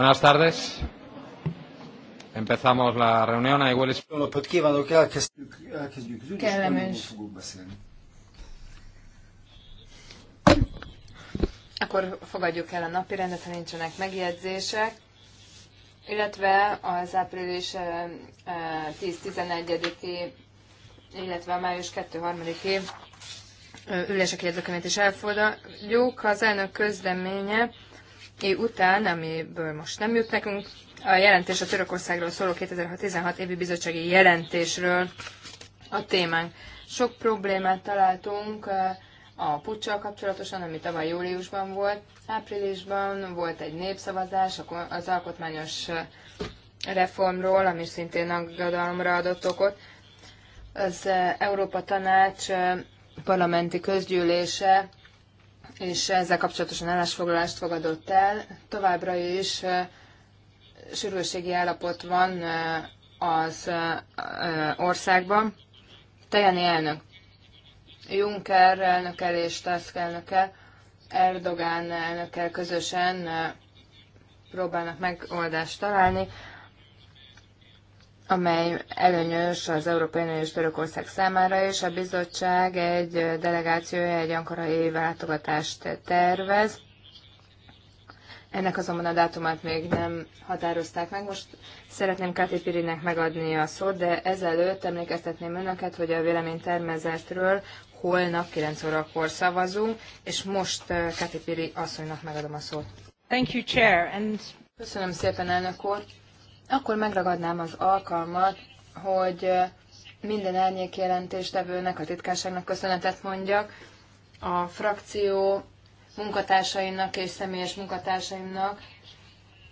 Buenas tardes. Empezamos la reunión. I will... Jó napot kívánok, elkezdjük, Kellemes. Akkor fogadjuk el a napi rendet, ha nincsenek megjegyzések, illetve az április 10-11-i, illetve a május 2-3-i ülések jegyzőkönyvét is elfogadjuk. Az elnök közleménye év után, amiből most nem jut nekünk, a jelentés a Törökországról szóló 2016 évi bizottsági jelentésről a témánk. Sok problémát találtunk eh, a puccsal kapcsolatosan, ami tavaly júliusban volt. Áprilisban volt egy népszavazás az alkotmányos eh, reformról, ami szintén aggodalomra adott okot. Az eh, Európa Tanács parlamenti közgyűlése és ezzel kapcsolatosan állásfoglalást fogadott el. Továbbra is sürgőségi állapot van az országban. Tajani elnök, Juncker elnökkel és Tusk elnöke, Erdogán elnökkel közösen próbálnak megoldást találni amely előnyös az Európai Unió és Törökország számára, és a bizottság egy delegációja egy ankarai látogatást tervez. Ennek azonban a dátumát még nem határozták meg. Most szeretném Káti Pirinek megadni a szót, de ezelőtt emlékeztetném önöket, hogy a vélemény termezetről holnap 9 órakor szavazunk, és most uh, Káti Piri asszonynak megadom a szót. Thank you, Chair. And... Köszönöm szépen, elnök úr akkor megragadnám az alkalmat, hogy minden árnyék jelentéstevőnek, a titkárságnak köszönetet mondjak, a frakció munkatársainak és személyes munkatársaimnak,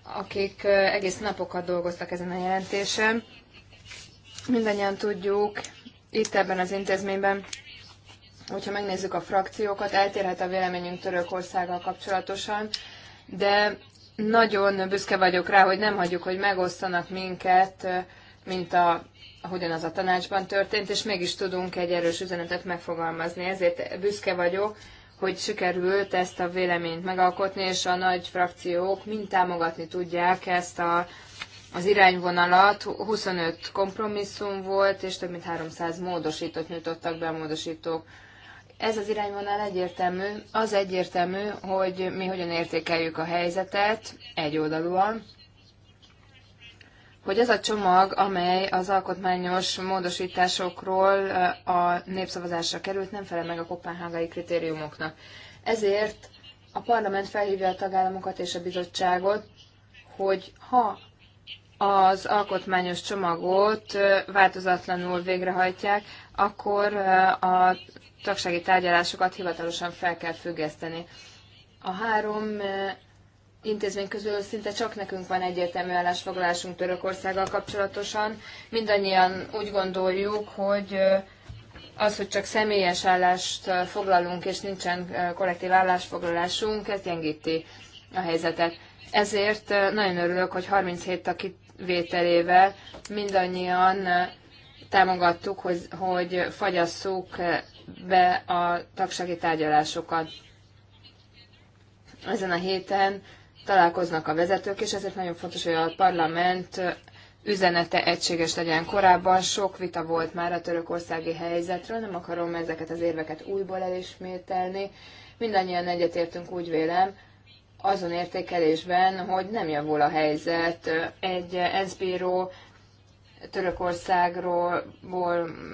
akik eh, egész napokat dolgoztak ezen a jelentésen. Mindannyian tudjuk, itt ebben az intézményben, hogyha megnézzük a frakciókat, eltérhet a véleményünk Törökországgal kapcsolatosan, de nagyon büszke vagyok rá, hogy nem hagyjuk, hogy megosztanak minket, mint a hogyan az a tanácsban történt, és mégis tudunk egy erős üzenetet megfogalmazni. Ezért büszke vagyok, hogy sikerült ezt a véleményt megalkotni, és a nagy frakciók mind támogatni tudják ezt a, az irányvonalat. 25 kompromisszum volt, és több mint 300 módosított nyújtottak be a módosítók. Ez az irányvonal egyértelmű. Az egyértelmű, hogy mi hogyan értékeljük a helyzetet egyoldalúan, hogy ez a csomag, amely az alkotmányos módosításokról a népszavazásra került, nem felel meg a kopenhágai kritériumoknak. Ezért a parlament felhívja a tagállamokat és a bizottságot, hogy ha az alkotmányos csomagot változatlanul végrehajtják, akkor a tagsági tárgyalásokat hivatalosan fel kell függeszteni. A három eh, intézmény közül szinte csak nekünk van egyértelmű állásfoglalásunk Törökországgal kapcsolatosan. Mindannyian úgy gondoljuk, hogy eh, az, hogy csak személyes állást eh, foglalunk, és nincsen kollektív állásfoglalásunk, ez gyengíti a helyzetet. Ezért nagyon örülök, hogy 37 a kivételével mindannyian támogattuk, hogy, hogy fagyasszuk be a tagsági tárgyalásokat. Ezen a héten találkoznak a vezetők, és ezért nagyon fontos, hogy a parlament üzenete egységes legyen. Korábban sok vita volt már a törökországi helyzetről, nem akarom ezeket az érveket újból elismételni. Mindannyian egyetértünk, úgy vélem, azon értékelésben, hogy nem javul a helyzet. Egy eh, ENSZ bíró Törökországról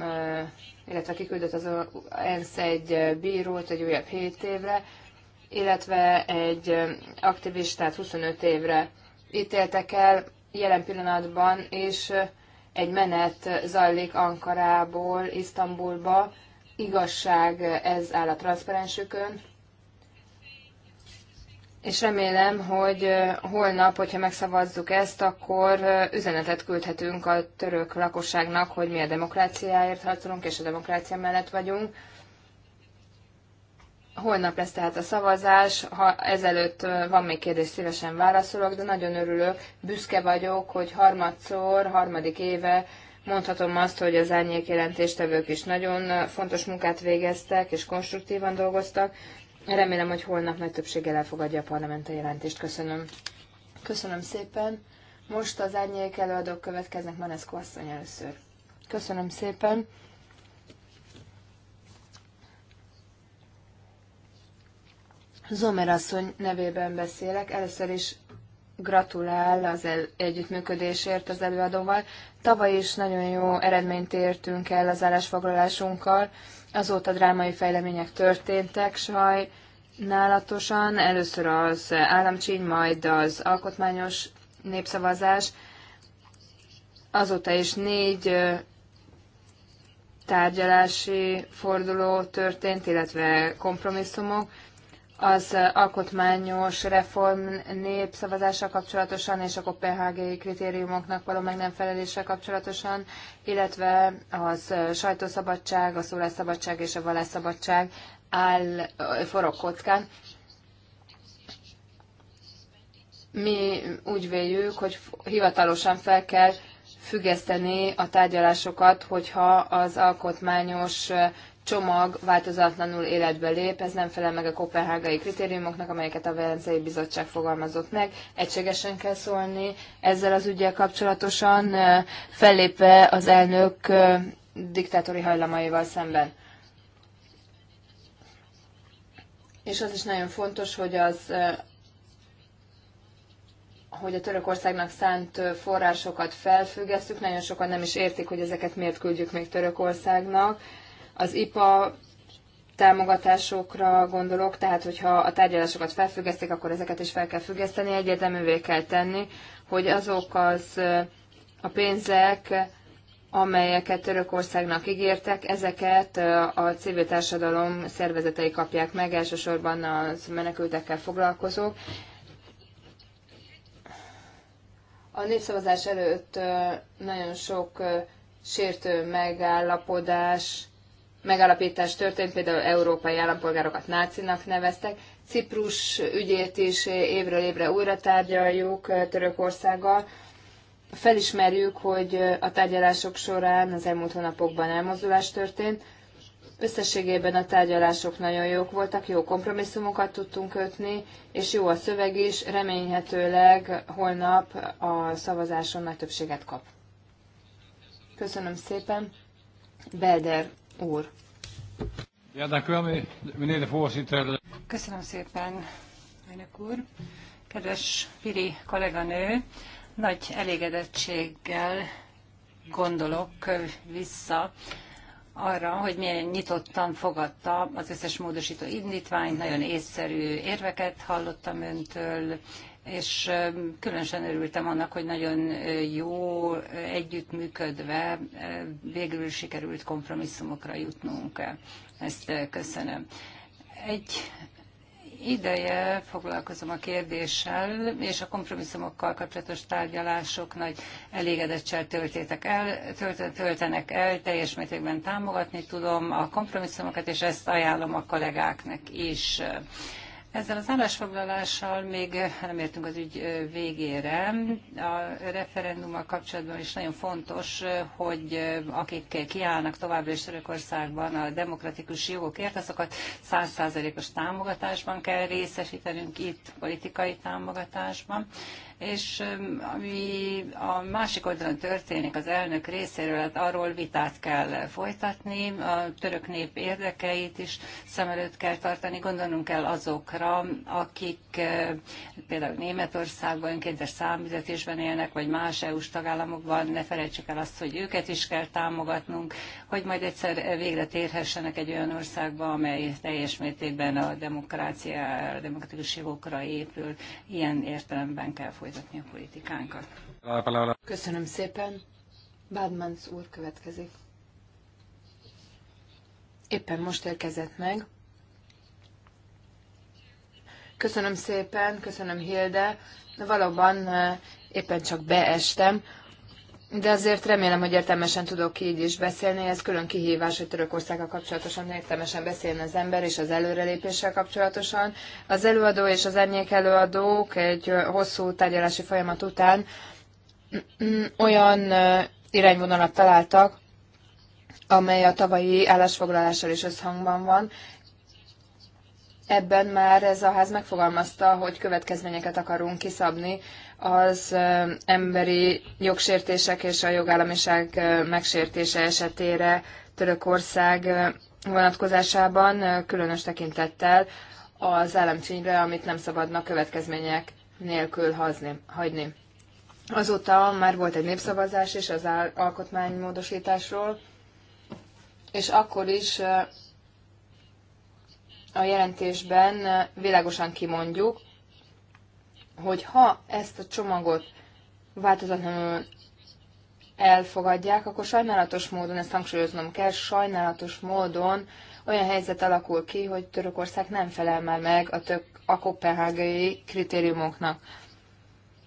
eh, illetve kiküldött az ENSZ egy bírót egy újabb 7 évre, illetve egy aktivistát 25 évre ítéltek el jelen pillanatban, és egy menet zajlik Ankarából, Isztambulba. Igazság ez áll a transzparensükön és remélem, hogy holnap, hogyha megszavazzuk ezt, akkor üzenetet küldhetünk a török lakosságnak, hogy mi a demokráciáért harcolunk, és a demokrácia mellett vagyunk. Holnap lesz tehát a szavazás, ha ezelőtt van még kérdés, szívesen válaszolok, de nagyon örülök, büszke vagyok, hogy harmadszor, harmadik éve mondhatom azt, hogy az árnyék jelentéstevők is nagyon fontos munkát végeztek, és konstruktívan dolgoztak, Remélem, hogy holnap nagy többséggel elfogadja a parlament a jelentést. Köszönöm. Köszönöm szépen. Most az árnyék előadók következnek, Maneszko asszony először. Köszönöm szépen. Zomer asszony nevében beszélek. Először is gratulál az el, együttműködésért az előadóval. Tavaly is nagyon jó eredményt értünk el az állásfoglalásunkkal. Azóta drámai fejlemények történtek sajnálatosan. Először az államcsíny, majd az alkotmányos népszavazás. Azóta is négy tárgyalási forduló történt, illetve kompromisszumok az alkotmányos reform népszavazással kapcsolatosan és a kopenhágai kritériumoknak való meg nem feleléssel kapcsolatosan, illetve az sajtószabadság, a szólásszabadság és a vallásszabadság áll forog kockán. Mi úgy véljük, hogy hivatalosan fel kell függeszteni a tárgyalásokat, hogyha az alkotmányos csomag változatlanul életbe lép, ez nem felel meg a kopenhágai kritériumoknak, amelyeket a Velencei Bizottság fogalmazott meg. Egységesen kell szólni ezzel az ügyel kapcsolatosan, fellépve az elnök diktátori hajlamaival szemben. És az is nagyon fontos, hogy az hogy a Törökországnak szánt forrásokat felfüggesztük, nagyon sokan nem is értik, hogy ezeket miért küldjük még Törökországnak az IPA támogatásokra gondolok, tehát hogyha a tárgyalásokat felfüggesztik, akkor ezeket is fel kell függeszteni, egyértelművé kell tenni, hogy azok az a pénzek, amelyeket Törökországnak ígértek, ezeket a civil társadalom szervezetei kapják meg, elsősorban az menekültekkel foglalkozók. A népszavazás előtt nagyon sok sértő megállapodás megalapítás történt, például európai állampolgárokat nácinak neveztek. Ciprus ügyét is évről évre újra tárgyaljuk eh, Törökországgal. Felismerjük, hogy eh, a tárgyalások során az elmúlt hónapokban elmozdulás történt. Összességében a tárgyalások nagyon jók voltak, jó kompromisszumokat tudtunk kötni, és jó a szöveg is, reményhetőleg holnap a szavazáson nagy többséget kap. Köszönöm szépen. Belder úr. Köszönöm szépen, elnök úr. Kedves Piri kolléganő, nagy elégedettséggel gondolok vissza arra, hogy milyen nyitottan fogadta az összes módosító indítványt, nagyon észszerű érveket hallottam öntől, és különösen örültem annak, hogy nagyon jó együttműködve végül sikerült kompromisszumokra jutnunk. Ezt köszönöm. Egy ideje foglalkozom a kérdéssel, és a kompromisszumokkal kapcsolatos tárgyalások nagy elégedettsel töltétek el, tölt, töltenek el, teljes mértékben támogatni tudom a kompromisszumokat, és ezt ajánlom a kollégáknak is. Ezzel az állásfoglalással még eh, nem értünk az ügy eh, végére. A referendummal kapcsolatban is nagyon fontos, eh, hogy akik kiállnak továbbra is Törökországban a demokratikus jogokért, azokat százszázalékos támogatásban kell részesítenünk itt, politikai támogatásban és ami a másik oldalon történik az elnök részéről, hát arról vitát kell folytatni, a török nép érdekeit is szem előtt kell tartani, gondolnunk kell azokra, akik eh, például Németországban önkéntes számüzetésben élnek, vagy más EU-s tagállamokban, ne felejtsük el azt, hogy őket is kell támogatnunk, hogy majd egyszer végre térhessenek egy olyan országba, amely teljes mértékben a demokrácia, a demokratikus jogokra épül, ilyen értelemben kell folytatni folytatni a politikánkat. Köszönöm szépen. Badmans úr következik. Éppen most érkezett meg. Köszönöm szépen, köszönöm Hilde. Valóban eh, éppen csak beestem de azért remélem, hogy értelmesen tudok így is beszélni. Ez külön kihívás, hogy Törökországgal kapcsolatosan értelmesen beszéljen az ember és az előrelépéssel kapcsolatosan. Az előadó és az árnyék előadók egy hosszú tárgyalási folyamat után olyan irányvonalat találtak, amely a tavalyi állásfoglalással is összhangban van. Ebben már ez a ház megfogalmazta, hogy következményeket akarunk kiszabni az emberi jogsértések és a jogállamiság megsértése esetére Törökország vonatkozásában, különös tekintettel az államcsínyre, amit nem szabadna következmények nélkül hazni, hagyni. Azóta már volt egy népszavazás is az alkotmánymódosításról, és akkor is a jelentésben világosan kimondjuk, hogy ha ezt a csomagot változatlanul elfogadják, akkor sajnálatos módon, ezt hangsúlyoznom kell, sajnálatos módon olyan helyzet alakul ki, hogy Törökország nem felel már meg a, tök, a kopenhágai kritériumoknak.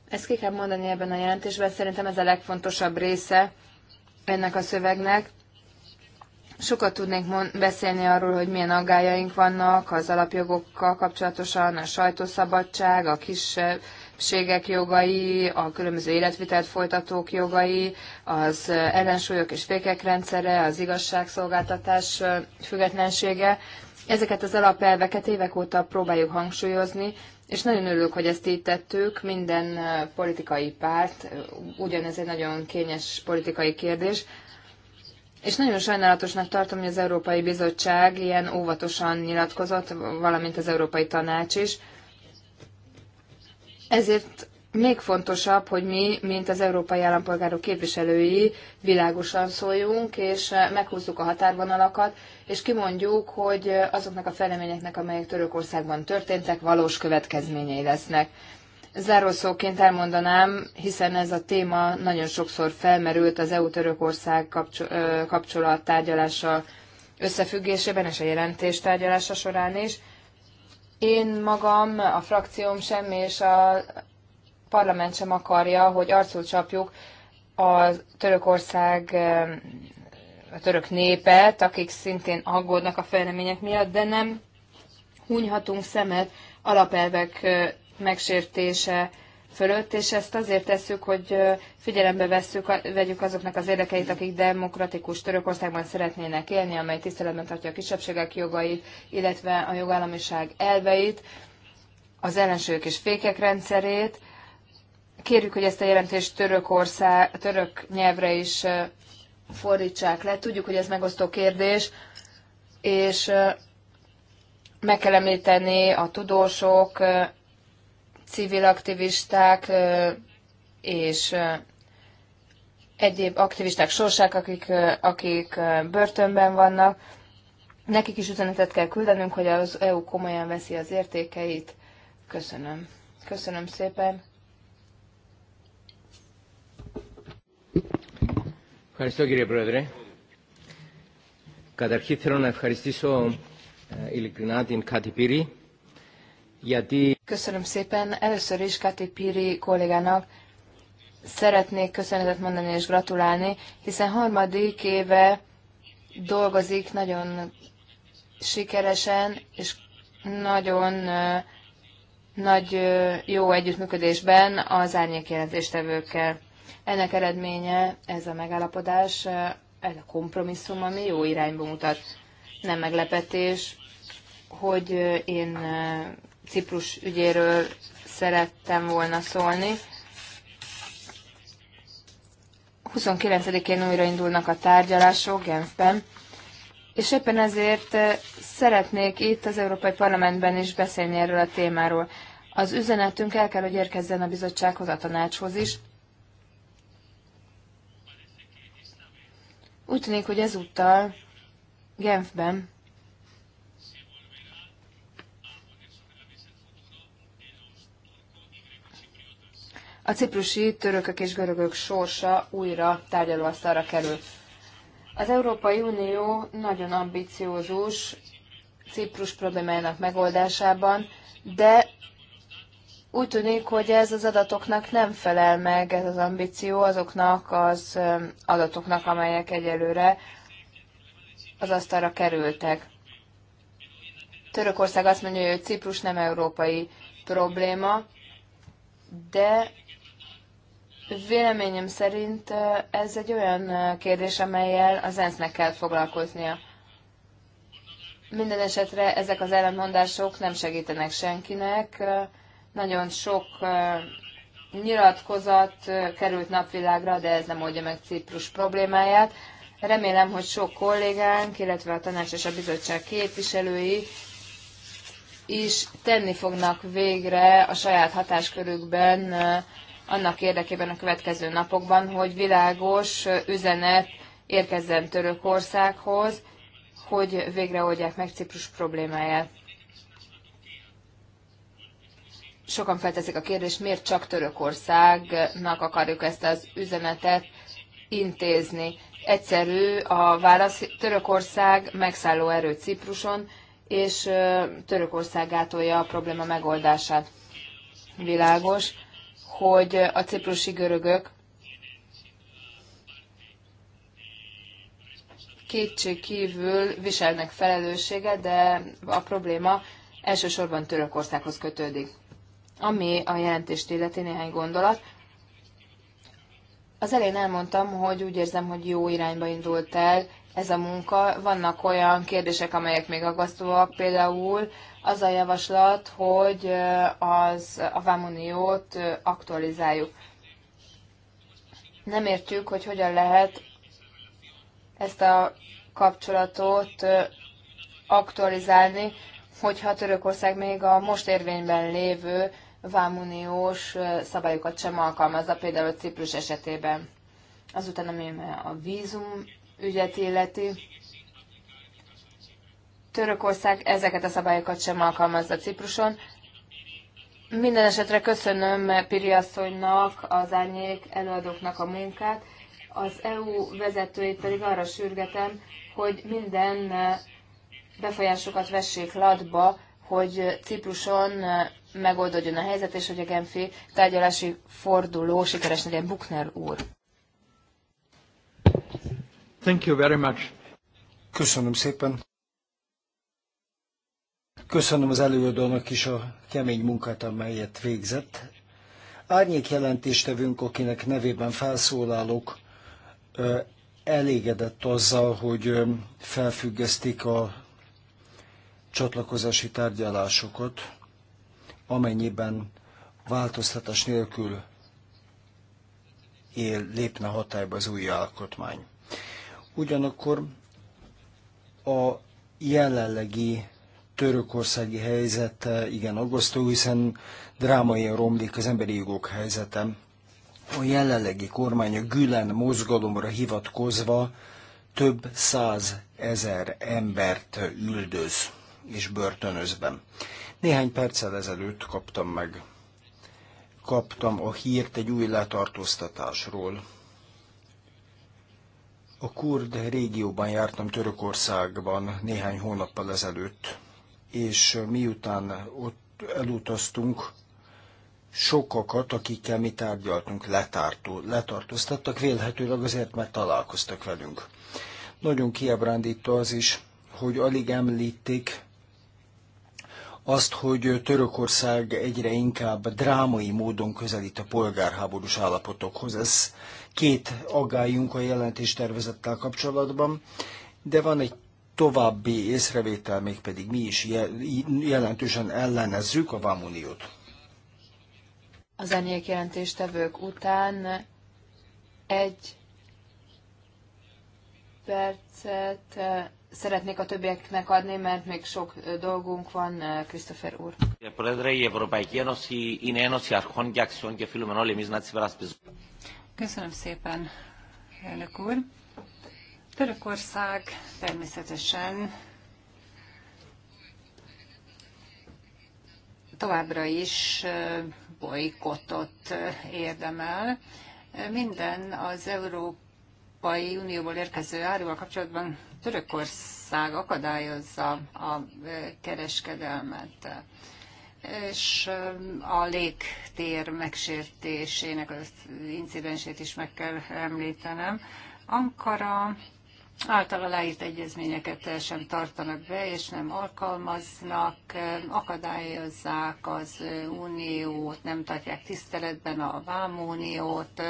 Ezt ki kell mondani ebben a jelentésben, szerintem ez a legfontosabb része ennek a szövegnek. Sokat mond beszélni arról, hogy milyen aggájaink vannak az alapjogokkal kapcsolatosan, a sajtószabadság, a kisebbségek jogai, a különböző életvitelt folytatók jogai, az ellensúlyok és fékek rendszere, az igazságszolgáltatás függetlensége. Ezeket az alapelveket évek óta próbáljuk hangsúlyozni, és nagyon örülök, hogy ezt így tettük. Minden politikai párt, ugyanez egy nagyon kényes politikai kérdés, és nagyon sajnálatosnak tartom, hogy az Európai Bizottság ilyen óvatosan nyilatkozott, valamint az Európai Tanács is. Ezért még fontosabb, hogy mi, mint az európai állampolgárok képviselői világosan szóljunk, és meghúzzuk a határvonalakat, és kimondjuk, hogy azoknak a fejleményeknek, amelyek Törökországban történtek, valós következményei lesznek. Zárószóként elmondanám, hiszen ez a téma nagyon sokszor felmerült az EU-Törökország kapcsolat tárgyalása összefüggésében és a jelentés tárgyalása során is. Én magam, a frakcióm sem és a parlament sem akarja, hogy arcul csapjuk a Törökország a török népet, akik szintén aggódnak a fejlemények miatt, de nem hunyhatunk szemet alapelvek megsértése fölött, és ezt azért tesszük, hogy figyelembe vesszük, vegyük azoknak az érdekeit, akik demokratikus Törökországban szeretnének élni, amely tiszteletben tartja a kisebbségek jogait, illetve a jogállamiság elveit, az ellensők és fékek rendszerét. Kérjük, hogy ezt a jelentést Törökország, török nyelvre is fordítsák le. Tudjuk, hogy ez megosztó kérdés, és meg kell említeni a tudósok, civil aktivisták és egyéb aktivisták sorsák, akik, akik börtönben vannak. Nekik is üzenetet kell küldenünk, hogy az EU komolyan veszi az értékeit. Köszönöm. Köszönöm szépen. Ευχαριστώ κύριε Πρόεδρε. Καταρχήν θέλω να ευχαριστήσω ειλικρινά την Κάτι Πύρη Köszönöm szépen. Először is Kati Piri kollégának szeretnék köszönetet mondani és gratulálni, hiszen harmadik éve dolgozik nagyon sikeresen, és nagyon uh, nagy uh, jó együttműködésben az árnyékjelentéstevőkkel. Ennek eredménye ez a megállapodás, uh, ez a kompromisszum, ami jó irányba mutat. Nem meglepetés, hogy én Ciprus ügyéről szerettem volna szólni. 29-én újraindulnak a tárgyalások Genfben, és éppen ezért eh, szeretnék itt az Európai Parlamentben is beszélni erről a témáról. Az üzenetünk el kell, hogy érkezzen a bizottsághoz, a tanácshoz is. Úgy tűnik, hogy ezúttal Genfben a ciprusi törökök és görögök sorsa újra tárgyalóasztalra kerül. Az Európai Unió nagyon ambiciózus Ciprus problémájának megoldásában, de úgy tűnik, hogy ez az adatoknak nem felel meg, ez az ambíció azoknak az adatoknak, amelyek egyelőre az asztalra kerültek. Törökország azt mondja, hogy Ciprus nem európai probléma, de Véleményem szerint ez egy olyan kérdés, amelyel az ENSZ-nek kell foglalkoznia. Minden esetre ezek az ellentmondások nem segítenek senkinek. Nagyon sok nyilatkozat került napvilágra, de ez nem oldja meg Ciprus problémáját. Remélem, hogy sok kollégánk, illetve a tanács és a bizottság képviselői is tenni fognak végre a saját hatáskörükben annak érdekében a következő napokban, hogy világos üzenet érkezzen Törökországhoz, hogy végre oldják meg Ciprus problémáját. Sokan felteszik a kérdést, miért csak Törökországnak akarjuk ezt az üzenetet intézni. Egyszerű a válasz, Törökország megszálló erő Cipruson, és Törökország gátolja a probléma megoldását. Világos hogy a ciprusi görögök kétség kívül viselnek felelősséget, de a probléma elsősorban Törökországhoz kötődik. Ami a jelentést illeti néhány gondolat. Az elején elmondtam, hogy úgy érzem, hogy jó irányba indult el ez a munka. Vannak olyan kérdések, amelyek még aggasztóak, például az a javaslat, hogy az, a Vámuniót aktualizáljuk. Nem értjük, hogy hogyan lehet ezt a kapcsolatot aktualizálni, hogyha Törökország még a most érvényben lévő vámuniós szabályokat sem alkalmazza, például Ciprus esetében. Azután, ami a vízum ügyet illeti, Törökország ezeket a szabályokat sem alkalmazza Cipruson. Minden esetre köszönöm Piri asszonynak, az árnyék előadóknak a munkát. Az EU vezetőit pedig arra sürgetem, hogy minden befolyásokat vessék latba, hogy Cipruson megoldódjon a helyzet, és hogy a Genfi tárgyalási forduló sikeres legyen Buchner úr. Thank you very much. Köszönöm szépen. Köszönöm az előadónak is a kemény munkát, amelyet végzett. Árnyék jelentéstevünk, akinek nevében felszólálok. elégedett azzal, hogy felfüggesztik a csatlakozási tárgyalásokat, amennyiben változtatás nélkül él, lépne hatályba az új alkotmány. Ugyanakkor a jelenlegi törökországi helyzet eh, igen aggasztó, hiszen drámai romlik az emberi jogok helyzete. A jelenlegi kormány a Gülen mozgalomra hivatkozva több száz ezer embert üldöz és börtönözben. Néhány perccel ezelőtt kaptam meg, kaptam a hírt egy új letartóztatásról. A kurd régióban jártam Törökországban néhány hónappal ezelőtt, és miután ott elutaztunk, sokakat, akikkel mi tárgyaltunk, letártó, letartóztattak, vélhetőleg azért, mert találkoztak velünk. Nagyon kiábrándító az is, hogy alig említik azt, hogy Törökország egyre inkább drámai módon közelít a polgárháborús állapotokhoz. Ez két aggályunk a jelentéstervezettel kapcsolatban, de van egy további észrevétel, mégpedig mi is jelentősen ellenezzük a vámuniót. Az zenék jelentéstevők után egy percet eh, szeretnék a többieknek adni, mert még sok eh, dolgunk van, eh, Christopher úr. Köszönöm szépen, elnök úr. Törökország természetesen továbbra is bolykottot érdemel. Minden az Európai Unióból érkező áruval kapcsolatban Törökország akadályozza a kereskedelmet és a légtér megsértésének az incidensét is meg kell említenem. Ankara általa leírt egyezményeket sem tartanak be, és nem alkalmaznak, akadályozzák az uniót, nem tartják tiszteletben a vámuniót,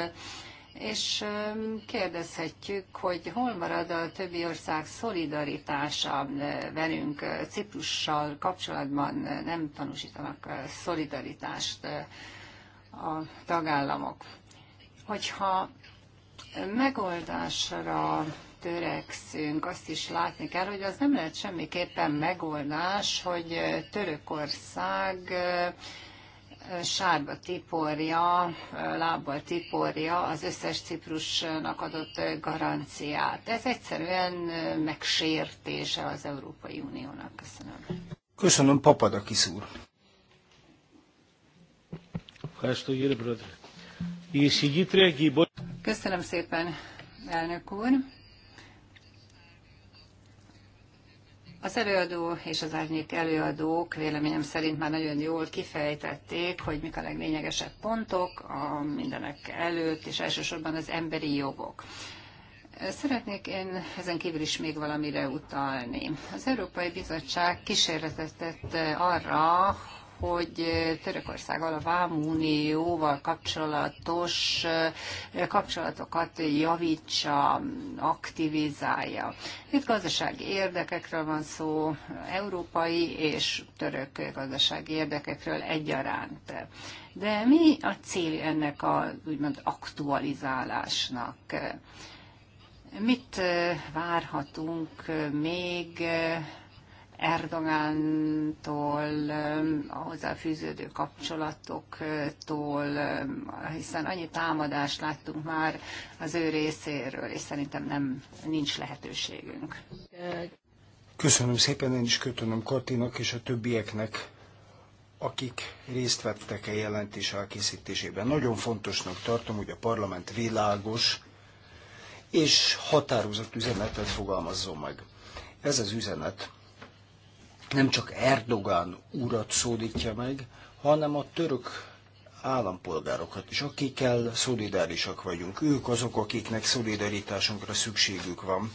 és kérdezhetjük, hogy hol marad a többi ország szolidaritása velünk Ciprussal kapcsolatban nem tanúsítanak szolidaritást a tagállamok. Hogyha megoldásra törekszünk, azt is látni kell, hogy az nem lehet semmiképpen megoldás, hogy Törökország sárba tiporja, lábbal tiporja az összes Ciprusnak adott garanciát. Ez egyszerűen megsértése az Európai Uniónak. Köszönöm. Köszönöm, Papadakis úr. Köszönöm szépen, elnök úr. Az előadó és az árnyék előadók véleményem szerint már nagyon jól kifejtették, hogy mik a leglényegesebb pontok, a mindenek előtt, és elsősorban az emberi jogok. Szeretnék én ezen kívül is még valamire utalni. Az Európai Bizottság kísérletet tett arra, hogy Törökországgal a Vámunióval kapcsolatos kapcsolatokat javítsa, aktivizálja. Itt gazdasági érdekekről van szó, európai és török gazdasági érdekekről egyaránt. De mi a cél ennek az úgymond aktualizálásnak? Mit várhatunk még Erdogántól, a hozzáfűződő kapcsolatoktól, hiszen annyi támadást láttunk már az ő részéről, és szerintem nem, nincs lehetőségünk. Köszönöm szépen, én is köszönöm Katinak és a többieknek, akik részt vettek a e jelentés elkészítésében. Nagyon fontosnak tartom, hogy a parlament világos és határozott üzenetet fogalmazzon meg. Ez az üzenet nem csak Erdogan urat szólítja meg, hanem a török állampolgárokat is, akikkel szolidárisak vagyunk. Ők azok, akiknek szolidaritásunkra szükségük van.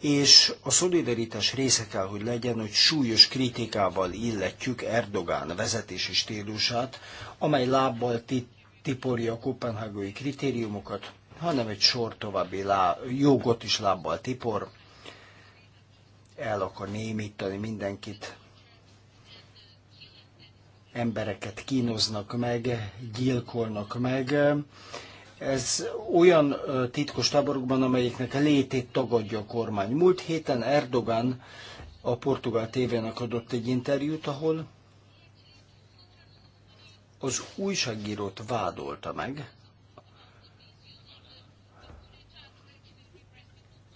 És a szolidaritás része kell, hogy legyen, hogy súlyos kritikával illetjük Erdogán vezetési stílusát, amely lábbal tiporja a kopenhágai kritériumokat, hanem egy sor további lá- jogot is lábbal tipor, el akar némítani mindenkit. Embereket kínoznak meg, gyilkolnak meg. Ez olyan titkos táborokban, amelyiknek a létét tagadja a kormány. Múlt héten Erdogan a portugál tévének adott egy interjút, ahol az újságírót vádolta meg,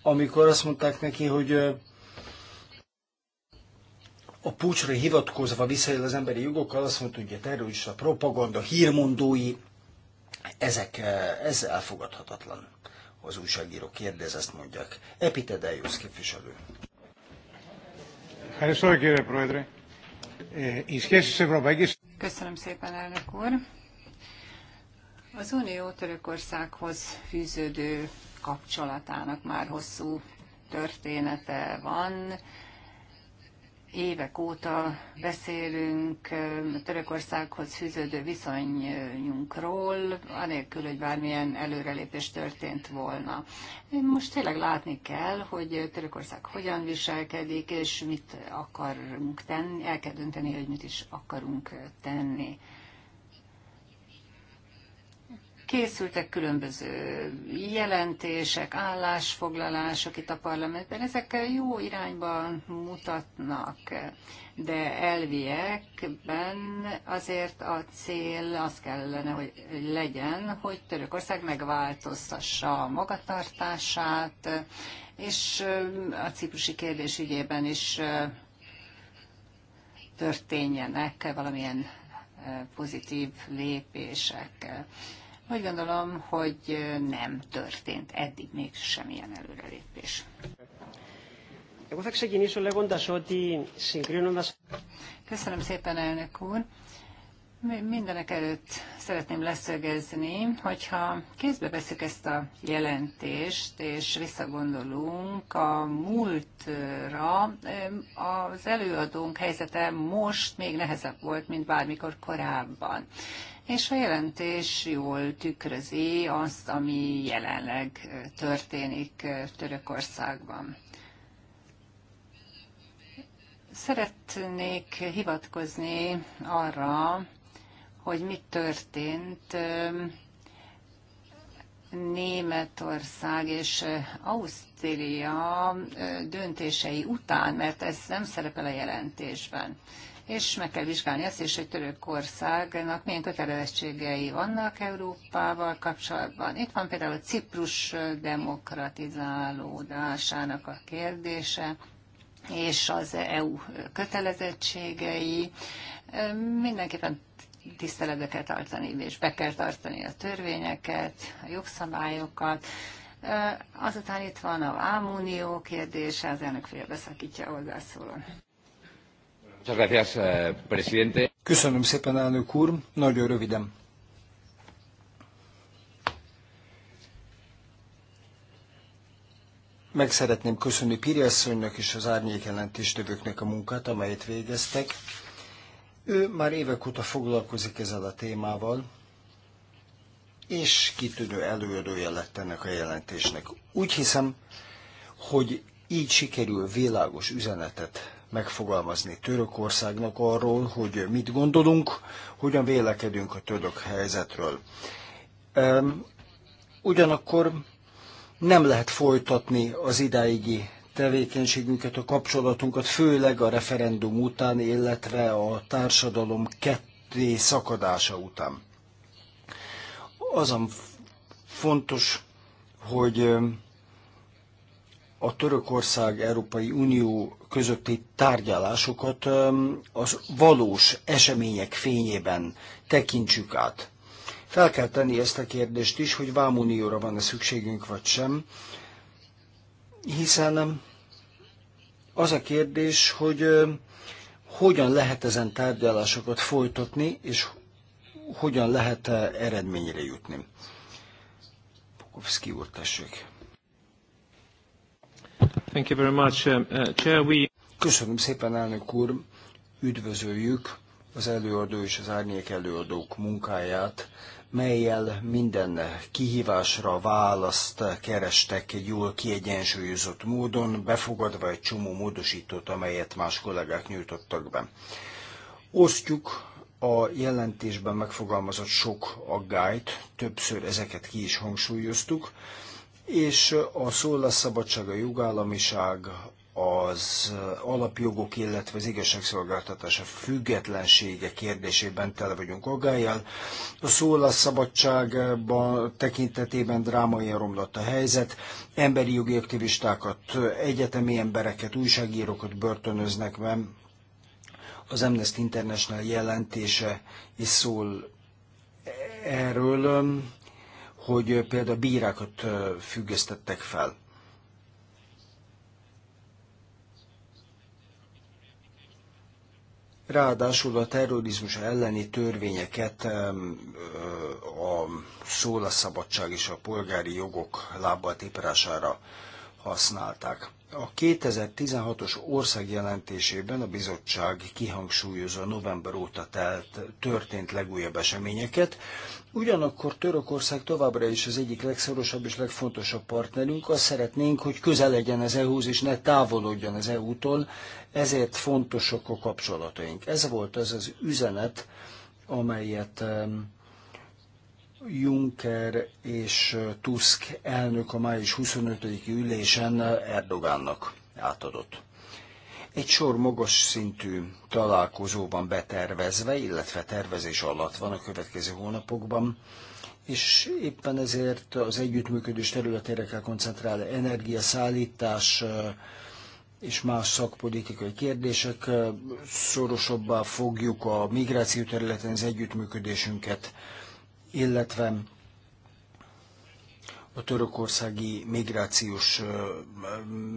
amikor azt mondták neki, hogy a pucsra hivatkozva visszaél az emberi jogokkal, azt mondta, hogy a terrorista propaganda, hírmondói, ezek, eh, ez elfogadhatatlan. Az újságíró kérdez, ezt mondják. Epitedeius képviselő. Eh, Köszönöm szépen, elnök úr. Az Unió Törökországhoz fűződő kapcsolatának már hosszú története van évek óta beszélünk Törökországhoz fűződő viszonyunkról, anélkül, hogy bármilyen előrelépés történt volna. Most tényleg látni kell, hogy Törökország hogyan viselkedik, és mit akarunk tenni, el kell dönteni, hogy mit is akarunk tenni. Készültek különböző jelentések, állásfoglalások itt a parlamentben. Ezek jó irányba mutatnak, de elviekben azért a cél az kellene, hogy legyen, hogy Törökország megváltoztassa a magatartását, és a ciprusi kérdés ügyében is történjenek valamilyen pozitív lépések. Úgy gondolom, hogy nem történt eddig még semmilyen előrelépés. Köszönöm szépen, elnök úr! Mindenek előtt szeretném leszögezni, hogyha kézbe veszük ezt a jelentést, és visszagondolunk a múltra, az előadónk helyzete most még nehezebb volt, mint bármikor korábban és a jelentés jól tükrözi azt, ami jelenleg történik Törökországban. Szeretnék hivatkozni arra, hogy mi történt Németország és Ausztria döntései után, mert ez nem szerepel a jelentésben és meg kell vizsgálni azt is, hogy Törökországnak milyen kötelezettségei vannak Európával kapcsolatban. Itt van például a Ciprus demokratizálódásának a kérdése, és az EU kötelezettségei. Mindenképpen tiszteletbe kell tartani, és be kell tartani a törvényeket, a jogszabályokat. Azután itt van a vámunió kérdése, az elnök félbeszakítja hozzászólón. Eh, Köszönöm szépen, elnök úr. Nagyon röviden. Meg szeretném köszönni asszonynak és az árnyék a munkát, amelyet végeztek. Ő már évek óta foglalkozik ezzel a témával, és kitűnő előadója lett ennek a jelentésnek. Úgy hiszem, hogy így sikerül világos üzenetet megfogalmazni Törökországnak arról, hogy mit gondolunk, hogyan vélekedünk a török helyzetről. Ugyanakkor nem lehet folytatni az idáigi tevékenységünket, a kapcsolatunkat, főleg a referendum után, illetve a társadalom ketté szakadása után. Az fontos, hogy a Törökország Európai Unió közötti tárgyalásokat az valós események fényében tekintsük át. Fel kell tenni ezt a kérdést is, hogy vámunióra van-e szükségünk vagy sem, hiszen az a kérdés, hogy hogyan lehet ezen tárgyalásokat folytatni, és hogyan lehet eredményre jutni. Pokovszki úr, tessék. Thank you very much, uh, uh, Chair. We... Köszönöm szépen, elnök úr. Üdvözöljük az előadó és az árnyék előadók munkáját, melyel minden kihívásra választ kerestek egy jól kiegyensúlyozott módon, befogadva egy csomó módosítót, amelyet más kollégák nyújtottak be. Osztjuk a jelentésben megfogalmazott sok aggályt, többször ezeket ki is hangsúlyoztuk, és a szólásszabadság, a jogállamiság, az alapjogok, illetve az igazságszolgáltatása függetlensége kérdésében tele vagyunk aggájjal. A szólásszabadságban tekintetében drámai romlott a helyzet. Emberi jogi aktivistákat, egyetemi embereket, újságírókat börtönöznek meg. Az Amnesty International jelentése is szól erről hogy például bírákat függesztettek fel. Ráadásul a terrorizmus elleni törvényeket a szólásszabadság és a polgári jogok lábbal tiprására használták. A 2016-os országjelentésében a bizottság kihangsúlyozza november óta telt, történt legújabb eseményeket, Ugyanakkor Törökország továbbra is az egyik legszorosabb és legfontosabb partnerünk. Azt szeretnénk, hogy közel legyen az EU-hoz, és ne távolodjon az EU-tól, ezért fontosak a kapcsolataink. Ez volt az az üzenet, amelyet um, Juncker és Tusk elnök a május 25. ülésen Erdogánnak átadott. Egy sor magas szintű találkozóban betervezve, illetve tervezés alatt van a következő hónapokban, és éppen ezért az együttműködés területére kell koncentrálni, energiaszállítás és más szakpolitikai kérdések. Szorosabbá fogjuk a migráció területen az együttműködésünket, illetve a törökországi migrációs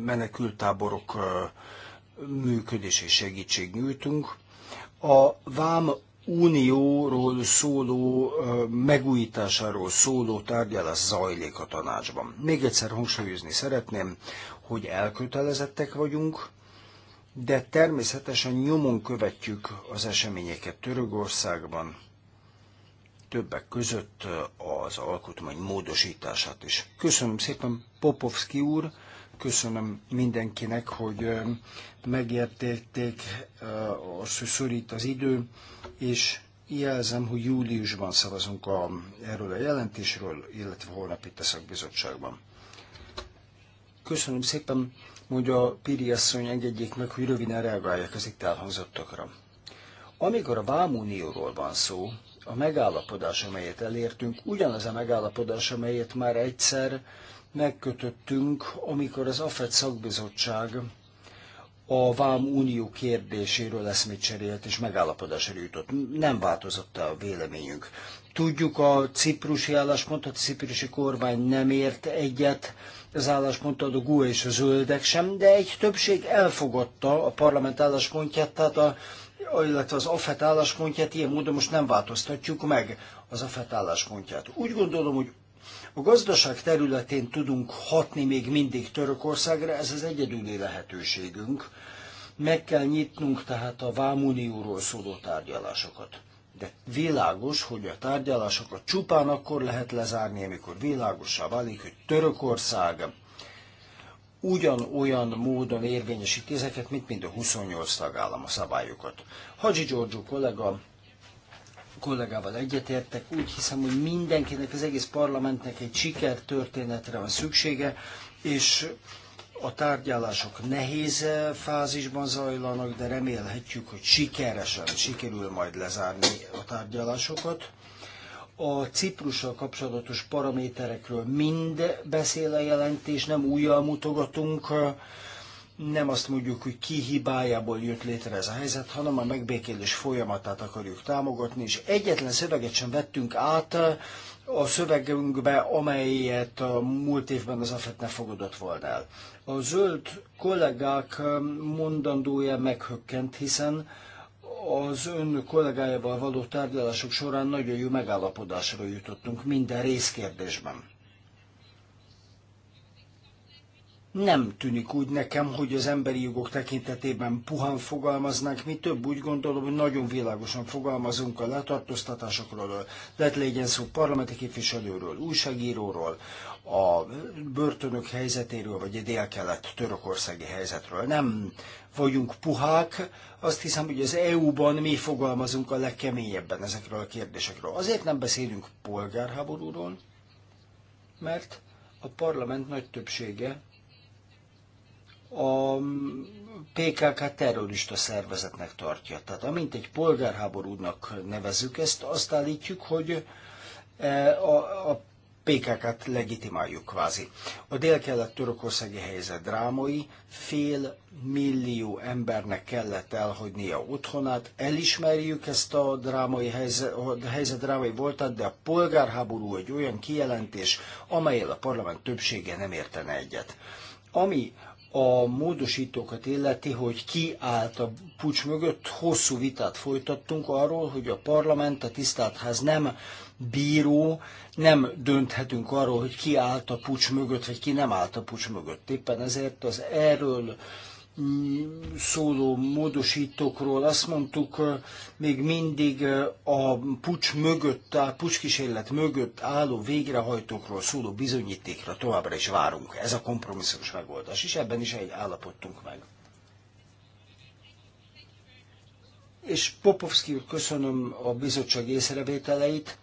menekültáborok és segítség nyújtunk. A Vám Unióról szóló, megújításáról szóló tárgyalás zajlik a tanácsban. Még egyszer hangsúlyozni szeretném, hogy elkötelezettek vagyunk, de természetesen nyomon követjük az eseményeket Törökországban, többek között az alkotmány módosítását is. Köszönöm szépen, Popovski úr, köszönöm mindenkinek, hogy megértették azt, hogy szorít az idő, és jelzem, hogy júliusban szavazunk a, erről a jelentésről, illetve holnap itt a szakbizottságban. Köszönöm szépen, mondja Piri asszony, engedjék meg, hogy röviden reagáljak az itt elhangzottakra. Amikor a Vámunióról van szó, a megállapodás, amelyet elértünk, ugyanaz a megállapodás, amelyet már egyszer megkötöttünk, amikor az AFED szakbizottság a Vám Unió kérdéséről eszmét cserélt és megállapodásra jutott. Nem változott a véleményünk. Tudjuk a ciprusi álláspontot, a ciprusi kormány nem ért egyet, az álláspontot a GUE és a zöldek sem, de egy többség elfogadta a parlament álláspontját, tehát a illetve az AFET álláspontját ilyen módon most nem változtatjuk meg az AFET álláspontját. Úgy gondolom, hogy a gazdaság területén tudunk hatni még mindig Törökországra, ez az egyedüli lehetőségünk. Meg kell nyitnunk tehát a Vámunióról szóló tárgyalásokat. De világos, hogy a tárgyalásokat csupán akkor lehet lezárni, amikor világosá válik, hogy Törökország ugyanolyan módon érvényesíti ezeket, mint mind a 28 tagállam a szabályokat. Hadzsi Giorgio kollega kollégával egyetértek, úgy hiszem, hogy mindenkinek, az egész parlamentnek egy sikertörténetre van szüksége, és a tárgyalások nehéz fázisban zajlanak, de remélhetjük, hogy sikeresen sikerül majd lezárni a tárgyalásokat a Ciprussal kapcsolatos paraméterekről mind beszél a jelentés, nem újjal mutogatunk, nem azt mondjuk, hogy ki hibájából jött létre ez a helyzet, hanem a megbékélés folyamatát akarjuk támogatni, és egyetlen szöveget sem vettünk át a szövegünkbe, amelyet a múlt évben az AFET ne fogadott volna el. A zöld kollégák mondandója meghökkent, hiszen az ön kollégájával való tárgyalások során nagyon jó megállapodásra jutottunk minden részkérdésben. nem tűnik úgy nekem, hogy az emberi jogok tekintetében puhán fogalmaznánk, mi több úgy gondolom, hogy nagyon világosan fogalmazunk a letartóztatásokról, lehet legyen szó parlamenti képviselőről, újságíróról, a börtönök helyzetéről, vagy a dél-kelet törökországi helyzetről. Nem vagyunk puhák, azt hiszem, hogy az EU-ban mi fogalmazunk a legkeményebben ezekről a kérdésekről. Azért nem beszélünk polgárháborúról, mert a parlament nagy többsége a PKK terrorista szervezetnek tartja. Tehát amint egy polgárháborúnak nevezük ezt, azt állítjuk, hogy e, a, a PKK-t legitimáljuk kvázi. A dél-kelet törökországi helyzet drámai, fél millió embernek kellett elhagynia otthonát, elismerjük ezt a drámai helyzet, a helyzet drámai voltát, de a polgárháború egy olyan kijelentés, amelyel a parlament többsége nem értene egyet. Ami a módosítókat illeti, hogy ki állt a pucs mögött, hosszú vitát folytattunk arról, hogy a parlament, a tiszteltház nem bíró, nem dönthetünk arról, hogy ki állt a pucs mögött, vagy ki nem állt a pucs mögött. Éppen ezért az erről szóló módosítókról azt mondtuk, még mindig a pucs mögött, a kísérlet mögött álló végrehajtókról szóló bizonyítékra továbbra is várunk. Ez a kompromisszus megoldás, és ebben is egy állapodtunk meg. És Popovszki úr, köszönöm a bizottság észrevételeit.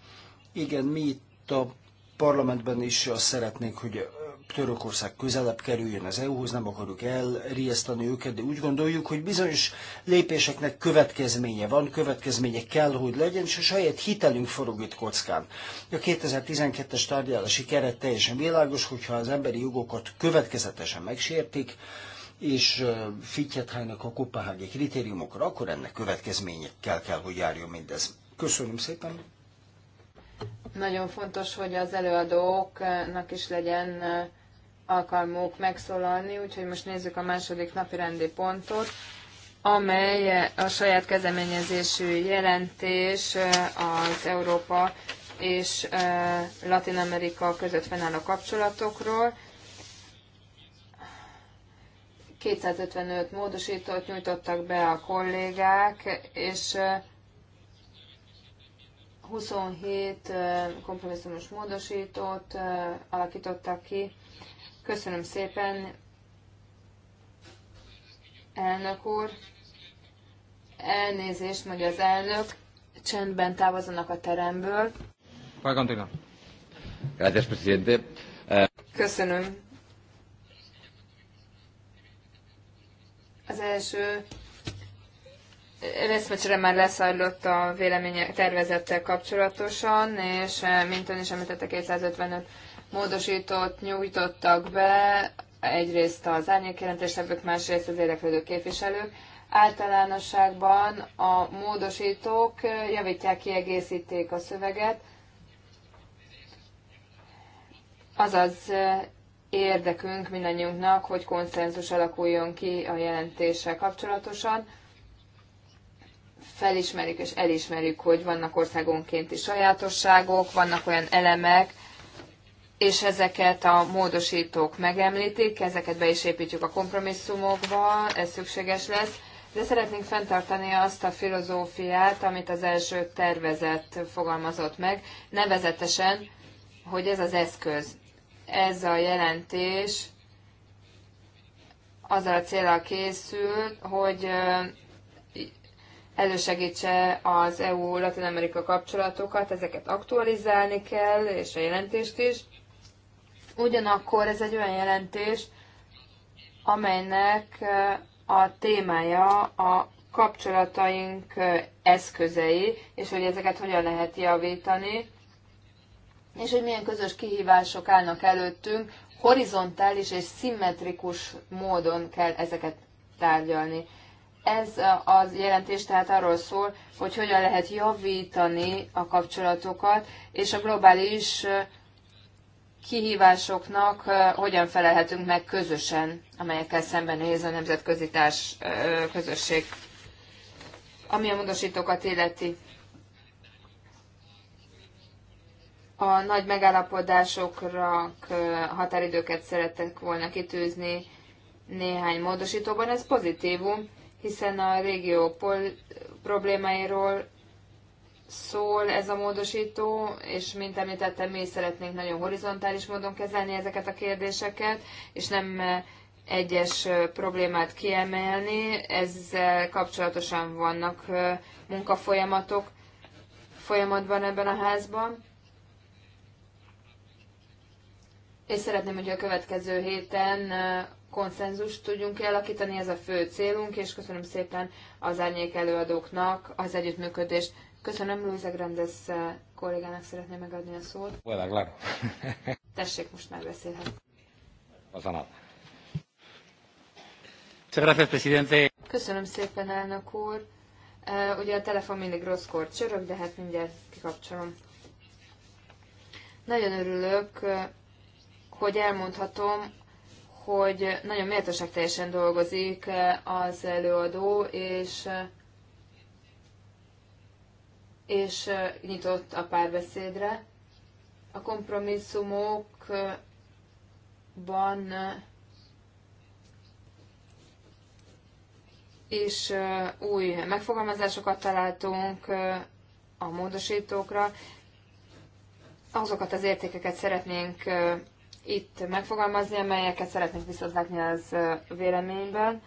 Igen, mi itt a parlamentben is azt szeretnénk, hogy Törökország közelebb kerüljön az EU-hoz, nem akarjuk elriasztani őket, de úgy gondoljuk, hogy bizonyos lépéseknek következménye van, következménye kell, hogy legyen, és a saját hitelünk forog itt kockán. A 2012-es tárgyalási keret teljesen világos, hogyha az emberi jogokat következetesen megsértik, és fityet a kopenhági kritériumokra, akkor ennek következményekkel kell, hogy járjon mindez. Köszönöm szépen! Nagyon fontos, hogy az előadóknak is legyen alkalmuk megszólalni, úgyhogy most nézzük a második napi rendi pontot, amely a saját kezeményezésű jelentés az Európa és Latin Amerika között fennálló kapcsolatokról. 255 módosítót nyújtottak be a kollégák, és 27 kompromisszumos módosítót alakítottak ki. Köszönöm szépen, elnök úr. Elnézést, mondja az elnök. Csendben távozzanak a teremből. Eh, Köszönöm. Az első részmecsere már leszajlott a vélemények tervezettel kapcsolatosan, és eh, mint ön is említette, 255 módosítót nyújtottak be, egyrészt az árnyékjelentésebbek, másrészt az érdeklődő képviselők. Általánosságban a módosítók eh, javítják, kiegészíték a szöveget, azaz eh, érdekünk mindannyiunknak, hogy konszenzus alakuljon ki a jelentéssel kapcsolatosan felismerjük és elismerjük, hogy vannak országonkénti sajátosságok, vannak olyan elemek, és ezeket a módosítók megemlítik, ezeket be is építjük a kompromisszumokba, ez szükséges lesz, de szeretnénk fenntartani azt a filozófiát, amit az első tervezet fogalmazott meg, nevezetesen, hogy ez az eszköz, ez a jelentés azzal a célral készült, hogy elősegítse az EU-Latin Amerika kapcsolatokat, ezeket aktualizálni kell, és a jelentést is. Ugyanakkor ez egy olyan jelentés, amelynek eh, a témája a kapcsolataink eh, eszközei, és hogy ezeket hogyan lehet javítani, és hogy milyen közös kihívások állnak előttünk, horizontális és szimmetrikus módon kell ezeket tárgyalni. Ez az jelentés tehát arról szól, hogy hogyan lehet javítani a kapcsolatokat, és a globális kihívásoknak hogyan felelhetünk meg közösen, amelyekkel néz a nemzetközi társ közösség, ami a módosítókat illeti. A nagy megállapodásokra határidőket szerettek volna kitűzni néhány módosítóban, ez pozitívum, hiszen a régió problémáiról szól ez a módosító, és mint említettem, mi szeretnénk nagyon horizontális módon kezelni ezeket a kérdéseket, és nem eh, egyes eh, problémát kiemelni. Ezzel kapcsolatosan vannak eh, munkafolyamatok folyamatban ebben a házban. És szeretném, hogy a következő héten konszenzust tudjunk kialakítani, ez a fő célunk, és köszönöm szépen az árnyék előadóknak az együttműködést. Köszönöm, Luisa Grandes eh, kollégának szeretném megadni a szót. Voilà, claro. Tessék, most már beszélhet. Köszönöm szépen, elnök úr. Eh, ugye a telefon mindig rosszkor csörög, de hát mindjárt kikapcsolom. Nagyon örülök, eh, hogy elmondhatom, hogy nagyon méltóság teljesen dolgozik eh, az előadó, és, eh, és eh, nyitott a párbeszédre. A kompromisszumokban és új megfogalmazásokat találtunk a módosítókra. Azokat az értékeket szeretnénk itt megfogalmazni, amelyeket szeretnék visszatlátni az véleményben.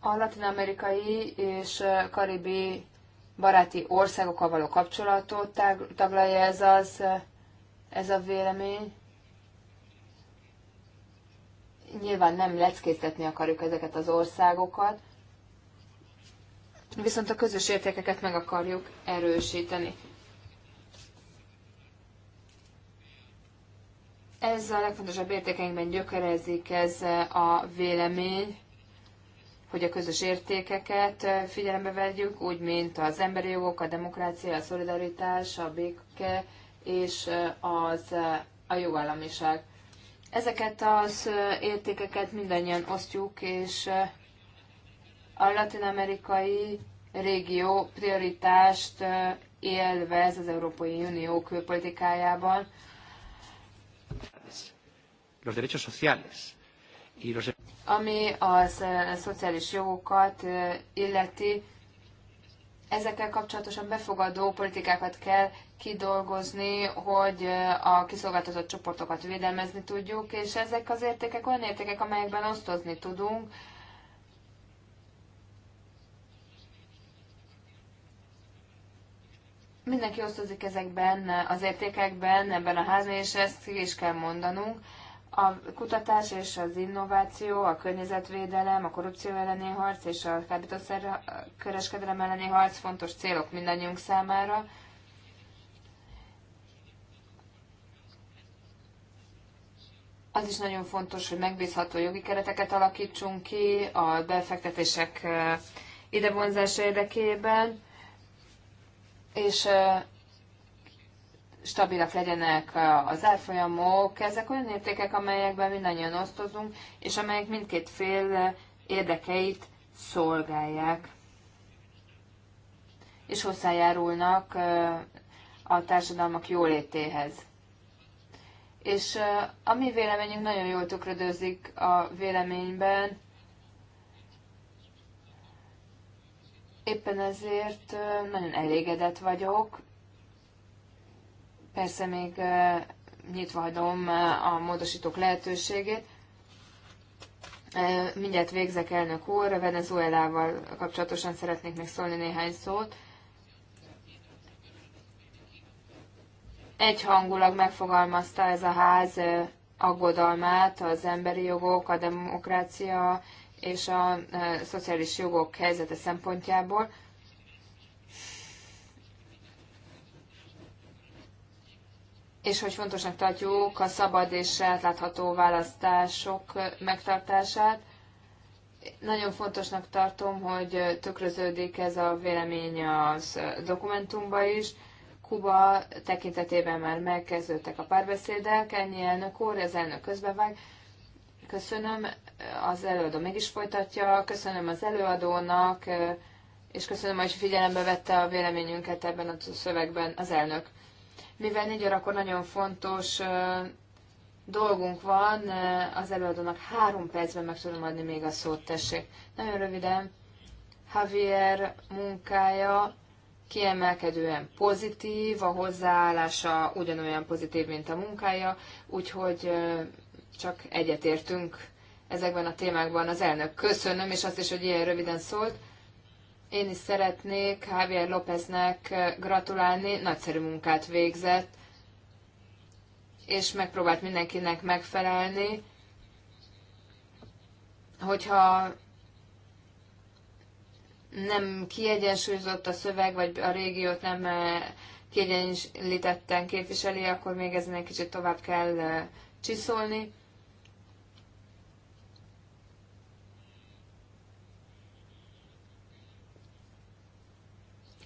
A latin-amerikai és karibi baráti országokkal való kapcsolatot taglalja ez, az, ez a vélemény. Nyilván nem leckéztetni akarjuk ezeket az országokat, viszont a közös értékeket meg akarjuk erősíteni. Ez a legfontosabb értékeinkben gyökerezik ez a vélemény, hogy a közös értékeket figyelembe vegyük, úgy, mint az emberi jogok, a demokrácia, a szolidaritás, a béke és az, a jogállamiság. Ezeket az értékeket mindannyian osztjuk, és a latin-amerikai régió prioritást élvez az Európai Unió külpolitikájában. Los derechos sociales. Ami az szociális jogokat illeti, ezekkel kapcsolatosan befogadó politikákat kell kidolgozni, hogy a kiszolgáltatott csoportokat védelmezni tudjuk, és ezek az értékek olyan értékek, amelyekben osztozni tudunk, mindenki osztozik ezekben az értékekben, ebben a házban, és ezt is kell mondanunk. A kutatás és az innováció, a környezetvédelem, a korrupció elleni harc és a kábítószer kereskedelem elleni harc fontos célok mindannyiunk számára. Az is nagyon fontos, hogy megbízható jogi kereteket alakítsunk ki a befektetések eh, idevonzása érdekében és stabilak legyenek az árfolyamok, ezek olyan értékek, amelyekben mindannyian osztozunk, és amelyek mindkét fél érdekeit szolgálják, és hozzájárulnak a társadalmak jólétéhez. És a mi véleményünk nagyon jól tükrödőzik a véleményben, Éppen ezért nagyon elégedett vagyok. Persze még nyitva hagyom a módosítók lehetőségét. Mindjárt végzek, elnök úr. Venezuelával kapcsolatosan szeretnék még szólni néhány szót. Egyhangulag megfogalmazta ez a ház aggodalmát az emberi jogok, a demokrácia és a e, szociális jogok helyzete szempontjából. és hogy fontosnak tartjuk a szabad és átlátható választások megtartását. Nagyon fontosnak tartom, hogy tükröződik ez a vélemény az dokumentumba is. Kuba tekintetében már megkezdődtek a párbeszédek, ennyi elnök úr, az elnök közbevág. Köszönöm, az előadó mégis folytatja, köszönöm az előadónak, és köszönöm, hogy figyelembe vette a véleményünket ebben a szövegben az elnök. Mivel négy órakor nagyon fontos dolgunk van, az előadónak három percben meg tudom adni még a szót, tessék. Nagyon röviden, Javier munkája kiemelkedően pozitív, a hozzáállása ugyanolyan pozitív, mint a munkája, úgyhogy csak egyetértünk ezekben a témákban az elnök. Köszönöm, és azt is, hogy ilyen röviden szólt. Én is szeretnék Javier Lópeznek eh, gratulálni, nagyszerű munkát végzett, és megpróbált mindenkinek megfelelni. Hogyha nem kiegyensúlyozott a szöveg, vagy a régiót nem eh, kiegyenlítetten képviseli, akkor még ezen egy kicsit tovább kell eh, csiszolni.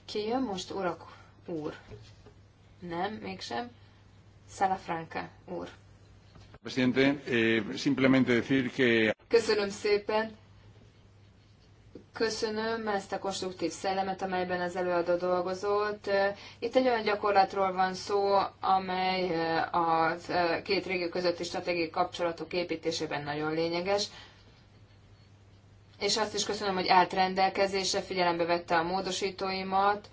Ki jön most, urak úr? Nem, mégsem. Salafranca úr. Presidente, eh, simplemente decir que... Köszönöm szépen. Köszönöm ezt a konstruktív szellemet, amelyben az előadó dolgozott. Eh, itt egy olyan gyakorlatról van szó, amely eh, a eh, két régió közötti stratégiai kapcsolatok építésében nagyon lényeges és azt is köszönöm, hogy állt rendelkezésre, figyelembe vette a módosítóimat,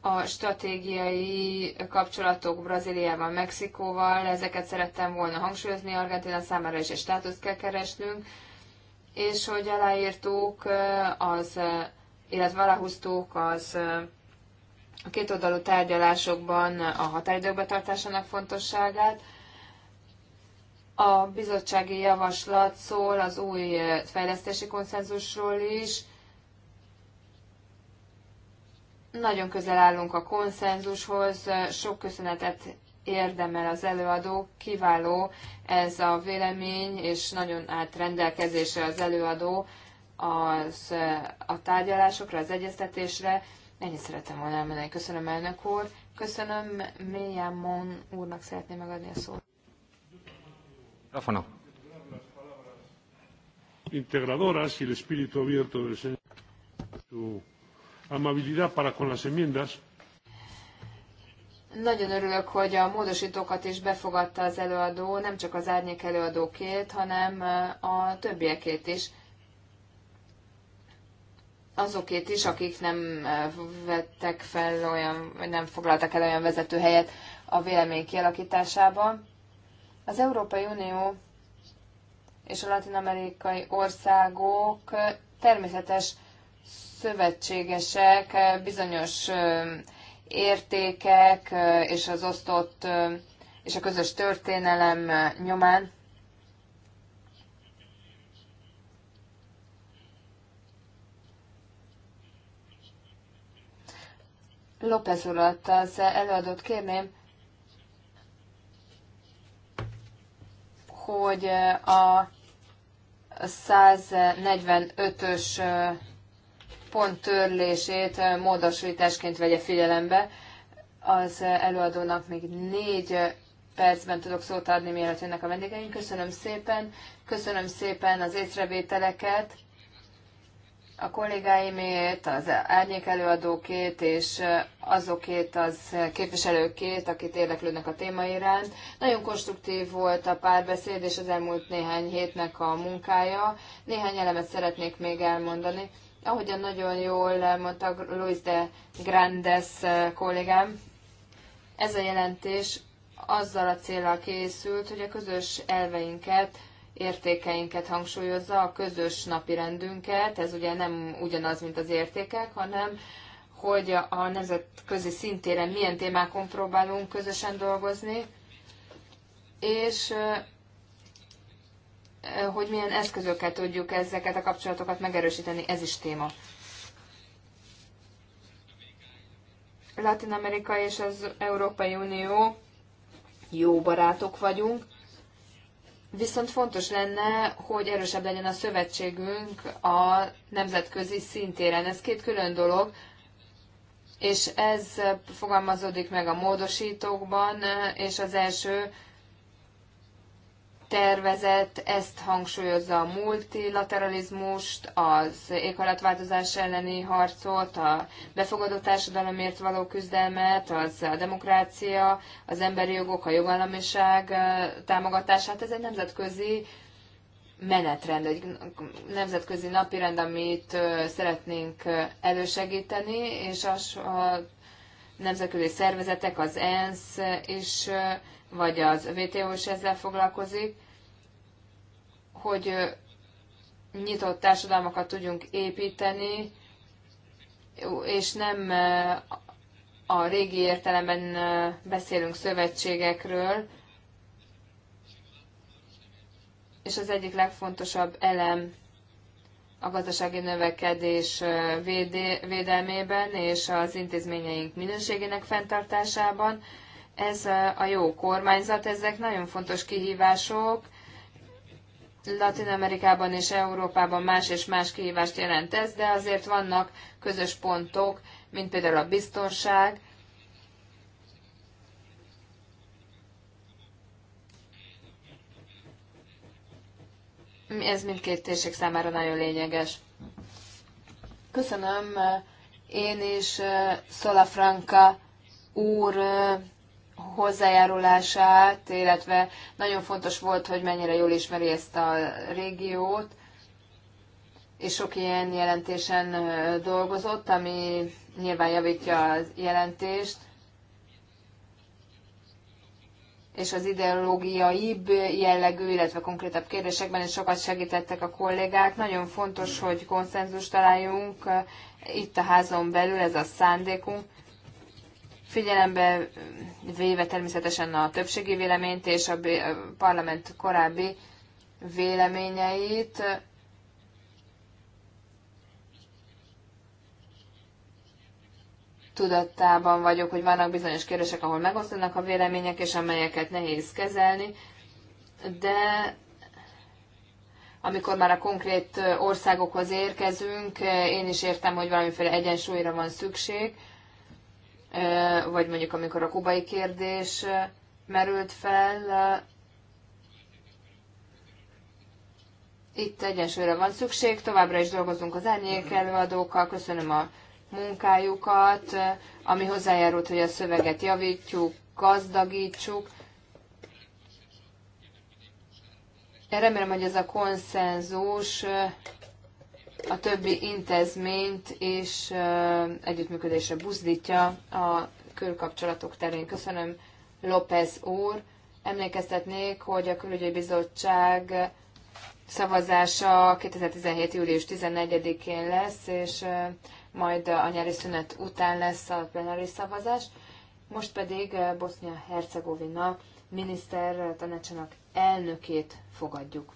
a stratégiai kapcsolatok Brazíliával, Mexikóval, ezeket szerettem volna hangsúlyozni, Argentina számára is egy státuszt kell keresnünk, és hogy aláírtuk az, illetve aláhúztuk az a két oldalú tárgyalásokban a határidők betartásának fontosságát, a bizottsági javaslat szól az új fejlesztési konszenzusról is. Nagyon közel állunk a konszenzushoz, sok köszönetet érdemel az előadó, kiváló ez a vélemény, és nagyon állt rendelkezésre az előadó az, a tárgyalásokra, az egyeztetésre. Ennyit szeretem volna elmondani. Köszönöm, elnök úr. Köszönöm, Mélyámon úrnak szeretném megadni a szót. Mikrofono. Integradoras y el espíritu abierto del señor. Su amabilidad para con las enmiendas. Nagyon örülök, hogy a módosítókat is befogadta az előadó, nem csak az árnyék előadókét, hanem eh, a többiekét is. Azokét is, akik nem eh, vettek fel olyan, nem foglaltak el olyan vezető helyet a vélemény kialakításában. Az Európai Unió és a latin-amerikai országok természetes szövetségesek bizonyos értékek és az osztott és a közös történelem nyomán. López urat, az előadót kérném, hogy a 145-ös pont törlését módosításként vegye figyelembe. Az előadónak még négy percben tudok szót adni, mielőtt jönnek a vendégeink. Köszönöm szépen, köszönöm szépen az észrevételeket a kollégáimét, az árnyék előadókét és azokét az képviselőkét, akik érdeklődnek a téma iránt. Nagyon konstruktív volt a párbeszéd és az elmúlt néhány hétnek a munkája. Néhány elemet szeretnék még elmondani. Ahogyan nagyon jól mondta Luis de Grandes kollégám, ez a jelentés azzal a célral készült, hogy a közös elveinket értékeinket hangsúlyozza, a közös napi rendünket, ez ugye nem ugyanaz, mint az értékek, hanem hogy a nemzetközi szintéren milyen témákon próbálunk közösen dolgozni, és hogy milyen eszközökkel tudjuk ezeket a kapcsolatokat megerősíteni, ez is téma. Latin Amerika és az Európai Unió jó barátok vagyunk, Viszont fontos lenne, hogy erősebb legyen a szövetségünk a nemzetközi szintéren. Ez két külön dolog, és ez fogalmazódik meg a módosítókban, és az első tervezet ezt hangsúlyozza a multilateralizmust, az éghajlatváltozás elleni harcot, a befogadó társadalomért való küzdelmet, az a demokrácia, az emberi jogok, a jogállamiság támogatását. Ez egy nemzetközi menetrend, egy nemzetközi napirend, amit szeretnénk elősegíteni, és az, a nemzetközi szervezetek, az ENSZ is vagy az VTO is ezzel foglalkozik, hogy nyitott társadalmakat tudjunk építeni, és nem a régi értelemben beszélünk szövetségekről, és az egyik legfontosabb elem a gazdasági növekedés védelmében és az intézményeink minőségének fenntartásában. Ez a jó kormányzat, ezek nagyon fontos kihívások, Latin Amerikában és Európában más és más kihívást jelent ez, de azért vannak közös pontok, mint például a biztonság, Ez mindkét térség számára nagyon lényeges. Köszönöm eh, én is eh, Szolafranka úr eh, hozzájárulását, illetve nagyon fontos volt, hogy mennyire jól ismeri ezt a régiót, és sok ilyen jelentésen dolgozott, ami nyilván javítja a jelentést, és az ideológiaibb jellegű, illetve konkrétabb kérdésekben is sokat segítettek a kollégák. Nagyon fontos, hogy konszenzus találjunk itt a házon belül, ez a szándékunk, figyelembe véve természetesen a többségi véleményt és a parlament korábbi véleményeit, tudattában vagyok, hogy vannak bizonyos kérdések, ahol megosztanak a vélemények, és amelyeket nehéz kezelni, de amikor már a konkrét országokhoz érkezünk, én is értem, hogy valamiféle egyensúlyra van szükség, vagy mondjuk amikor a kubai kérdés merült fel, itt egyensúlyra van szükség, továbbra is dolgozunk az árnyék előadókkal, köszönöm a munkájukat, ami hozzájárult, hogy a szöveget javítjuk, gazdagítsuk. remélem, hogy ez a konszenzus a többi intézményt is együttműködésre buzdítja a külkapcsolatok terén. Köszönöm, López úr. Emlékeztetnék, hogy a Külügyi Bizottság szavazása 2017. július 14-én lesz, és majd a nyári szünet után lesz a plenáris szavazás. Most pedig Bosznia-Hercegovina miniszter tanácsának elnökét fogadjuk.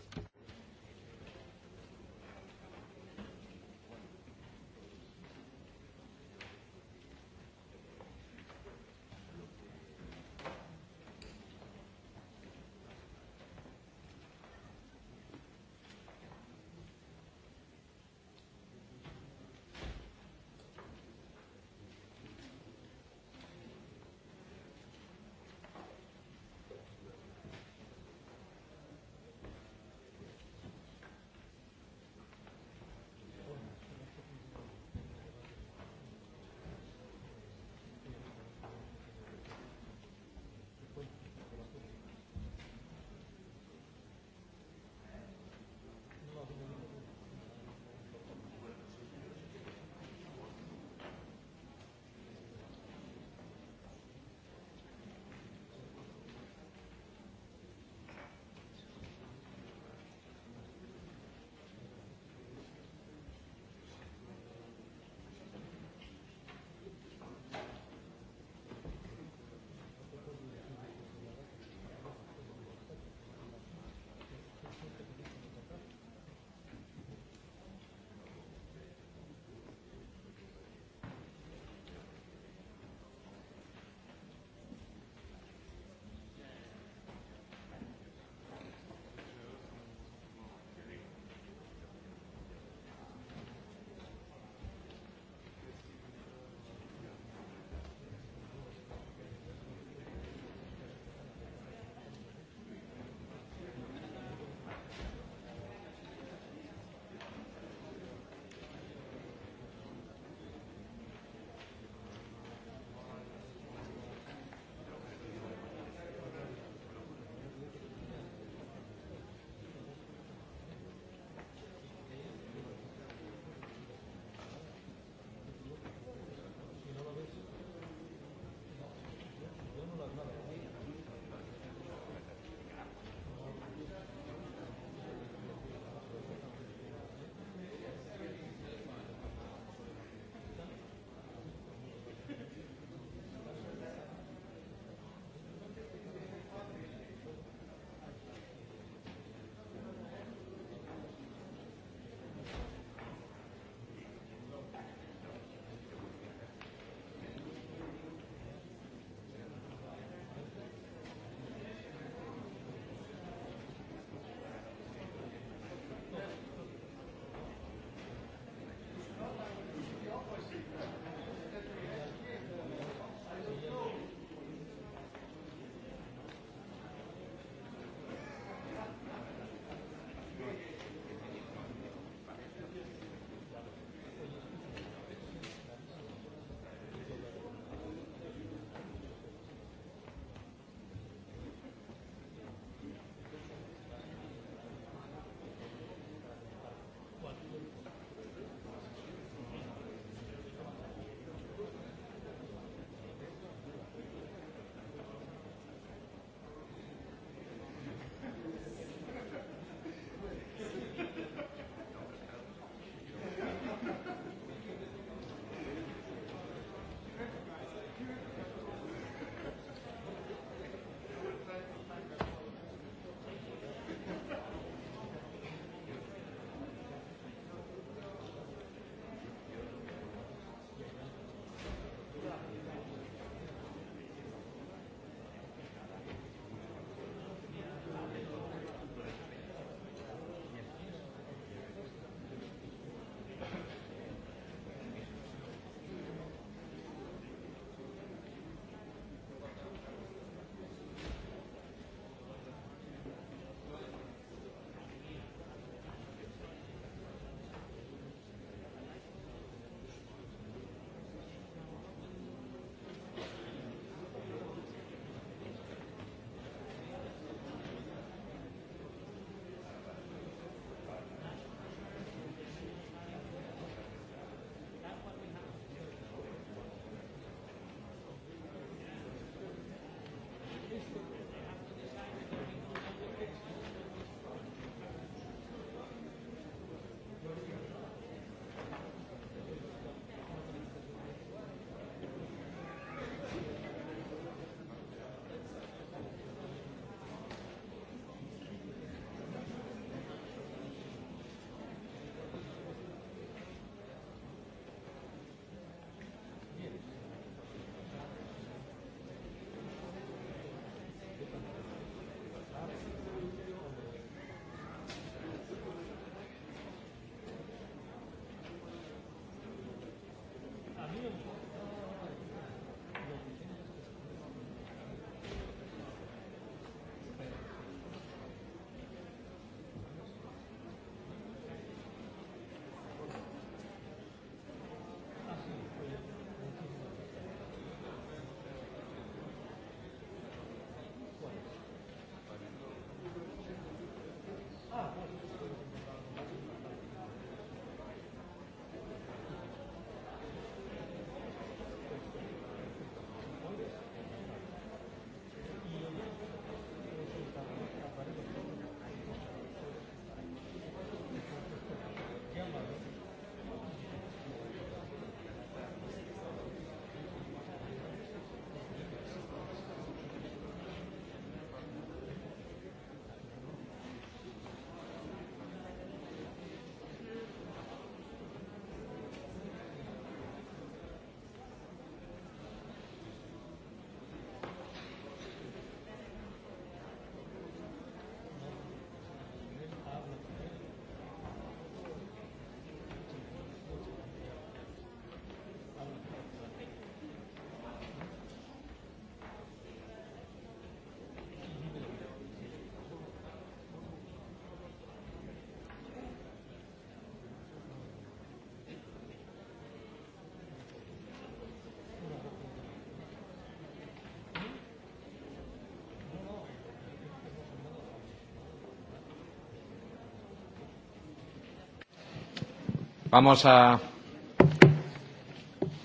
Vamos a,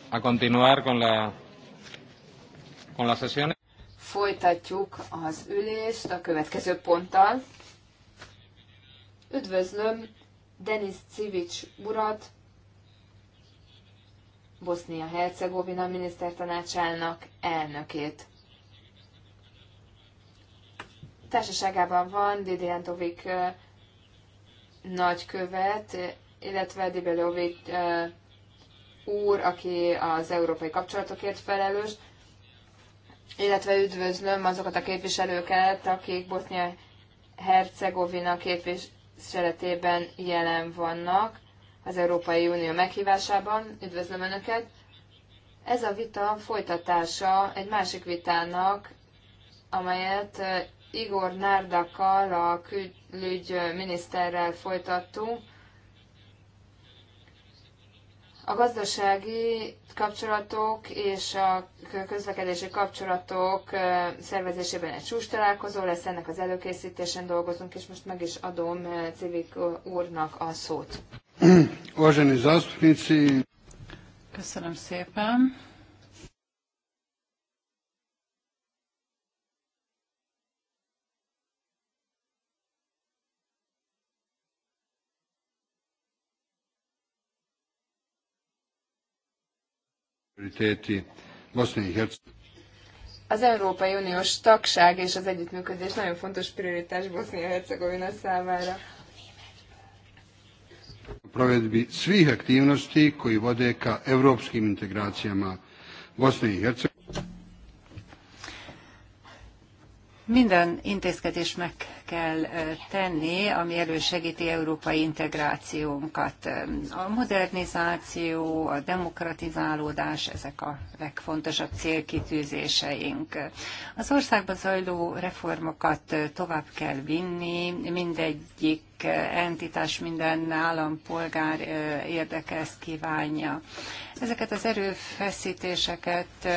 a continuar con la, con la sesión. Folytatjuk az ülést a következő ponttal. Üdvözlöm Denis Civics urat, Bosznia-Hercegovina minisztertanácsának elnökét. Társaságában van Didiantovic nagykövet, illetve Dibelovic úr, aki az európai kapcsolatokért felelős, illetve üdvözlöm azokat a képviselőket, akik Bosznia-Hercegovina képviseletében jelen vannak az Európai Unió meghívásában. Üdvözlöm Önöket! Ez a vita folytatása egy másik vitának, amelyet Igor Nárdakkal, a külügyminiszterrel folytattunk, a gazdasági kapcsolatok és a közlekedési kapcsolatok szervezésében egy csúcs találkozó lesz, ennek az előkészítésen dolgozunk, és most meg is adom Civik úrnak a szót. Köszönöm szépen. Az Európai Uniós tagság és az együttműködés nagyon fontos prioritás Bosznia-Hercegovina számára. Provedbi svih aktivnosti koji vode ka evropskim integracijama Bosne i Hercegovine. Minden intézkedésnek kell tenni, ami elősegíti európai integrációnkat. A modernizáció, a demokratizálódás, ezek a legfontosabb célkitűzéseink. Az országban zajló reformokat tovább kell vinni, mindegyik entitás, minden állampolgár érdeke ezt kívánja. Ezeket az erőfeszítéseket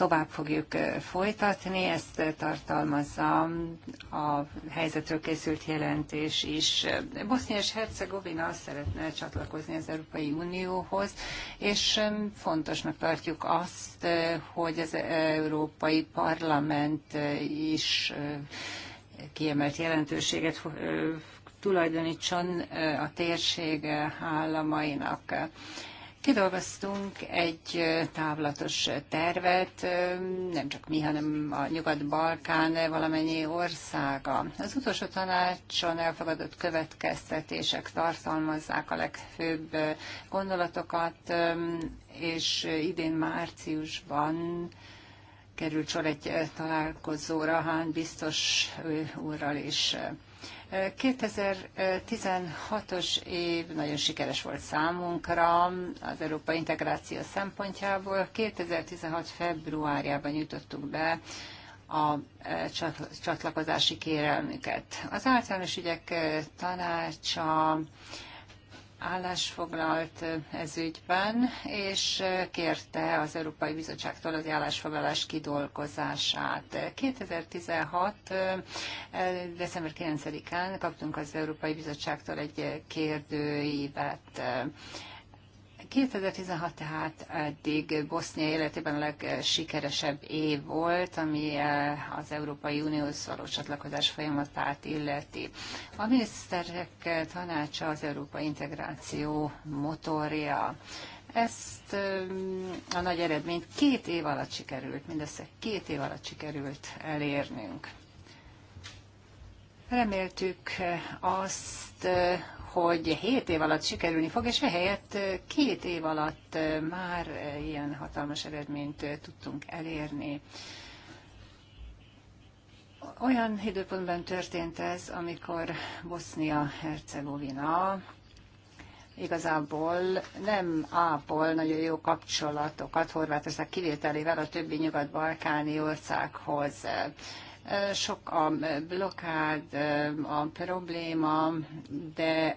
tovább fogjuk folytatni, ezt tartalmazza a helyzetről készült jelentés is. Bosznia és Hercegovina szeretne csatlakozni az Európai Unióhoz, és fontosnak tartjuk azt, hogy az Európai Parlament is kiemelt jelentőséget tulajdonítson a térség államainak. Kidolgoztunk egy távlatos tervet, nem csak mi, hanem a Nyugat-Balkán valamennyi országa. Az utolsó tanácson elfogadott következtetések tartalmazzák a legfőbb gondolatokat, és idén márciusban került sor egy találkozóra Hán biztos úrral is. 2016-os év nagyon sikeres volt számunkra az Európai Integráció szempontjából. 2016. februárjában nyújtottuk be a e, csatlakozási kérelmüket. Az általános ügyek e, tanácsa állásfoglalt ez ügyben, és kérte az Európai Bizottságtól az állásfoglalás kidolgozását. 2016. december 9-án kaptunk az Európai Bizottságtól egy kérdőívet 2016 tehát eddig Bosznia életében a legsikeresebb év volt, ami eh, az Európai Unióhoz való csatlakozás folyamatát illeti. A miniszterek tanácsa az európai integráció motorja. Ezt eh, a nagy eredményt két év alatt sikerült, mindössze két év alatt sikerült elérnünk. Reméltük eh, azt, hogy 7 év alatt sikerülni fog, és ehelyett két év alatt már ilyen hatalmas eredményt tudtunk elérni. Olyan időpontban történt ez, amikor Bosznia-Hercegovina igazából nem ápol nagyon jó kapcsolatokat Horvátország kivételével a többi nyugat-balkáni országhoz. Sok a blokád, a probléma, de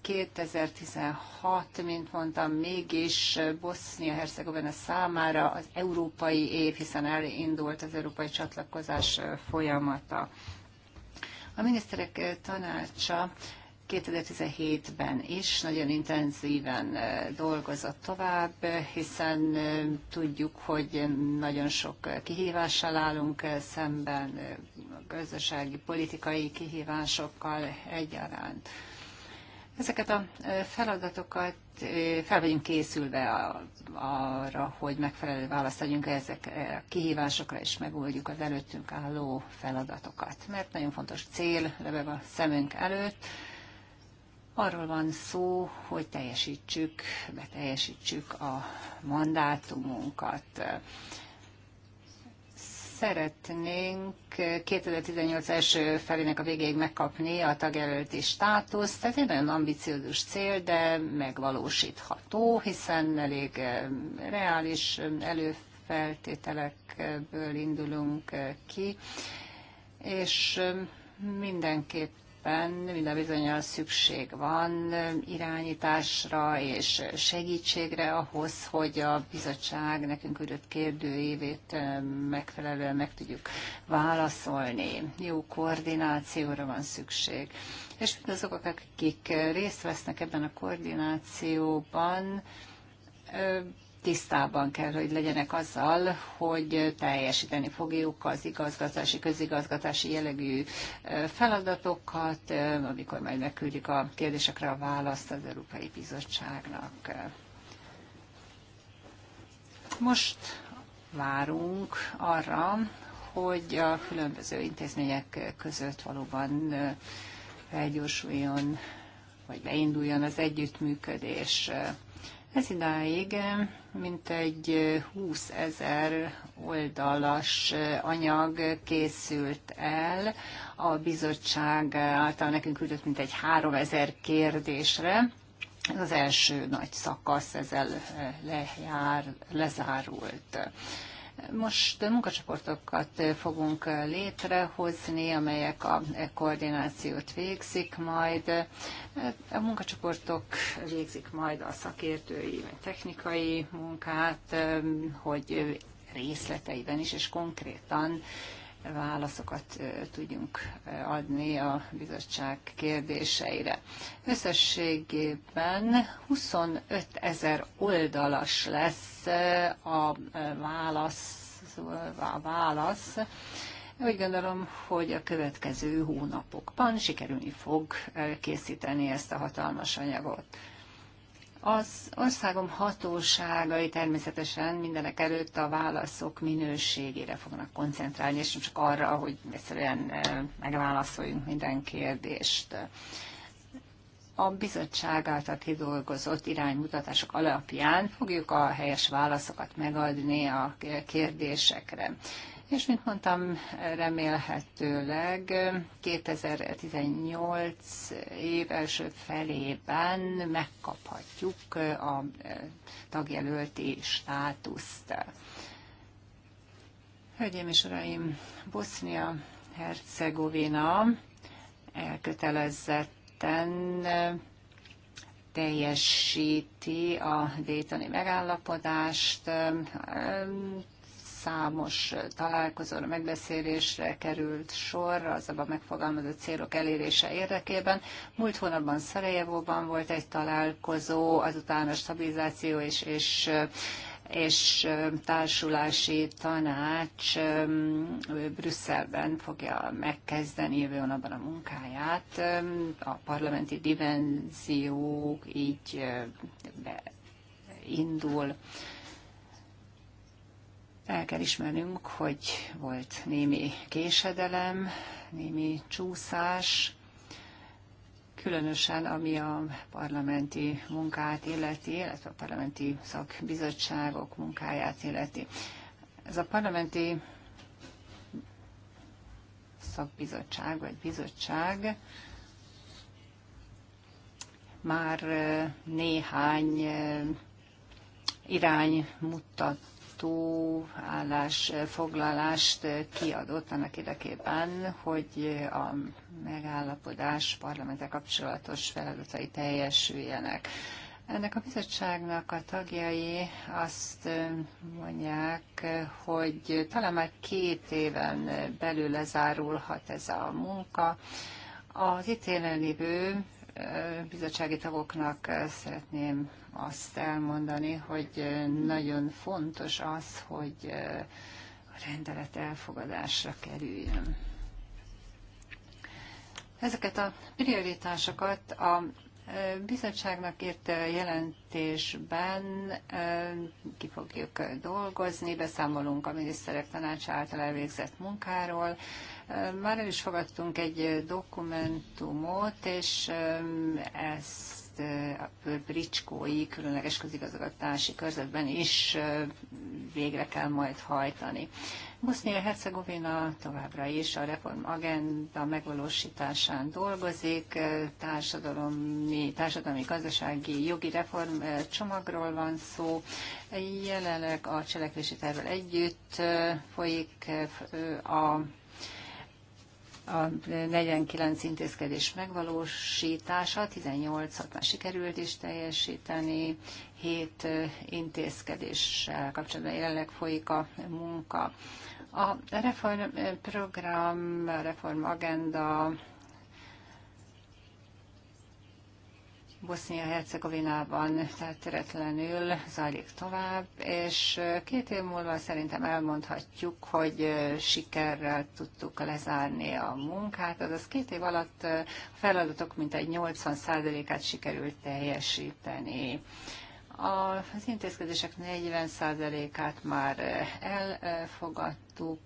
2016, mint mondtam, mégis Bosznia-Hercegovina számára az európai év, hiszen elindult az európai csatlakozás folyamata. A miniszterek tanácsa 2017-ben is nagyon intenzíven eh, dolgozott tovább, eh, hiszen eh, tudjuk, hogy nagyon sok kihívással állunk szemben, gazdasági, politikai kihívásokkal egyaránt. Ezeket a feladatokat fel vagyunk készülve arra, hogy megfelelő választ adjunk ezek a kihívásokra, és megoldjuk az előttünk álló feladatokat. Mert nagyon fontos cél lebeg a szemünk előtt, Arról van szó, hogy teljesítsük, beteljesítsük a mandátumunkat. Szeretnénk 2018 első felének a végéig megkapni a tagjelölti státuszt. Tehát egy nagyon ambiciózus cél, de megvalósítható, hiszen elég eh, reális előfeltételekből indulunk eh, ki, és eh, mindenképp mindenképpen minden bizonyal szükség van irányításra és segítségre ahhoz, hogy a bizottság nekünk küldött kérdőívét megfelelően meg tudjuk válaszolni. Jó koordinációra van szükség. És mindazok, akik részt vesznek ebben a koordinációban, tisztában kell, hogy legyenek azzal, hogy teljesíteni fogjuk az igazgatási, közigazgatási jellegű feladatokat, amikor majd megküldjük a kérdésekre a választ az Európai Bizottságnak. Most várunk arra, hogy a különböző intézmények között valóban felgyorsuljon, vagy beinduljon az együttműködés. Ez idáig eh, mint egy 20 eh, ezer oldalas eh, anyag készült el a bizottság által nekünk küldött mint egy 3 ezer kérdésre. Ez az első nagy szakasz ezzel lejár, lezárult. Most munkacsoportokat fogunk létrehozni, amelyek a koordinációt végzik majd. A munkacsoportok végzik majd a szakértői, technikai munkát, hogy részleteiben is és konkrétan válaszokat tudjunk adni a bizottság kérdéseire. Összességében 25 ezer oldalas lesz a válasz, a válasz. Úgy gondolom, hogy a következő hónapokban sikerülni fog készíteni ezt a hatalmas anyagot. Az országom hatóságai természetesen mindenek előtt a válaszok minőségére fognak koncentrálni, és nem csak arra, hogy egyszerűen megválaszoljunk minden kérdést. A bizottság által kidolgozott iránymutatások alapján fogjuk a helyes válaszokat megadni a kérdésekre és mint mondtam, remélhetőleg 2018 év első felében megkaphatjuk a e, tagjelölti státuszt. Hölgyeim és Uraim, Bosznia Hercegovina elkötelezetten teljesíti a Daytoni megállapodást, számos találkozóra, megbeszélésre került sor az abban megfogalmazott célok elérése érdekében. Múlt hónapban Szarajevóban volt egy találkozó, azután a stabilizáció és, és és társulási tanács Brüsszelben fogja megkezdeni jövő hónapban a munkáját. A parlamenti dimenzió így indul. El kell ismernünk, hogy volt némi késedelem, némi csúszás, különösen ami a parlamenti munkát illeti, illetve a parlamenti szakbizottságok munkáját illeti. Ez a parlamenti szakbizottság vagy bizottság már eh, néhány eh, irány mutat támogató állásfoglalást kiadott annak érdekében, hogy a megállapodás parlamente kapcsolatos feladatai teljesüljenek. Ennek a bizottságnak a tagjai azt mondják, hogy talán már két éven belül lezárulhat ez a munka. Az itt jelenlévő bizottsági tagoknak szeretném azt elmondani, hogy nagyon fontos az, hogy a rendelet elfogadásra kerüljön. Ezeket a prioritásokat a bizottságnak írt jelentésben ki fogjuk dolgozni, beszámolunk a miniszterek tanács által elvégzett munkáról. Már el is fogadtunk egy dokumentumot, és ezt azért a bricskói különleges közigazgatási körzetben is végre kell majd hajtani. Bosznia-Hercegovina továbbra is a reformagenda megvalósításán dolgozik, társadalmi, társadalmi, gazdasági, jogi reform csomagról van szó. Jelenleg a cselekvési tervvel együtt folyik a a 49 intézkedés megvalósítása, 18-at már sikerült is teljesíteni, 7 intézkedéssel kapcsolatban jelenleg folyik a munka. A reformprogram, a reformagenda Bosznia-Hercegovinában teretlenül zajlik tovább, és két év múlva szerintem elmondhatjuk, hogy sikerrel tudtuk lezárni a munkát, azaz két év alatt a feladatok mintegy 80%-át sikerült teljesíteni. Az intézkedések 40%-át már elfogadtuk,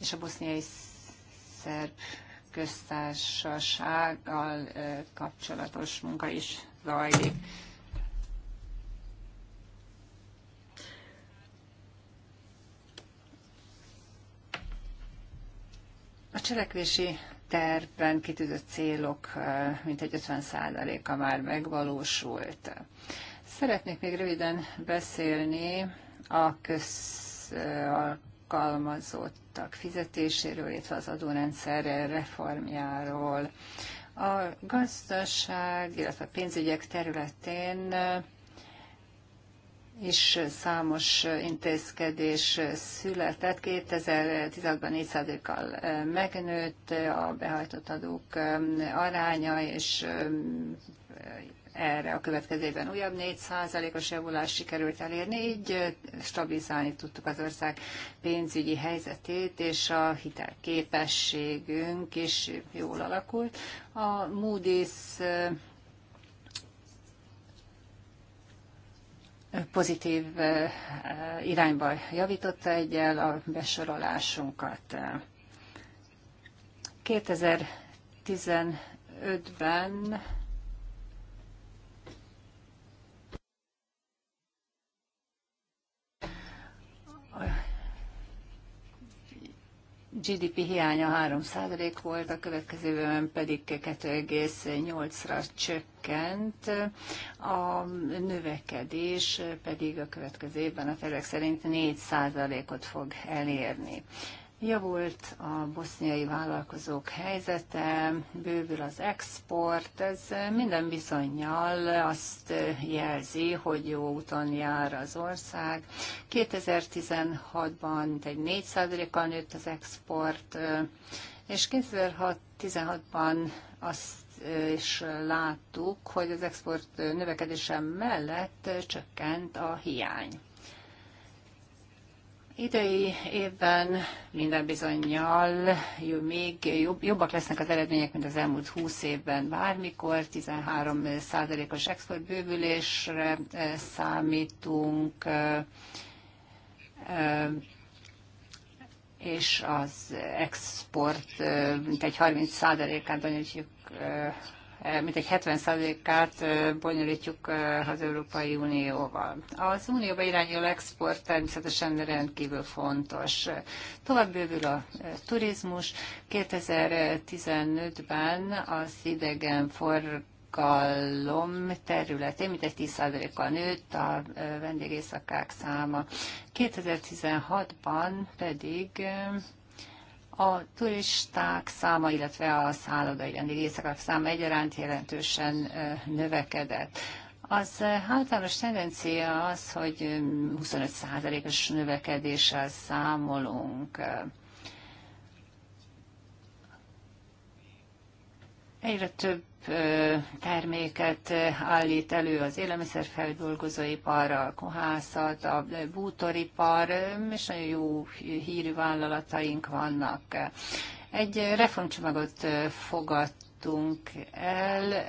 és a boszniai szerb köztársasággal kapcsolatos munka is zajlik. A cselekvési tervben kitűzött célok mintegy 50%-a már megvalósult. Szeretnék még röviden beszélni a, köz, a alkalmazottak fizetéséről, illetve az adórendszer reformjáról. A gazdaság, illetve a pénzügyek területén is számos intézkedés született. 2016-ban 4%-kal megnőtt a behajtott adók aránya, és erre a következő évben újabb 4%-os javulást sikerült elérni, így stabilizálni tudtuk az ország pénzügyi helyzetét, és a hitelképességünk is jól alakult. A Moody's pozitív irányba javította egyel a besorolásunkat. 2015-ben GDP hiánya 3% volt, a következőben pedig 2,8-ra csökkent, a növekedés pedig a következő évben a tervek szerint 4%-ot fog elérni. Javult a boszniai vállalkozók helyzete, bővül az export, ez minden bizonyal azt jelzi, hogy jó úton jár az ország. 2016-ban egy 4%-kal nőtt az export, és 2016-ban azt és láttuk, hogy az export növekedése mellett csökkent a hiány idei évben minden bizonyal még jobb, jobbak lesznek az eredmények, mint az elmúlt 20 évben bármikor. 13 százalékos exportbővülésre eh, számítunk, eh, eh, és az export mint egy 30 százalékát bonyolítjuk mintegy 70%-át bonyolítjuk az Európai Unióval. Az Unióba irányuló export természetesen rendkívül fontos. Tovább bővül a turizmus. 2015-ben az idegen for forgalom területén, mint egy 10%-kal nőtt a vendégészakák száma. 2016-ban pedig a turisták száma, illetve a szállodai vendégészakak száma egyaránt jelentősen növekedett. Az általános tendencia az, hogy 25%-os növekedéssel számolunk. Egyre több terméket állít elő az élelmiszerfeldolgozóipar, a kohászat, a bútoripar, és nagyon jó hírű vállalataink vannak. Egy reformcsomagot fogadt jutottunk el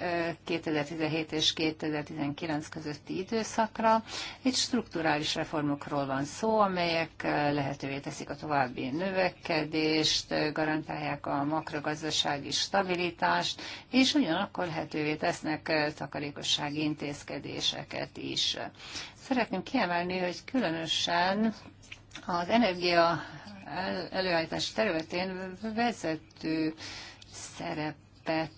2017 és 2019 közötti időszakra. Itt strukturális reformokról van szó, amelyek lehetővé teszik a további növekedést, garantálják a makrogazdasági stabilitást, és ugyanakkor lehetővé tesznek takarékossági intézkedéseket is. Szeretném kiemelni, hogy különösen az energia előállítás területén vezető szerep gépet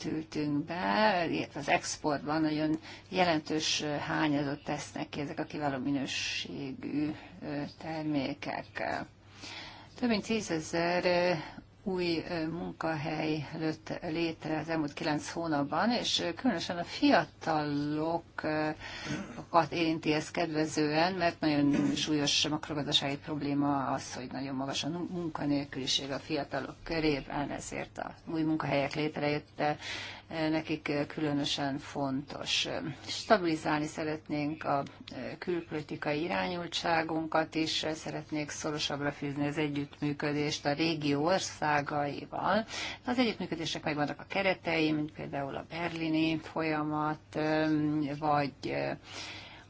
tültünk be, illetve az exportban nagyon jelentős hányadot tesznek ki ezek a kiváló minőségű termékek. Több mint tízezer új munkahely lőtt létre az elmúlt kilenc hónapban, és különösen a fiatalokat érinti ez kedvezően, mert nagyon súlyos makrogazdasági probléma az, hogy nagyon magas a munkanélküliség a fiatalok körében, ezért a új munkahelyek létrejött nekik eh, különösen fontos. Stabilizálni szeretnénk a eh, külpolitikai irányultságunkat is, szeretnék szorosabbra fűzni az együttműködést a régió országaival. Az együttműködések megvannak a keretei, mint például a berlini folyamat, vagy eh,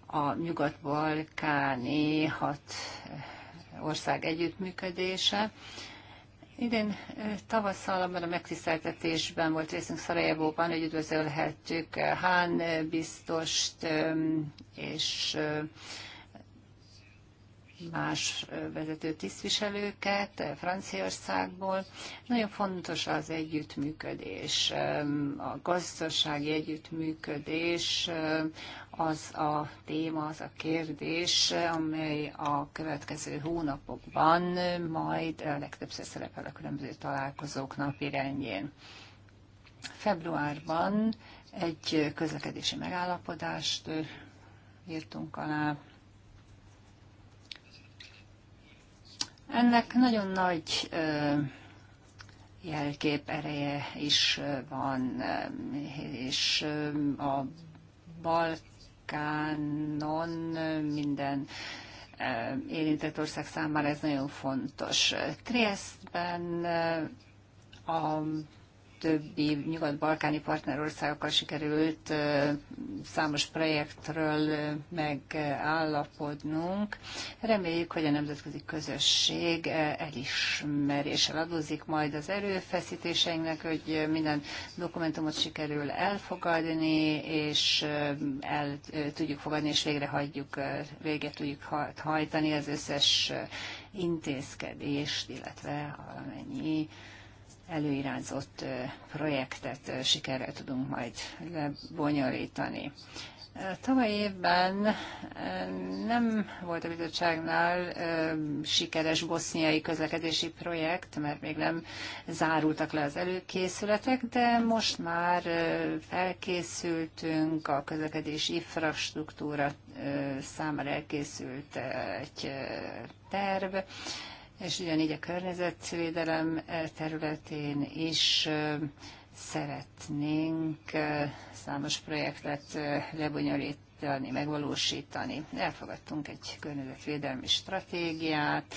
a nyugat-balkáni hat ország együttműködése. Idén eh, tavasszal abban a megtiszteltetésben volt részünk Szarajevóban, hogy üdvözölhettük eh, Hán eh, biztost és más vezető tisztviselőket Franciaországból. Nagyon fontos az együttműködés, a gazdasági együttműködés, az a téma, az a kérdés, amely a következő hónapokban majd legtöbbször szerepel a különböző találkozók napirendjén. Februárban egy közlekedési megállapodást írtunk alá. Ennek nagyon nagy jelkép ereje is van, és a Balt kánon minden e, érintett ország számára ez nagyon fontos. Triestben e, a többi nyugat-balkáni partnerországokkal sikerült számos projektről megállapodnunk. Reméljük, hogy a nemzetközi közösség elismeréssel adózik majd az erőfeszítéseinknek, hogy minden dokumentumot sikerül elfogadni, és el tudjuk fogadni, és végre hagyjuk, végre tudjuk hajtani az összes intézkedést, illetve valamennyi előirányzott projektet sikerrel tudunk majd lebonyolítani. Tavaly évben nem volt a bizottságnál sikeres boszniai közlekedési projekt, mert még nem zárultak le az előkészületek, de most már felkészültünk, a közlekedési infrastruktúra számára elkészült egy terv, és ugyanígy a környezetvédelem e, területén is szeretnénk számos projektet lebonyolítani, megvalósítani. Elfogadtunk egy környezetvédelmi stratégiát,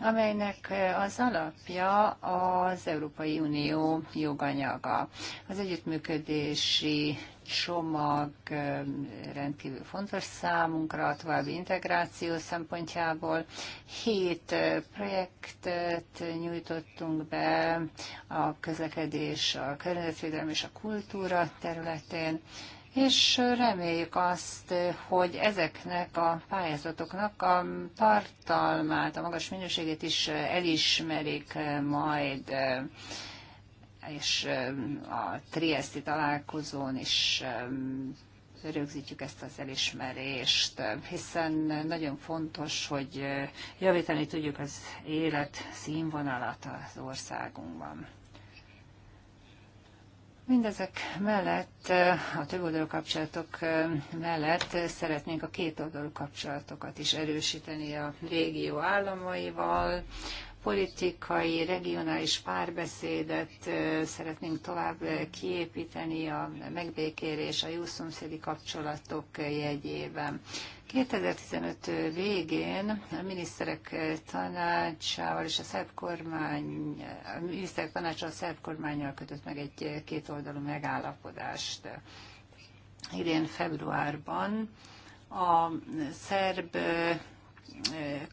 amelynek az alapja az Európai Unió joganyaga. Az együttműködési csomag rendkívül fontos számunkra a további integráció szempontjából. Hét projektet nyújtottunk be a közlekedés, a környezetvédelem és a kultúra területén, és reméljük azt, hogy ezeknek a pályázatoknak a tartalmát, a magas minőségét is elismerik majd és a Triesti találkozón is rögzítjük ezt az elismerést, hiszen nagyon fontos, hogy javítani tudjuk az élet színvonalat az országunkban. Mindezek mellett, a több oldalú kapcsolatok mellett szeretnénk a két oldalú kapcsolatokat is erősíteni a régió államaival, politikai, regionális párbeszédet szeretnénk tovább kiépíteni a megbékérés, a jó szomszédi kapcsolatok jegyében. 2015 végén a miniszterek tanácsával és a szerb kormány, a miniszterek tanácsa a szerb kormányjal kötött meg egy kétoldalú megállapodást. Idén februárban a szerb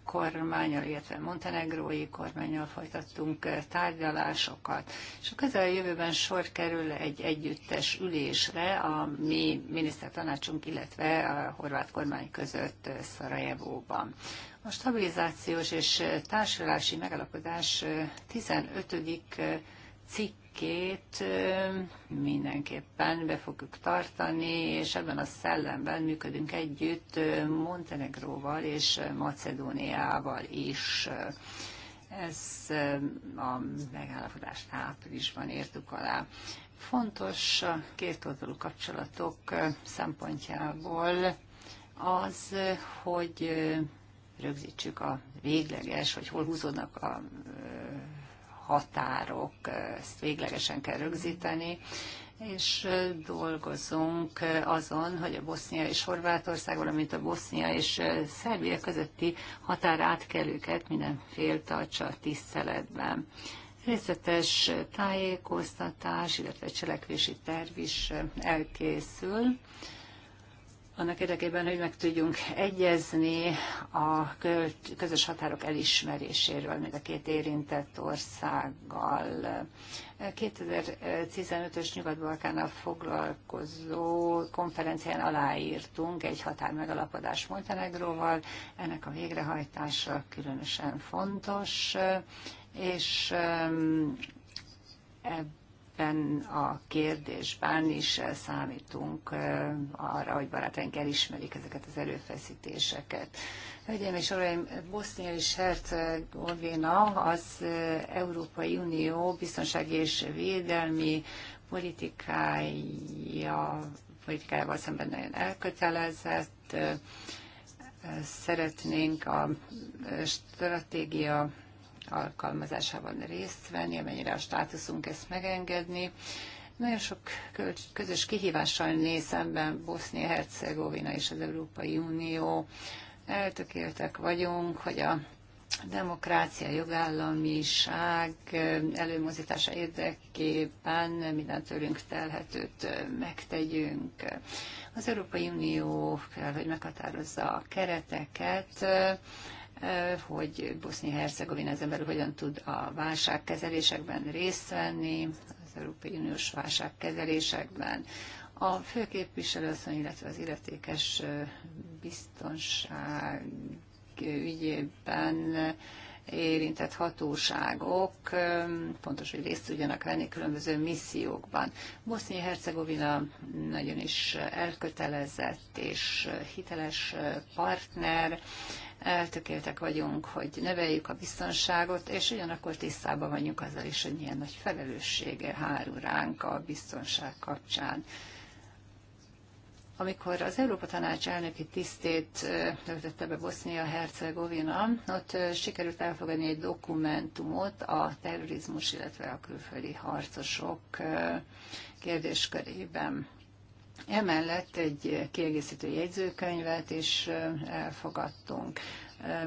kormányal, illetve montenegrói kormányal folytattunk eh, tárgyalásokat. És a közeljövőben sor kerül egy együttes ülésre a mi minisztertanácsunk, illetve a horvát kormány között eh, Szarajevóban. A stabilizációs és társulási megalapodás 15. Eh, cikk érdekét mindenképpen be fogjuk tartani, és ebben a szellemben működünk együtt Montenegróval és Macedóniával is. Ez a megállapodást áprilisban értük alá. Fontos a kétoldalú kapcsolatok szempontjából az, hogy rögzítsük a végleges, hogy hol húzódnak a határok, ezt véglegesen kell rögzíteni, és dolgozunk azon, hogy a Bosznia és Horvátország, valamint a Bosznia és Szerbia közötti határ átkelőket mindenfél tartsa tiszteletben. Részletes tájékoztatás, illetve cselekvési terv is elkészül annak érdekében, hogy meg tudjunk egyezni a közös határok elismeréséről mint a két érintett országgal. 2015-ös Nyugat-Balkánnal foglalkozó konferencián aláírtunk egy határmegalapodás Montenegróval. Ennek a végrehajtása különösen fontos, és ebben a kérdésben is számítunk arra, hogy barátaink elismerik ezeket az előfeszítéseket. Hölgyeim és Uraim, Bosznia és Hercegovina az Európai Unió biztonsági és védelmi politikája, politikájával szemben nagyon elkötelezett. Szeretnénk a stratégia alkalmazásában részt venni, amennyire a státuszunk ezt megengedni. Nagyon sok közös kihívással néz szemben Bosznia-Hercegovina és az Európai Unió. Eltökéltek vagyunk, hogy a demokrácia, jogállamiság előmozítása érdekében minden tőlünk telhetőt megtegyünk. Az Európai Unió kell, hogy meghatározza a kereteket, hogy Bosznia-Hercegovina ezen belül hogyan tud a válságkezelésekben részt venni, az Európai Uniós válságkezelésekben. A főképviselő asszony, illetve az illetékes biztonság ügyében érintett hatóságok pontos, hogy részt tudjanak venni különböző missziókban. Bosznia-Hercegovina nagyon is elkötelezett és hiteles partner, eltökéltek vagyunk, hogy növeljük a biztonságot, és ugyanakkor tisztában vagyunk azzal is, hogy milyen nagy felelőssége hárul ránk a biztonság kapcsán. Amikor az Európa Tanács elnöki tisztét töltötte be Bosznia-Hercegovina, ott sikerült elfogadni egy dokumentumot a terrorizmus, illetve a külföldi harcosok kérdéskörében. Emellett egy kiegészítő jegyzőkönyvet is elfogadtunk.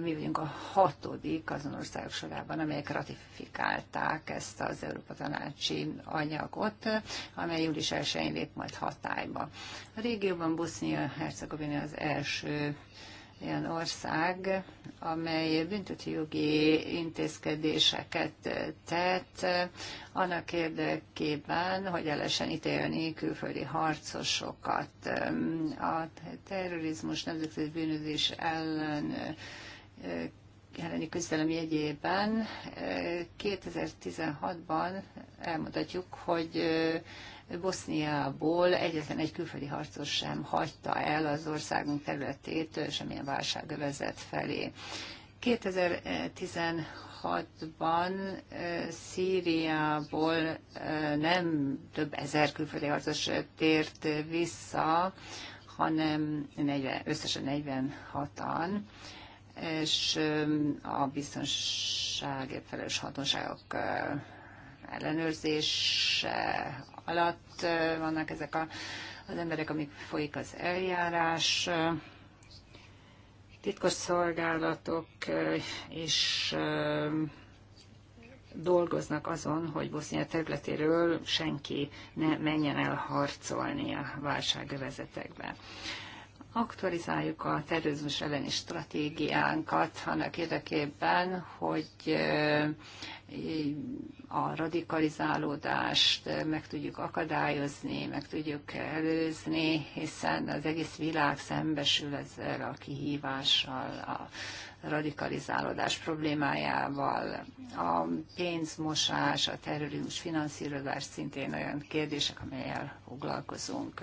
Mi vagyunk a hatodik azon országok sorában, amelyek ratifikálták ezt az Európa Tanácsi anyagot, amely július 1-én lép majd hatályba. A régióban Bosznia-Hercegovina az első olyan ország, amely büntetőjogi intézkedéseket tett annak érdekében, hogy elesen ítélni külföldi harcosokat. A terrorizmus nemzetközi bűnözés ellen elleni küzdelem jegyében 2016-ban eh, elmutatjuk, hogy eh, Boszniából egyetlen egy külföldi harcos sem hagyta el az országunk területét semmilyen válságövezet felé. 2016-ban Szíriából nem több ezer külföldi harcos tért vissza, hanem 40, összesen 46-an és a biztonság felelős hatóságok ellenőrzés alatt vannak ezek a, az emberek, amik folyik az eljárás, titkos szolgálatok és dolgoznak azon, hogy Bosznia területéről senki ne menjen el harcolni a válságövezetekbe aktualizáljuk a terrorizmus elleni stratégiánkat annak érdekében, hogy eh, a radikalizálódást meg tudjuk akadályozni, meg tudjuk előzni, hiszen az egész világ szembesül ezzel a kihívással, a radikalizálódás problémájával. A pénzmosás, a terrorizmus finanszírozás szintén olyan kérdések, amelyel foglalkozunk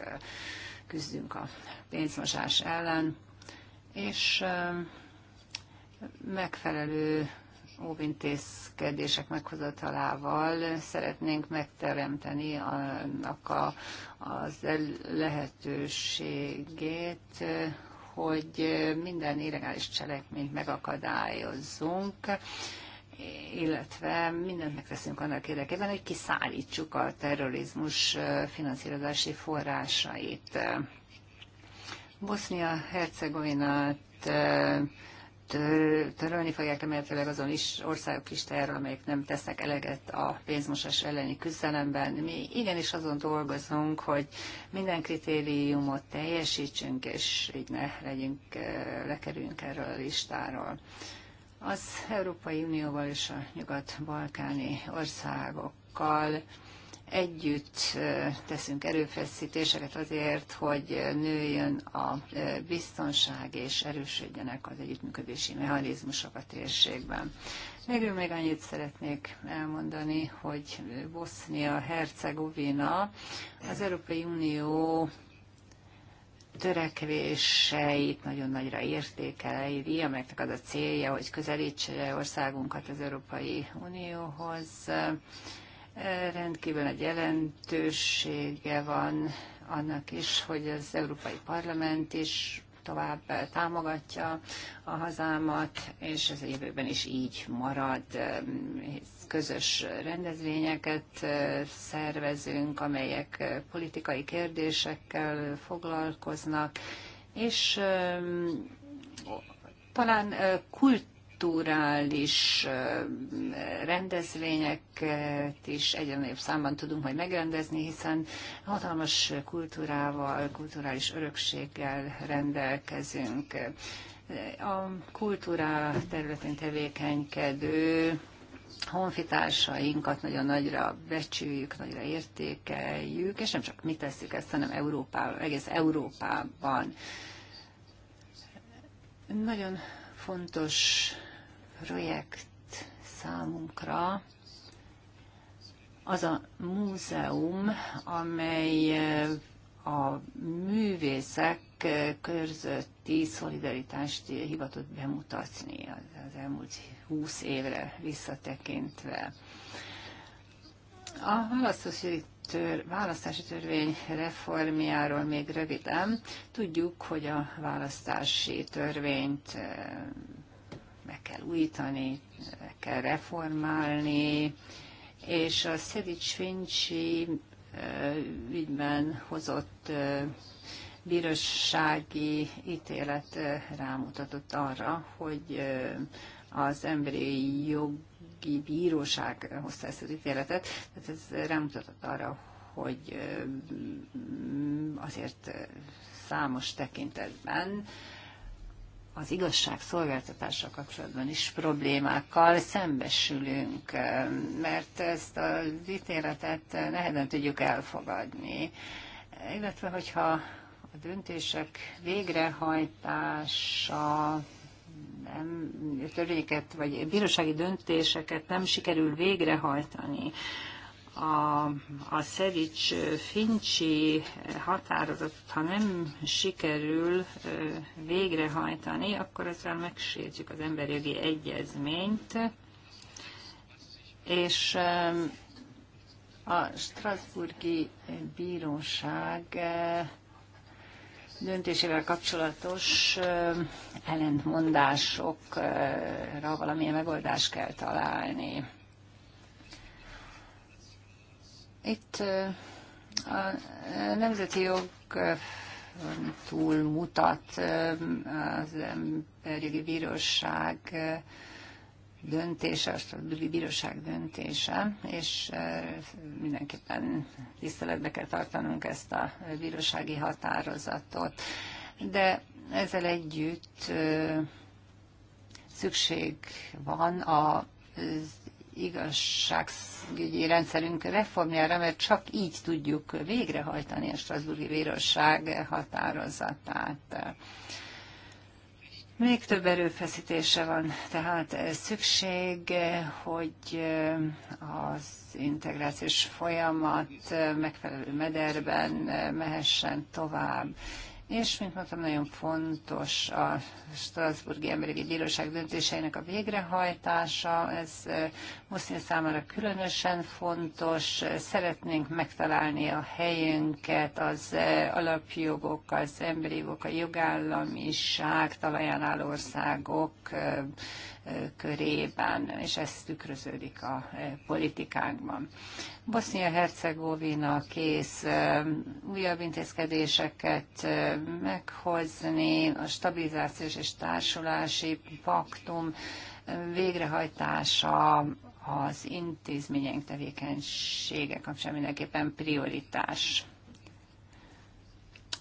küzdünk a pénzmosás ellen, és megfelelő óvintézkedések meghozatalával szeretnénk megteremteni annak a, az lehetőségét, hogy minden illegális cselekményt megakadályozzunk, illetve mindent megteszünk annak érdekében, hogy kiszállítsuk a terrorizmus finanszírozási forrásait. Bosznia-Hercegovinát tör, törölni fogják remélhetőleg azon is országok terve, amelyek nem tesznek eleget a pénzmosás elleni küzdelemben. Mi igenis azon dolgozunk, hogy minden kritériumot teljesítsünk, és így ne legyünk, lekerüljünk erről a listáról. Az Európai Unióval és a nyugat-balkáni országokkal együtt teszünk erőfeszítéseket azért, hogy nőjön a biztonság és erősödjenek az együttműködési mechanizmusok a térségben. Végül még annyit szeretnék elmondani, hogy Bosznia-Hercegovina az Európai Unió törekvéseit nagyon nagyra értékeli, amelyeknek az a célja, hogy közelítse országunkat az Európai Unióhoz. Rendkívül nagy jelentősége van annak is, hogy az Európai Parlament is tovább támogatja a hazámat, és az jövőben is így marad. Közös rendezvényeket szervezünk, amelyek politikai kérdésekkel foglalkoznak, és talán kult kulturális rendezvényeket is egyre nagyobb számban tudunk majd megrendezni, hiszen hatalmas kultúrával, kulturális örökséggel rendelkezünk. A kultúra területén tevékenykedő honfitársainkat nagyon nagyra becsüljük, nagyra értékeljük, és nem csak mi tesszük ezt, hanem Európában, egész Európában. Nagyon fontos projekt számunkra az a múzeum, amely eh, a művészek körzötti szolidaritást hivatott bemutatni az elmúlt húsz évre visszatekintve. A választási, tör, választási törvény reformjáról még röviden. Tudjuk, hogy a választási törvényt eh, újítani, kell reformálni, és a Szedics Fincsi ügyben hozott bírósági ítélet rámutatott arra, hogy az emberi jogi bíróság hozta ezt az ítéletet, tehát ez rámutatott arra, hogy azért számos tekintetben az igazság szolgáltatása kapcsolatban is problémákkal szembesülünk, mert ezt a ítéletet nehezen tudjuk elfogadni. Illetve, hogyha a döntések végrehajtása nem törvényeket, vagy bírósági döntéseket nem sikerül végrehajtani, a, a Szevics Fincsi határozatot, ha nem sikerül végrehajtani, akkor ezzel megsértjük az emberjogi egyezményt, és a Strasburgi Bíróság döntésével kapcsolatos ellentmondásokra valamilyen megoldást kell találni. Itt a nemzeti jog túl mutat az emberjogi bíróság döntése, a Strasbourgi Bíróság döntése, és mindenképpen tiszteletbe kell tartanunk ezt a bírósági határozatot. De ezzel együtt szükség van a igazságügyi rendszerünk reformjára, mert csak így tudjuk végrehajtani a Strasburgi Bíróság határozatát. Még több erőfeszítése van tehát szükség, hogy az integrációs folyamat megfelelő mederben mehessen tovább, és, mint mondtam, nagyon fontos a Strasburgi Emberi Bíróság döntéseinek a végrehajtása. Ez muszlim számára különösen fontos. Szeretnénk megtalálni a helyünket az alapjogok, az emberi jogok, a jogállamiság talaján álló országok körében, és ez tükröződik a e, politikákban. Bosznia-Hercegovina kész e, újabb intézkedéseket e, meghozni, a stabilizációs és társulási paktum végrehajtása az intézmények tevékenysége kapcsán mindenképpen prioritás.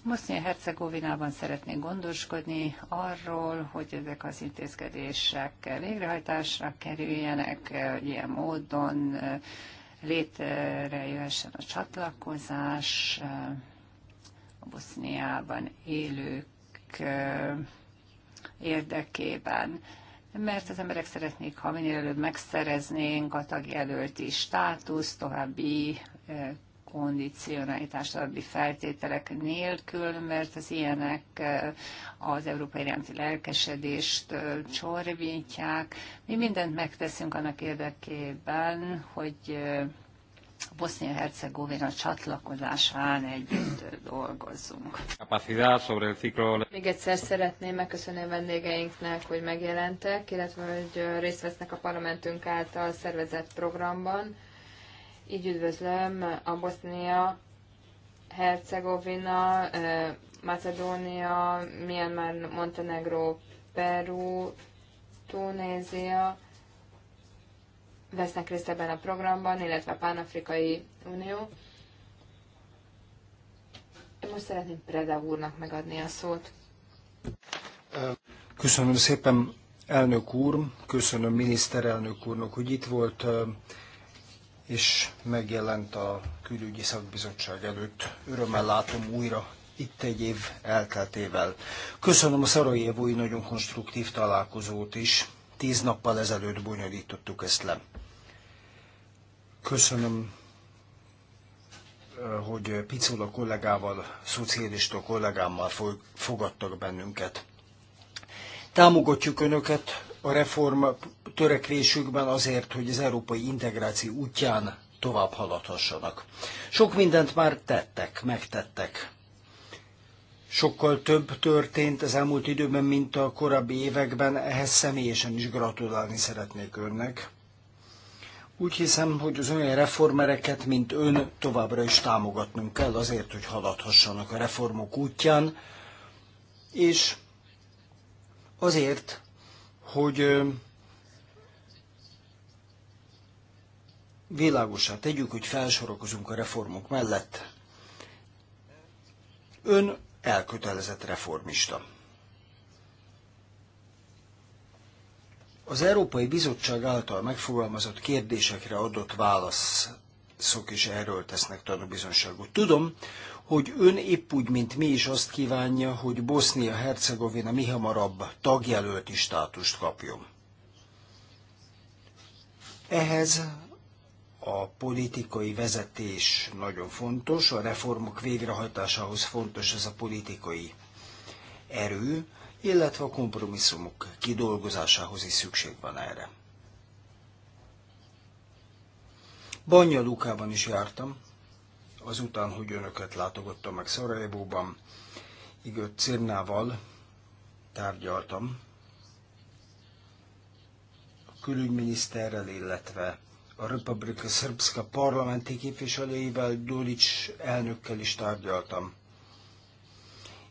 Bosznia-Hercegovinában szeretnék gondoskodni arról, hogy ezek az intézkedések végrehajtásra kerüljenek, ilyen módon eh, létrejöhessen a csatlakozás eh, a Boszniában élők eh, érdekében mert az emberek szeretnék, ha minél előbb megszereznénk a tagjelölti státusz, további kondicionalitás adni feltételek nélkül, mert az ilyenek az európai rendi lelkesedést csorbítják. Mi mindent megteszünk annak érdekében, hogy Bosznia-Hercegovina csatlakozásán együtt dolgozzunk. Még egyszer szeretném megköszönni a vendégeinknek, hogy megjelentek, illetve hogy részt vesznek a parlamentünk által szervezett programban. Így üdvözlöm a Bosznia, Hercegovina, Macedónia, Myanmar, Montenegro, Peru, Tunézia vesznek részt ebben a programban, illetve a Pánafrikai Unió. Én most szeretném Preda úrnak megadni a szót. Köszönöm szépen, elnök úr, köszönöm miniszterelnök úrnak, hogy itt volt és megjelent a külügyi szakbizottság előtt. Örömmel látom újra itt egy év elteltével. Köszönöm a Szarajevói nagyon konstruktív találkozót is. Tíz nappal ezelőtt bonyolítottuk ezt le. Köszönöm, eh, hogy Picula kollégával, szocialista kollégámmal fogadtak bennünket. Támogatjuk Önöket, a reform törekvésükben azért, hogy az európai integráció útján tovább haladhassanak. Sok mindent már tettek, megtettek. Sokkal több történt az elmúlt időben, mint a korábbi években, ehhez személyesen is gratulálni szeretnék önnek. Úgy hiszem, hogy az olyan reformereket, mint ön, továbbra is támogatnunk kell azért, hogy haladhassanak a reformok útján, és azért, hogy világosá tegyük, hogy felsorokozunk a reformok mellett. Ön elkötelezett reformista. Az Európai Bizottság által megfogalmazott kérdésekre adott válasz szok is erről tesznek tanúbizonságot. Tudom, hogy ön épp úgy, mint mi is azt kívánja, hogy Bosznia-Hercegovina mi hamarabb tagjelölti státust kapjon. Ehhez a politikai vezetés nagyon fontos, a reformok végrehajtásához fontos ez a politikai erő, illetve a kompromisszumok kidolgozásához is szükség van erre. Banya Lukában is jártam, azután, hogy önöket látogattam meg Szarajevóban. Igő Cirnával tárgyaltam, a külügyminiszterrel, illetve a Republika Srpska parlamenti képviselőivel, Dulics elnökkel is tárgyaltam.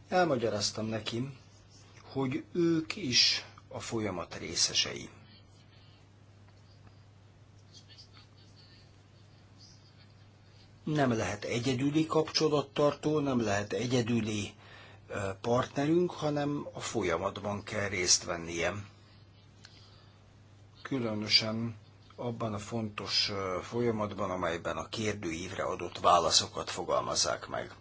Elmagyaráztam nekim, hogy ők is a folyamat részesei. nem lehet egyedüli kapcsolattartó, nem lehet egyedüli partnerünk, hanem a folyamatban kell részt vennie. Különösen abban a fontos folyamatban, amelyben a kérdőívre adott válaszokat fogalmazzák meg.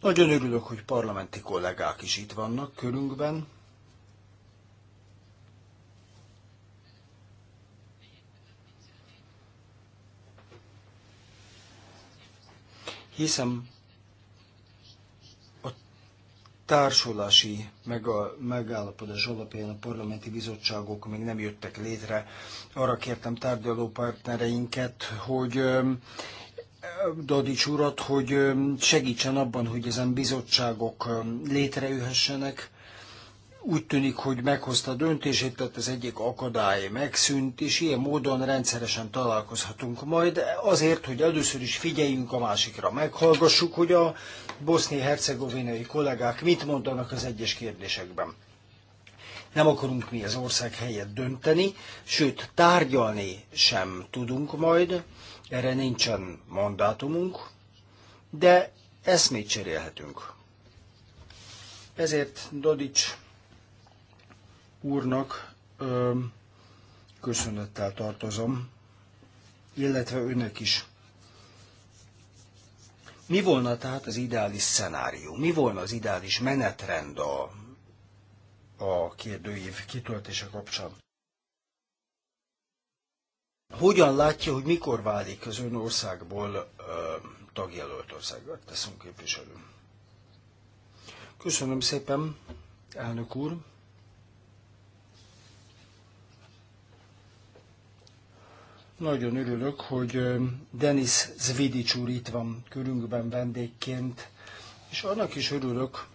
Nagyon örülök, hogy parlamenti kollégák is itt vannak körünkben, Hiszem, a társulási meg a megállapodás alapján a parlamenti bizottságok még nem jöttek létre. Arra kértem tárgyaló partnereinket, hogy Dadics urat, hogy segítsen abban, hogy ezen bizottságok létrejöhessenek, úgy tűnik, hogy meghozta a döntését, tehát az egyik akadály megszűnt, és ilyen módon rendszeresen találkozhatunk majd, azért, hogy először is figyeljünk a másikra, meghallgassuk, hogy a boszni hercegovinai kollégák mit mondanak az egyes kérdésekben. Nem akarunk mi az ország helyet dönteni, sőt, tárgyalni sem tudunk majd, erre nincsen mandátumunk, de eszmét cserélhetünk. Ezért Dodics úrnak köszönettel tartozom, illetve önök is. Mi volna tehát az ideális szenárió? Mi volna az ideális menetrend a, a kérdőív kitöltése kapcsán? Hogyan látja, hogy mikor válik az ön országból ö, tagjelölt országgal? Teszünk képviselő. Köszönöm szépen, elnök úr. Nagyon örülök, hogy Denis Zvidics úr itt van körünkben vendégként, és annak is örülök,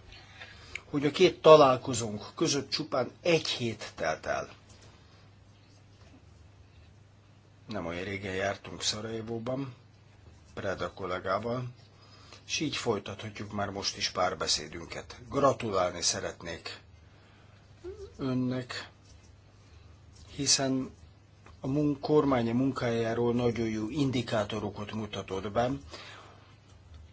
hogy a két találkozónk között csupán egy hét telt el. Nem olyan régen jártunk Szarajevóban, Preda kollégával, és így folytathatjuk már most is párbeszédünket. Gratulálni szeretnék önnek, hiszen a munk kormánya munkájáról nagyon jó indikátorokat mutatott be.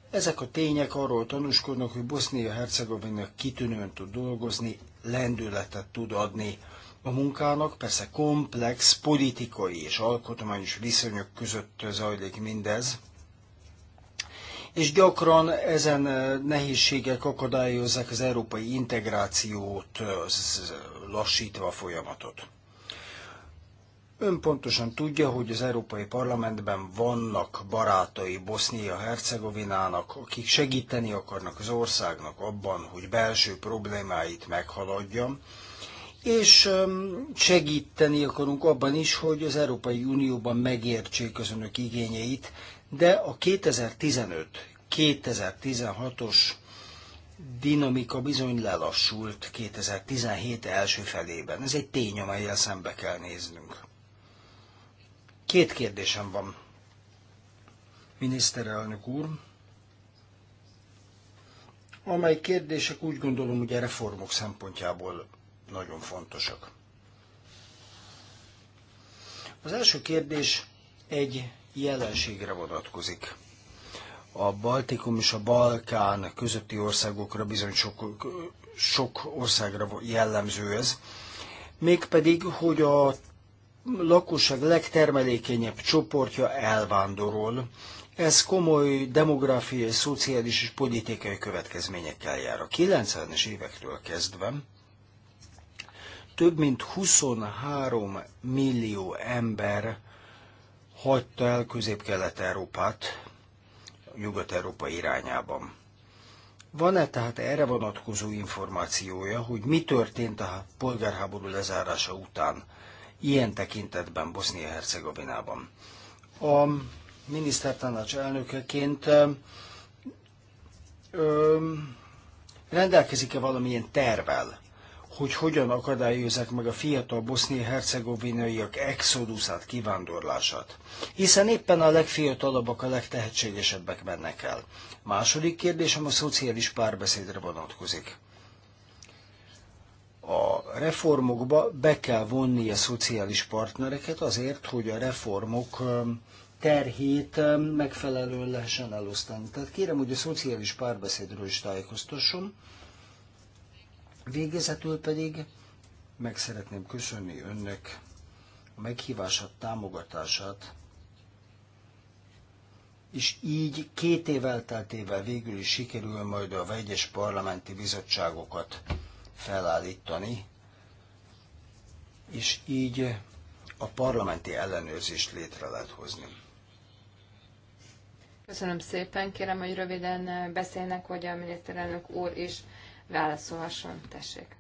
Ezek a tények arról tanúskodnak, hogy Bosznia-Hercegovina kitűnően tud dolgozni, lendületet tud adni a munkának, persze komplex politikai és alkotmányos viszonyok között zajlik mindez, és gyakran ezen eh, nehézségek akadályozzák az európai integrációt, eh, lassítva a folyamatot. Ön pontosan tudja, hogy az Európai Parlamentben vannak barátai Bosznia-Hercegovinának, akik segíteni akarnak az országnak abban, hogy belső problémáit meghaladja, és segíteni akarunk abban is, hogy az Európai Unióban megértsék az önök igényeit, de a 2015-2016-os dinamika bizony lelassult 2017 első felében. Ez egy tény, amelyel szembe kell néznünk. Két kérdésem van. Miniszterelnök úr, amely kérdések úgy gondolom, hogy a reformok szempontjából nagyon fontosak. Az első kérdés egy jelenségre vonatkozik. A Baltikum és a Balkán közötti országokra bizony sok, sok országra jellemző ez. Mégpedig, hogy a lakosság legtermelékenyebb csoportja elvándorol. Ez komoly demográfiai, szociális és politikai következményekkel jár. A 90-es évektől kezdve több mint 23 millió ember hagyta el Közép-Kelet-Európát, Nyugat-Európa irányában. Van-e tehát erre vonatkozó információja, hogy mi történt a polgárháború lezárása után ilyen tekintetben Bosznia-Hercegovinában. A minisztertanács elnökeként rendelkezik-e valamilyen tervel, hogy hogyan akadályozzák meg a fiatal bosznia-hercegovinaiak exodusát, kivándorlását. Hiszen éppen a legfiatalabbak, a legtehetségesebbek mennek el. Második kérdésem a szociális párbeszédre vonatkozik a reformokba be kell vonni a szociális partnereket azért, hogy a reformok um, terhét um, megfelelően lehessen elosztani. Tehát kérem, hogy a szociális párbeszédről is tájékoztasson. Végezetül pedig meg szeretném köszönni önnek a meghívását, támogatását, és így két év elteltével végül is sikerül majd a vegyes parlamenti bizottságokat felállítani, és így a parlamenti ellenőrzést létre lehet hozni. Köszönöm szépen, kérem, hogy röviden beszélnek, hogy a miniszterelnök úr is válaszolhasson. Tessék.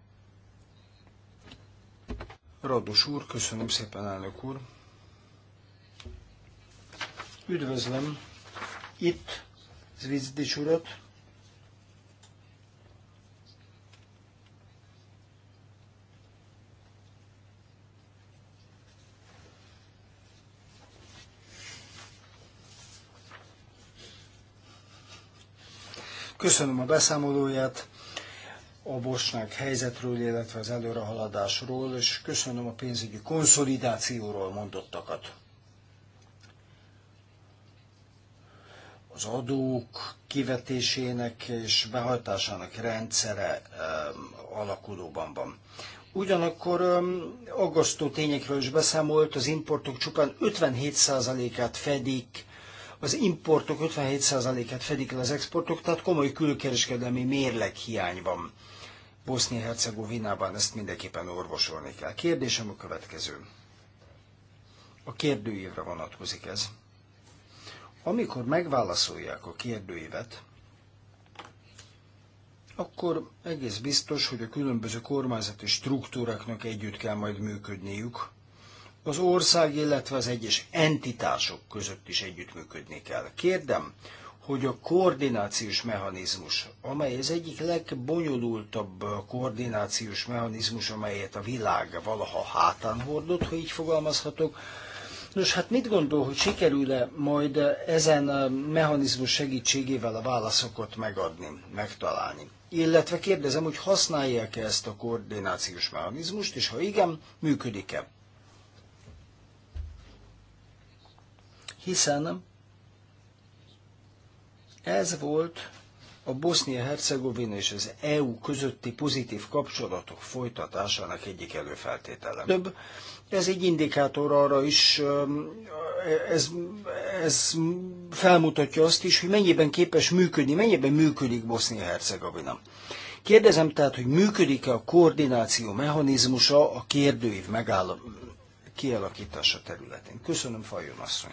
Rados úr, köszönöm szépen, elnök úr. Üdvözlöm itt Zvizdics urat, Köszönöm a beszámolóját a Bosnák helyzetről, illetve az előrehaladásról, és köszönöm a pénzügyi konszolidációról mondottakat. Az adók kivetésének és behajtásának rendszere um, alakulóban van. Ugyanakkor um, aggasztó tényekről is beszámolt, az importok csupán 57%-át fedik az importok 57%-át fedik el az exportok, tehát komoly külkereskedelmi mérleg hiány van. Bosznia-Hercegovinában ezt mindenképpen orvosolni kell. Kérdésem a következő. A kérdőívre vonatkozik ez. Amikor megválaszolják a kérdőívet, akkor egész biztos, hogy a különböző kormányzati struktúráknak együtt kell majd működniük, az ország, illetve az egyes entitások között is együttműködni kell. Kérdem, hogy a koordinációs mechanizmus, amely az egyik legbonyolultabb koordinációs mechanizmus, amelyet a világ valaha hátán hordott, ha így fogalmazhatok, Nos, hát mit gondol, hogy sikerül-e majd ezen a mechanizmus segítségével a válaszokat megadni, megtalálni? Illetve kérdezem, hogy használják-e ezt a koordinációs mechanizmust, és ha igen, működik-e? hiszen ez volt a Bosznia-Hercegovina és az EU közötti pozitív kapcsolatok folytatásának egyik előfeltétele. Több, ez egy indikátor arra is, ez, ez felmutatja azt is, hogy mennyiben képes működni, mennyiben működik Bosznia-Hercegovina. Kérdezem tehát, hogy működik-e a koordináció mechanizmusa a kérdőív megáll- kialakítása területén. Köszönöm, Fajon asszony!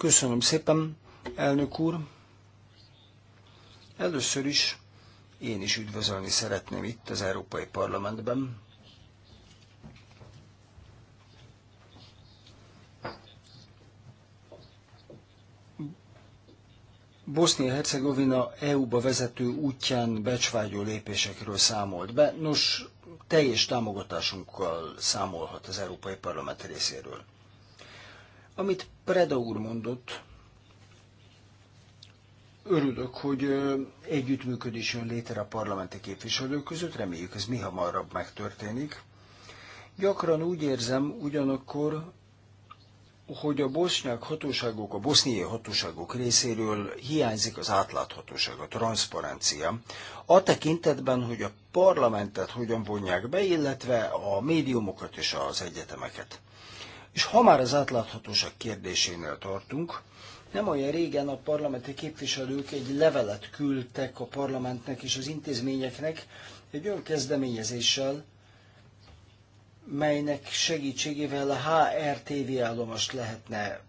Köszönöm szépen, elnök úr. Először is én is üdvözölni szeretném itt az Európai Parlamentben Bosznia-Hercegovina EU-ba vezető útján becsvágyó lépésekről számolt be. Nos, teljes támogatásunkkal számolhat az Európai Parlament részéről. Amit Preda úr mondott, örülök, hogy együttműködés jön létre a parlamenti képviselők között, reméljük ez mi hamarabb megtörténik. Gyakran úgy érzem ugyanakkor, hogy a bosznyák hatóságok, a boszniai hatóságok részéről hiányzik az átláthatóság, a transzparencia, a tekintetben, hogy a parlamentet hogyan vonják be, illetve a médiumokat és az egyetemeket. És ha már az átláthatóság kérdésénél tartunk, nem olyan régen a parlamenti képviselők egy levelet küldtek a parlamentnek és az intézményeknek egy olyan kezdeményezéssel, melynek segítségével a HRTV állomást lehetne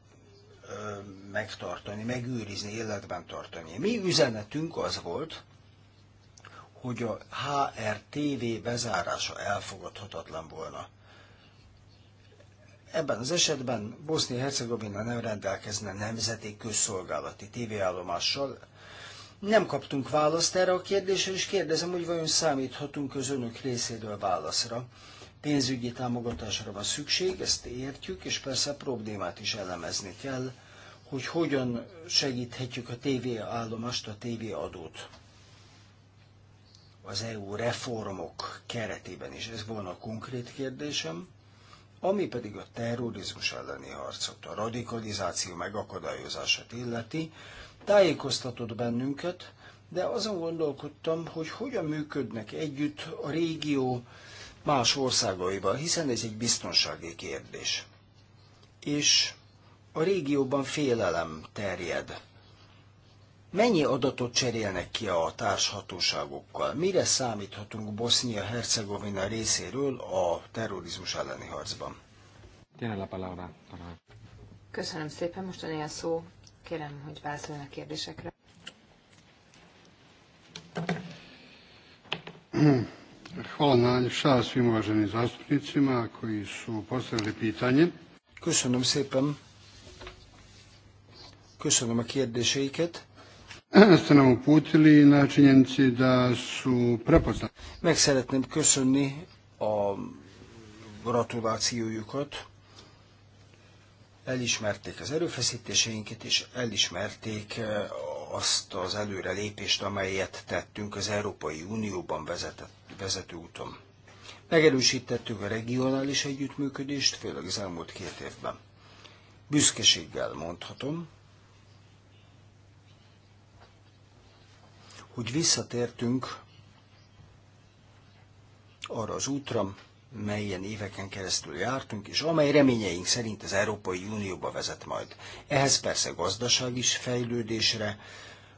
ö, megtartani, megőrizni, életben tartani. Mi üzenetünk az volt, hogy a HRTV bezárása elfogadhatatlan volna. Ebben az esetben Bosznia-Hercegovina nem rendelkezne nemzeti közszolgálati tévéállomással. Nem kaptunk választ erre a kérdésre, és kérdezem, hogy vajon számíthatunk az önök részéről válaszra. Pénzügyi támogatásra van szükség, ezt értjük, és persze a problémát is elemezni kell, hogy hogyan segíthetjük a tévéállomást, a tévéadót az EU reformok keretében is. Ez volna a konkrét kérdésem. Ami pedig a terrorizmus elleni harcot, a radikalizáció megakadályozását illeti, tájékoztatott bennünket, de azon gondolkodtam, hogy hogyan működnek együtt a régió más országaiban, hiszen ez egy biztonsági kérdés. És a régióban félelem terjed Mennyi adatot cserélnek ki a társhatóságokkal? Mire számíthatunk Bosznia-Hercegovina részéről a terrorizmus elleni harcban? Köszönöm szépen, most a szó. Kérem, hogy válaszoljon a kérdésekre. Hvala zastupnicima koji su postavili pitanje. Köszönöm szépen. Köszönöm a kérdéseiket ste nam uputili na činjenici da su Meg szeretném köszönni a gratulációjukat. Elismerték az erőfeszítéseinket, és elismerték eh, azt az előrelépést, amelyet tettünk az Európai Unióban vezetett, vezető úton. Megerősítettük a regionális együttműködést, főleg az elmúlt két évben. Büszkeséggel mondhatom, hogy visszatértünk arra az útra, melyen éveken keresztül jártunk, és amely reményeink szerint az Európai Unióba vezet majd. Ehhez persze gazdaság is fejlődésre,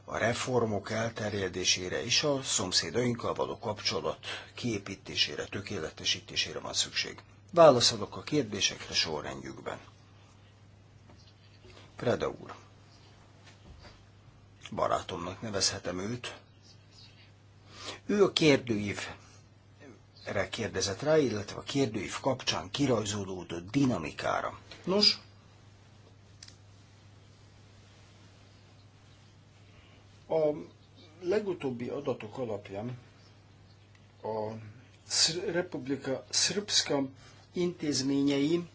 a reformok elterjedésére és a szomszédainkkal való kapcsolat kiépítésére, tökéletesítésére van szükség. Válaszolok a kérdésekre sorrendjükben. Preda úr. Barátomnak nevezhetem őt, ő a kérdőívre kérdezett rá, illetve a kérdőív kapcsán kirajzolódott dinamikára. Nos, a legutóbbi adatok alapján a Republika Srpska intézményei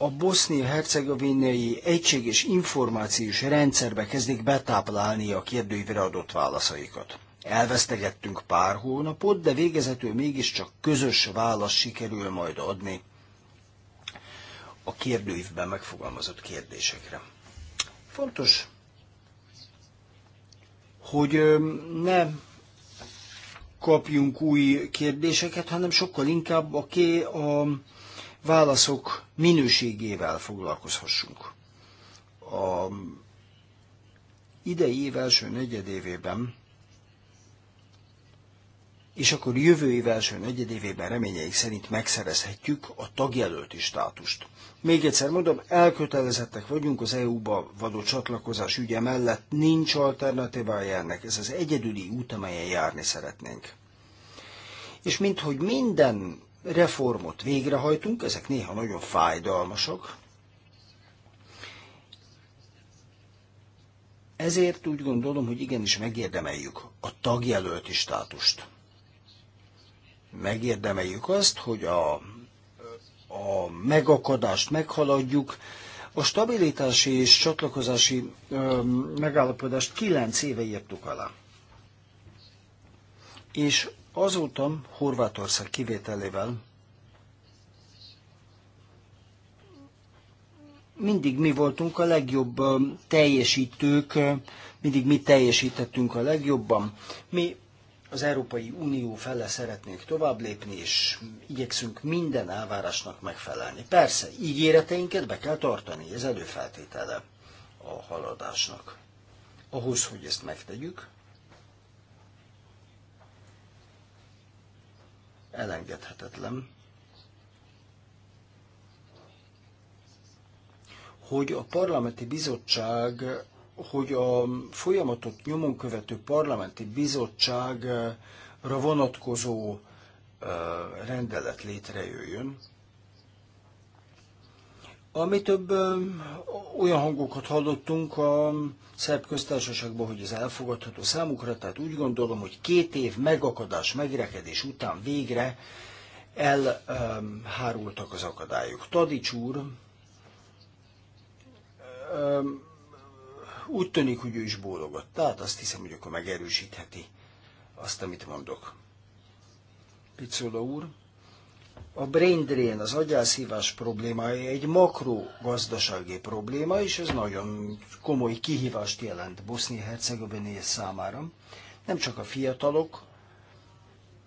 a bosznia-hercegovinai egységes információs rendszerbe kezdik betáplálni a kérdőívre adott válaszaikat. Elvesztegettünk pár hónapot, de végezetül mégiscsak közös válasz sikerül majd adni a kérdőívben megfogalmazott kérdésekre. Fontos, hogy ne kapjunk új kérdéseket, hanem sokkal inkább a, ké, a válaszok minőségével foglalkozhassunk. A idei év első negyedévében, és akkor jövő év első negyedévében reményeik szerint megszerezhetjük a tagjelölti státust. Még egyszer mondom, elkötelezettek vagyunk az EU-ba való csatlakozás ügye mellett, nincs alternatívája ennek, ez az egyedüli út, amelyen járni szeretnénk. És minthogy minden reformot végrehajtunk, ezek néha nagyon fájdalmasak, Ezért úgy gondolom, hogy igenis megérdemeljük a tagjelölti státust. Megérdemeljük azt, hogy a, a megakadást meghaladjuk. A stabilitási és csatlakozási ö, megállapodást kilenc éve írtuk alá. És Azóta Horvátország kivételével mindig mi voltunk a legjobb teljesítők, mindig mi teljesítettünk a legjobban. Mi az Európai Unió fele szeretnénk tovább lépni, és igyekszünk minden elvárásnak megfelelni. Persze, ígéreteinket be kell tartani, ez előfeltétele a haladásnak. Ahhoz, hogy ezt megtegyük, elengedhetetlen, hogy a parlamenti bizottság, hogy a folyamatot nyomon követő parlamenti bizottságra vonatkozó rendelet létrejöjjön, mi több olyan hangokat hallottunk a szerb köztársaságban, hogy ez elfogadható számukra, tehát úgy gondolom, hogy két év megakadás, megrekedés után végre elhárultak az akadályok. Tadics úr ö, úgy tűnik, hogy ő is bólogat, tehát azt hiszem, hogy akkor megerősítheti azt, amit mondok. Picola úr, a brain drain, az agyászívás problémája egy makrogazdasági probléma, és ez nagyon komoly kihívást jelent Bosznia-Hercegovina számára. Nem csak a fiatalok,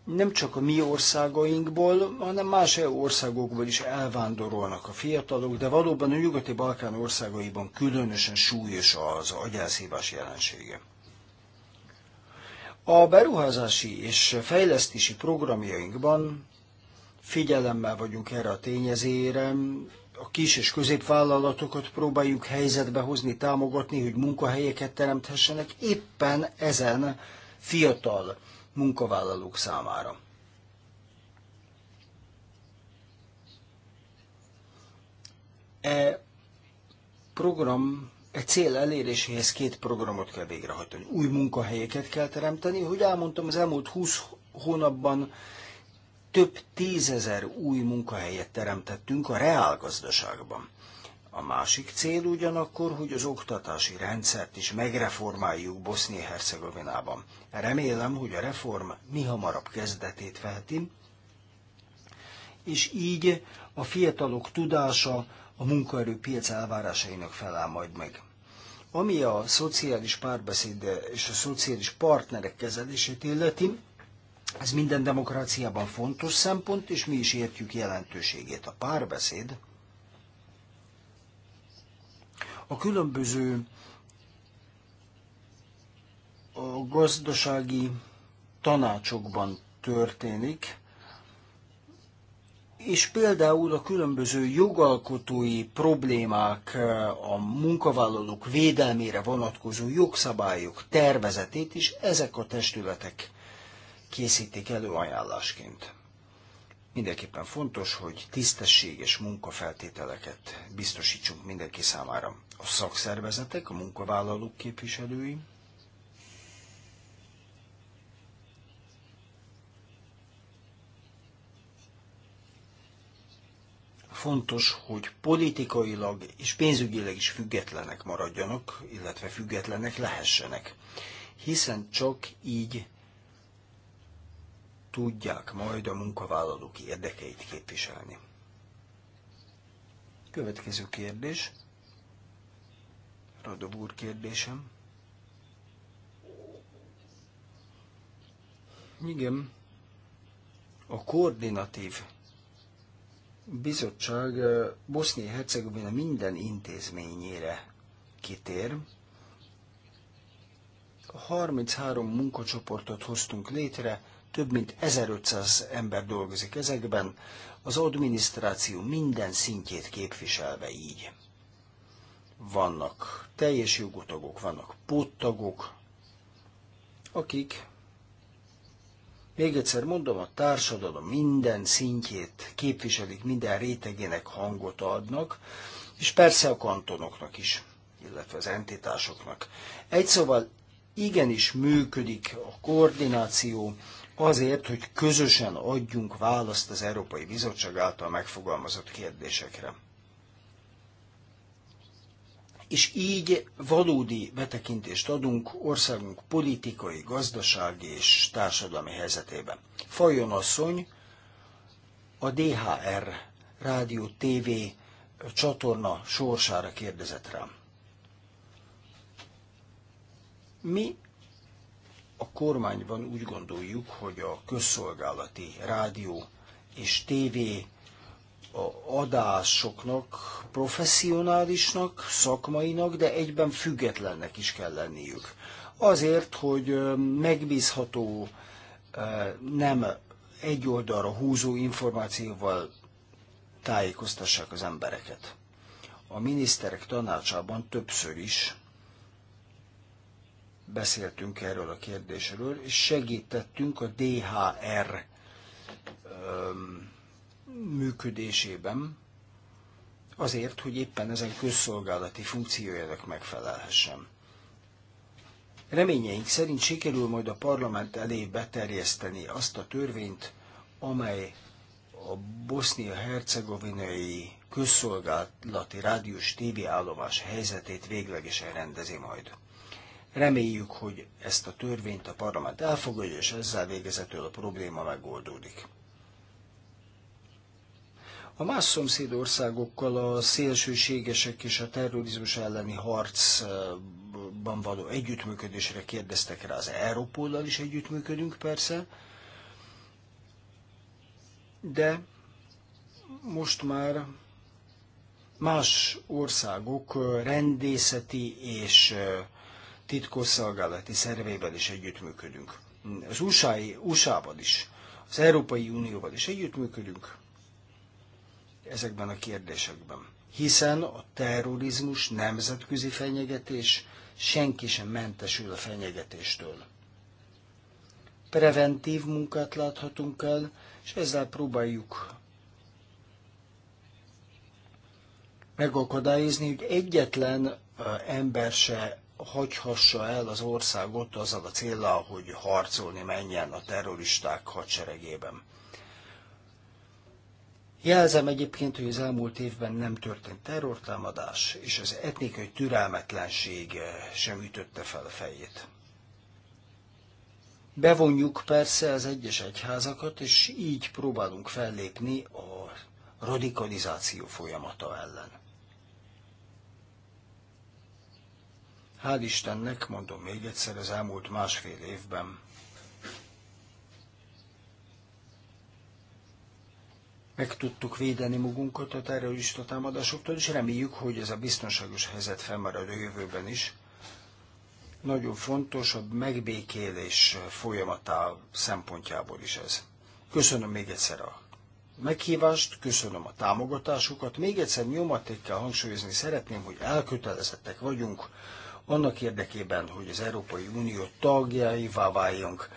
nem csak a mi országainkból, hanem más EU országokból is elvándorolnak a fiatalok, de valóban a nyugati Balkán országaiban különösen súlyos az agyászívás jelensége. A beruházási és fejlesztési programjainkban Figyelemmel vagyunk erre a tényezére, a kis és középvállalatokat próbáljuk helyzetbe hozni, támogatni, hogy munkahelyeket teremthessenek éppen ezen fiatal munkavállalók számára. E program, e cél eléréséhez két programot kell végrehajtani. Új munkahelyeket kell teremteni, hogy elmondtam, az elmúlt 20 hónapban több tízezer új munkahelyet teremtettünk a reálgazdaságban. A másik cél ugyanakkor, hogy az oktatási rendszert is megreformáljuk Bosznia-Hercegovinában. Remélem, hogy a reform mi hamarabb kezdetét veheti, és így a fiatalok tudása a munkaerőpiac elvárásainak feláll majd meg. Ami a szociális párbeszéd és a szociális partnerek kezelését illeti, ez minden demokráciában fontos szempont, és mi is értjük jelentőségét. A párbeszéd a különböző a gazdasági tanácsokban történik, és például a különböző jogalkotói problémák, a munkavállalók védelmére vonatkozó jogszabályok tervezetét is ezek a testületek készítik elő ajánlásként. Mindenképpen fontos, hogy tisztességes munkafeltételeket biztosítsunk mindenki számára. A szakszervezetek, a munkavállalók képviselői, fontos, hogy politikailag és pénzügyileg is függetlenek maradjanak, illetve függetlenek lehessenek. Hiszen csak így tudják majd a munkavállalók érdekeit képviselni. Következő kérdés. Radov úr kérdésem. Igen, a koordinatív bizottság eh, Bosznia-Hercegovina minden intézményére kitér. 33 munkacsoportot hoztunk létre, több mint 1500 ember dolgozik ezekben, az adminisztráció minden szintjét képviselve így. Vannak teljes jogú tagok, vannak póttagok, akik, még egyszer mondom, a társadalom minden szintjét képviselik, minden rétegének hangot adnak, és persze a kantonoknak is, illetve az entitásoknak. Egy szóval igenis működik a koordináció, azért, hogy közösen adjunk választ az Európai Bizottság által megfogalmazott kérdésekre. És így valódi betekintést adunk országunk politikai, gazdasági és társadalmi helyzetében. Fajon asszony a DHR rádió TV csatorna sorsára kérdezett rám. Mi a kormányban úgy gondoljuk, hogy a közszolgálati rádió és tévé a adásoknak, professzionálisnak, szakmainak, de egyben függetlennek is kell lenniük. Azért, hogy megbízható, nem egy oldalra húzó információval tájékoztassák az embereket. A miniszterek tanácsában többször is beszéltünk erről a kérdésről, és segítettünk a DHR működésében, azért, hogy éppen ezen közszolgálati funkciójának megfelelhessen. Reményeink szerint sikerül majd a parlament elé beterjeszteni azt a törvényt, amely a bosznia-hercegovinai közszolgálati rádiós tévéállomás helyzetét véglegesen rendezi majd. Reméljük, hogy ezt a törvényt a parlament elfogadja, és ezzel végezetül a probléma megoldódik. A más szomszéd országokkal a szélsőségesek és a terrorizmus elleni harcban való együttműködésre kérdeztek rá. Az Európollal is együttműködünk persze, de most már más országok rendészeti és titkosszolgálati szervével is együttműködünk. Az USA, USA-val is, az Európai Unióval is együttműködünk ezekben a kérdésekben. Hiszen a terrorizmus nemzetközi fenyegetés, senki sem mentesül a fenyegetéstől. Preventív munkát láthatunk el, és ezzel próbáljuk megakadályozni, hogy egyetlen ember se hagyhassa el az országot azzal a célra, hogy harcolni menjen a terroristák hadseregében. Jelzem egyébként, hogy az elmúlt évben nem történt terrortámadás, és az etnikai türelmetlenség eh, sem ütötte fel a fejét. Bevonjuk persze az egyes egyházakat, és így próbálunk fellépni a radikalizáció folyamata ellen. Hál' Istennek, mondom még egyszer, az elmúlt másfél évben meg tudtuk védeni magunkat a terrorista támadásoktól, és reméljük, hogy ez a biztonságos helyzet fennmarad a jövőben is. Nagyon fontos a megbékélés folyamatá szempontjából is ez. Köszönöm még egyszer a meghívást, köszönöm a támogatásukat. Még egyszer nyomatékkel hangsúlyozni szeretném, hogy elkötelezettek vagyunk annak érdekében, hogy az Európai Unió tagjaivá váljunk.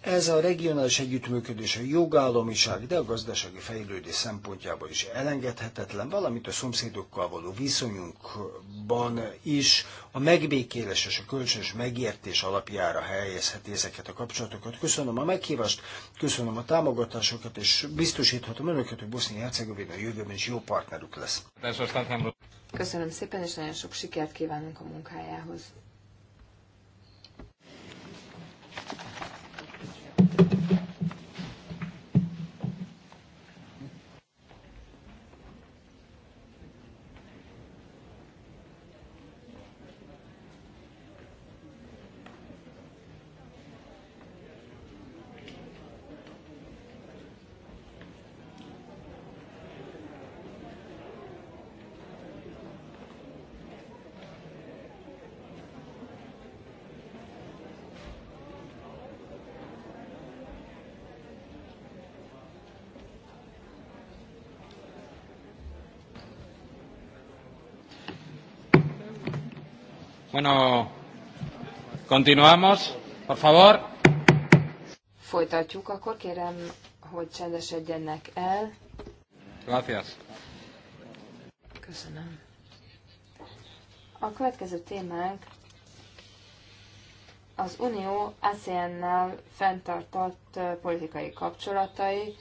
Ez a regionális együttműködés a jogállamiság, de a gazdasági fejlődés szempontjából is elengedhetetlen, valamint a szomszédokkal való viszonyunkban is a megbékélés és a kölcsönös megértés alapjára helyezheti ezeket a kapcsolatokat. Köszönöm a meghívást, köszönöm a támogatásokat, és biztosíthatom önöket, hogy Bosznia-Hercegovina a jövőben is jó partnerük lesz. Köszönöm szépen, és nagyon sok sikert kívánunk a munkájához. Bueno, continuamos, por favor. Folytatjuk, akkor kérem, hogy csendesedjenek el. Gracias. Köszönöm. A következő témánk az Unió ASEAN-nál fenntartott politikai kapcsolatai,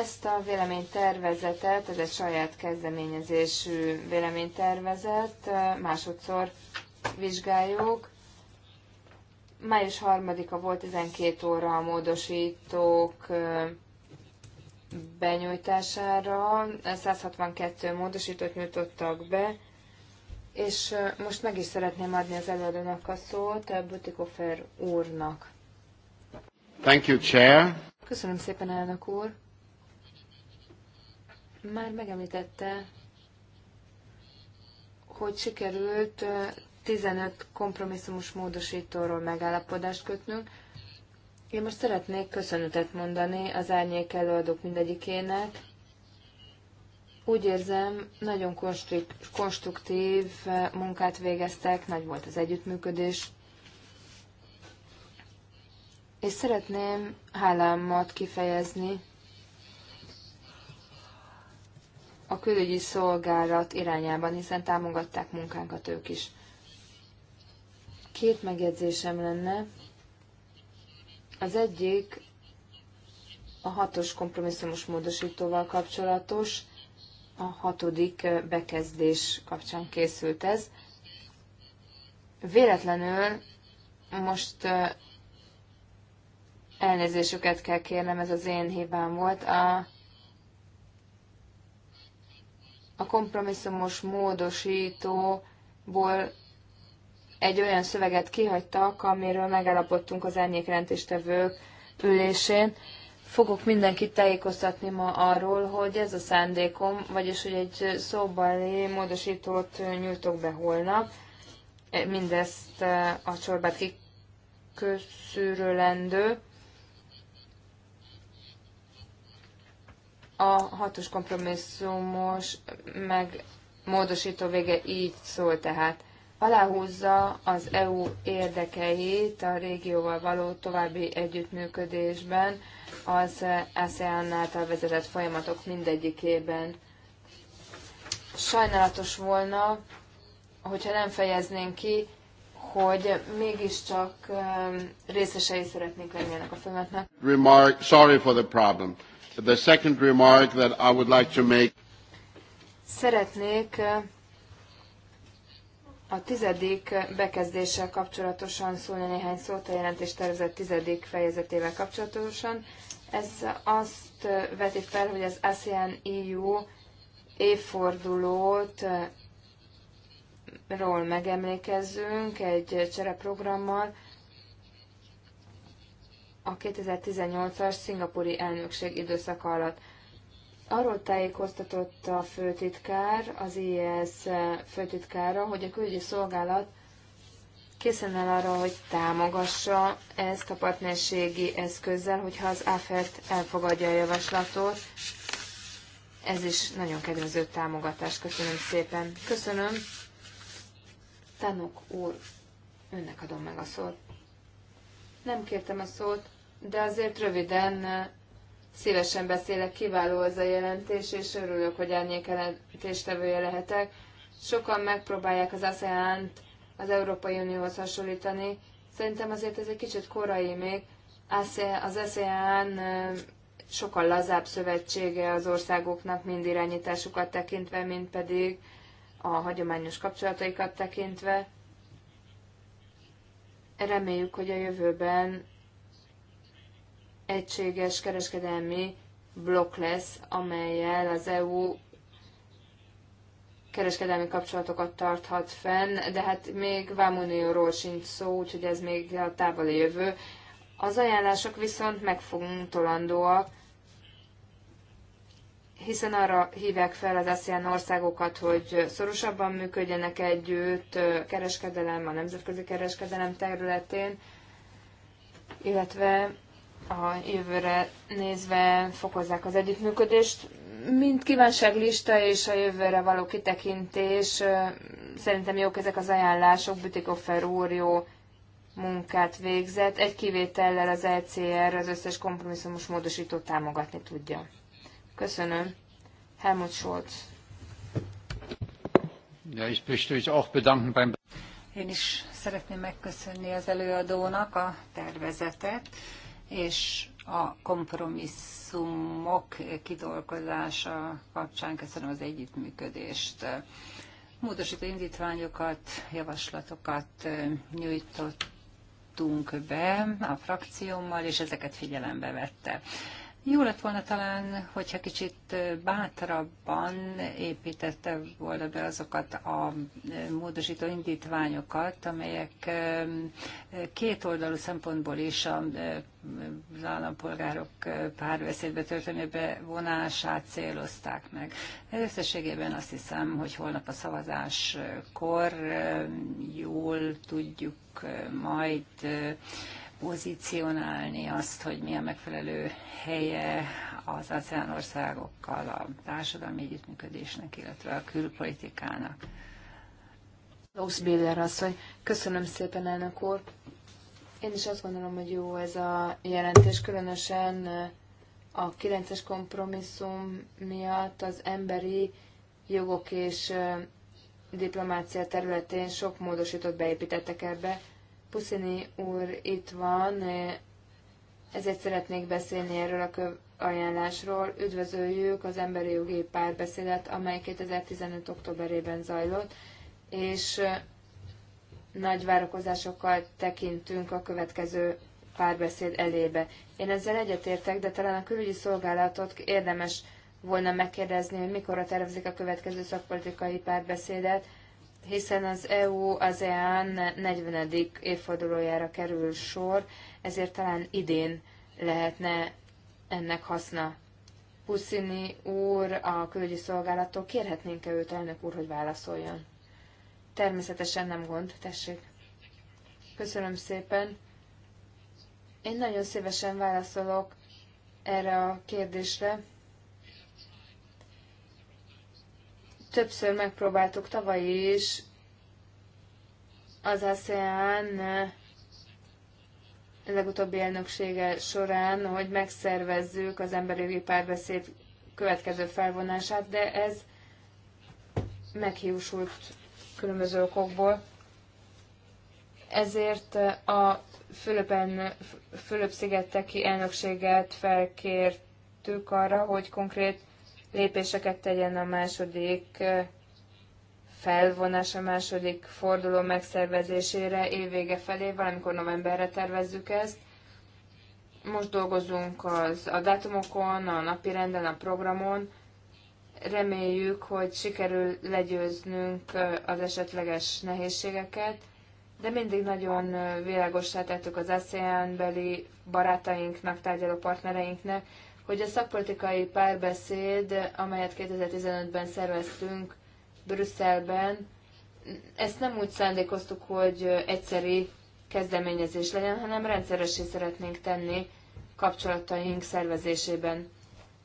ezt a véleménytervezetet, ez egy saját kezdeményezésű véleménytervezet, másodszor vizsgáljuk. Május 3-a volt 12 óra a módosítók benyújtására. 162 módosítót nyújtottak be, és most meg is szeretném adni az előadónak a szót, a Butikofer úrnak. Thank you, Chair. Köszönöm szépen, elnök úr. Már megemlítette, hogy sikerült 15 kompromisszumos módosítóról megállapodást kötnünk. Én most szeretnék köszönetet mondani az árnyék előadók mindegyikének. Úgy érzem, nagyon konstruktív munkát végeztek, nagy volt az együttműködés. És szeretném hálámat kifejezni a külügyi szolgálat irányában, hiszen támogatták munkánkat ők is. Két megjegyzésem lenne. Az egyik a hatos kompromisszumos módosítóval kapcsolatos, a hatodik bekezdés kapcsán készült ez. Véletlenül most elnézésüket kell kérnem, ez az én hibám volt. A a kompromisszumos módosítóból egy olyan szöveget kihagytak, amiről megállapodtunk az árnyékrendéstevők ülésén. Fogok mindenkit tájékoztatni ma arról, hogy ez a szándékom, vagyis hogy egy szóbali módosítót nyújtok be holnap. Mindezt a csorbát kiköszűrölendő. A hatos kompromisszumos meg módosító vége így szól tehát. Aláhúzza az EU érdekeit a régióval való további együttműködésben az ASEAN által vezetett folyamatok mindegyikében. Sajnálatos volna, hogyha nem fejeznénk ki, hogy mégiscsak um, részesei szeretnénk lenni ennek a folyamatnak. Remark, sorry for the problem. The second remark that I would like to make Szeretnék a tizedik bekezdéssel kapcsolatosan szólni néhány szót a jelentés tervezett tizedik fejezetével kapcsolatosan. Ez azt veti fel, hogy az ASEAN-EU évfordulót ról megemlékezzünk egy csereprogrammal, a 2018-as szingapúri elnökség időszaka alatt. Arról tájékoztatott a főtitkár, az IES főtitkára, hogy a külügyi szolgálat készen áll arra, hogy támogassa ezt a partnerségi eszközzel, hogyha az AFET elfogadja a javaslatot. Ez is nagyon kedvező támogatás. Köszönöm szépen. Köszönöm. Tanok úr, önnek adom meg a szót. Nem kértem a szót, de azért röviden eh, szívesen beszélek, kiváló az a jelentés, és örülök, hogy árnyék jelentéstevője lehetek. Sokan megpróbálják az asean az Európai Unióhoz hasonlítani. Szerintem azért ez egy kicsit korai még. Az ASEAN eh, sokkal lazább szövetsége az országoknak mind irányításukat tekintve, mind pedig a hagyományos kapcsolataikat tekintve. Reméljük, hogy a jövőben egységes kereskedelmi blokk lesz, amelyel az EU kereskedelmi kapcsolatokat tarthat fenn, de hát még Vámunióról sincs szó, úgyhogy ez még a távoli jövő. Az ajánlások viszont megfontolandóak, hiszen arra hívják fel az ASEAN országokat, hogy szorosabban működjenek együtt kereskedelem, a nemzetközi kereskedelem területén, illetve a jövőre nézve fokozzák az együttműködést. Mint kívánságlista és a jövőre való kitekintés, szerintem jók ezek az ajánlások, Bütikoffer úr jó munkát végzett, egy kivétellel az ECR az összes kompromisszumos módosítót támogatni tudja. Köszönöm. Helmut Scholz. Ja, ich möchte mich auch bedanken beim én is szeretném megköszönni az előadónak a tervezetet, és a kompromisszumok kidolgozása kapcsán köszönöm az együttműködést. Módosító indítványokat, javaslatokat nyújtottunk be a frakciómmal, és ezeket figyelembe vette. Jó lett volna talán, hogyha kicsit bátrabban építette volna be azokat a e, módosító indítványokat, amelyek e, kétoldalú szempontból is a e, az állampolgárok párbeszédbe történő bevonását célozták meg. Összességében azt hiszem, hogy holnap a szavazáskor jól tudjuk majd pozícionálni azt, hogy mi a megfelelő helye az ASEAN országokkal a társadalmi együttműködésnek, illetve a külpolitikának. azt asszony, köszönöm szépen, elnök úr. Én is azt gondolom, hogy jó ez a jelentés, különösen a 9-es kompromisszum miatt az emberi jogok és diplomácia területén sok módosított beépítettek ebbe. Puszini úr itt van, ezért szeretnék beszélni erről a köv ajánlásról. Üdvözöljük az emberi jogi párbeszédet, amely 2015. októberében zajlott, és nagy várakozásokkal tekintünk a következő párbeszéd elébe. Én ezzel egyetértek, de talán a külügyi szolgálatot érdemes volna megkérdezni, hogy mikorra tervezik a következő szakpolitikai párbeszédet, hiszen az EU az EAN 40. évfordulójára kerül sor, ezért talán idén lehetne ennek haszna. Puszini úr, a külügyi szolgálattól kérhetnénk-e őt, elnök úr, hogy válaszoljon? Természetesen nem gond, tessék. Köszönöm szépen. Én nagyon szívesen válaszolok erre a kérdésre. Többször megpróbáltuk tavaly is az ASEAN eh, legutóbbi elnöksége során, hogy megszervezzük az emberi párbeszéd következő felvonását, de ez meghiúsult különböző okokból. Ezért eh, a Fülöp-szigeteki elnökséget felkértük arra, hogy konkrét lépéseket tegyen a második felvonás a második forduló megszervezésére évvége felé, valamikor novemberre tervezzük ezt. Most dolgozunk az, a dátumokon, a napirenden, a programon. Reméljük, hogy sikerül legyőznünk az esetleges nehézségeket, de mindig nagyon világosá tettük az ASEAN-beli barátainknak, tárgyaló partnereinknek, hogy a szakpolitikai párbeszéd, amelyet 2015-ben szerveztünk Brüsszelben, ezt nem úgy szándékoztuk, hogy egyszeri kezdeményezés legyen, hanem rendszeresé szeretnénk tenni kapcsolataink szervezésében.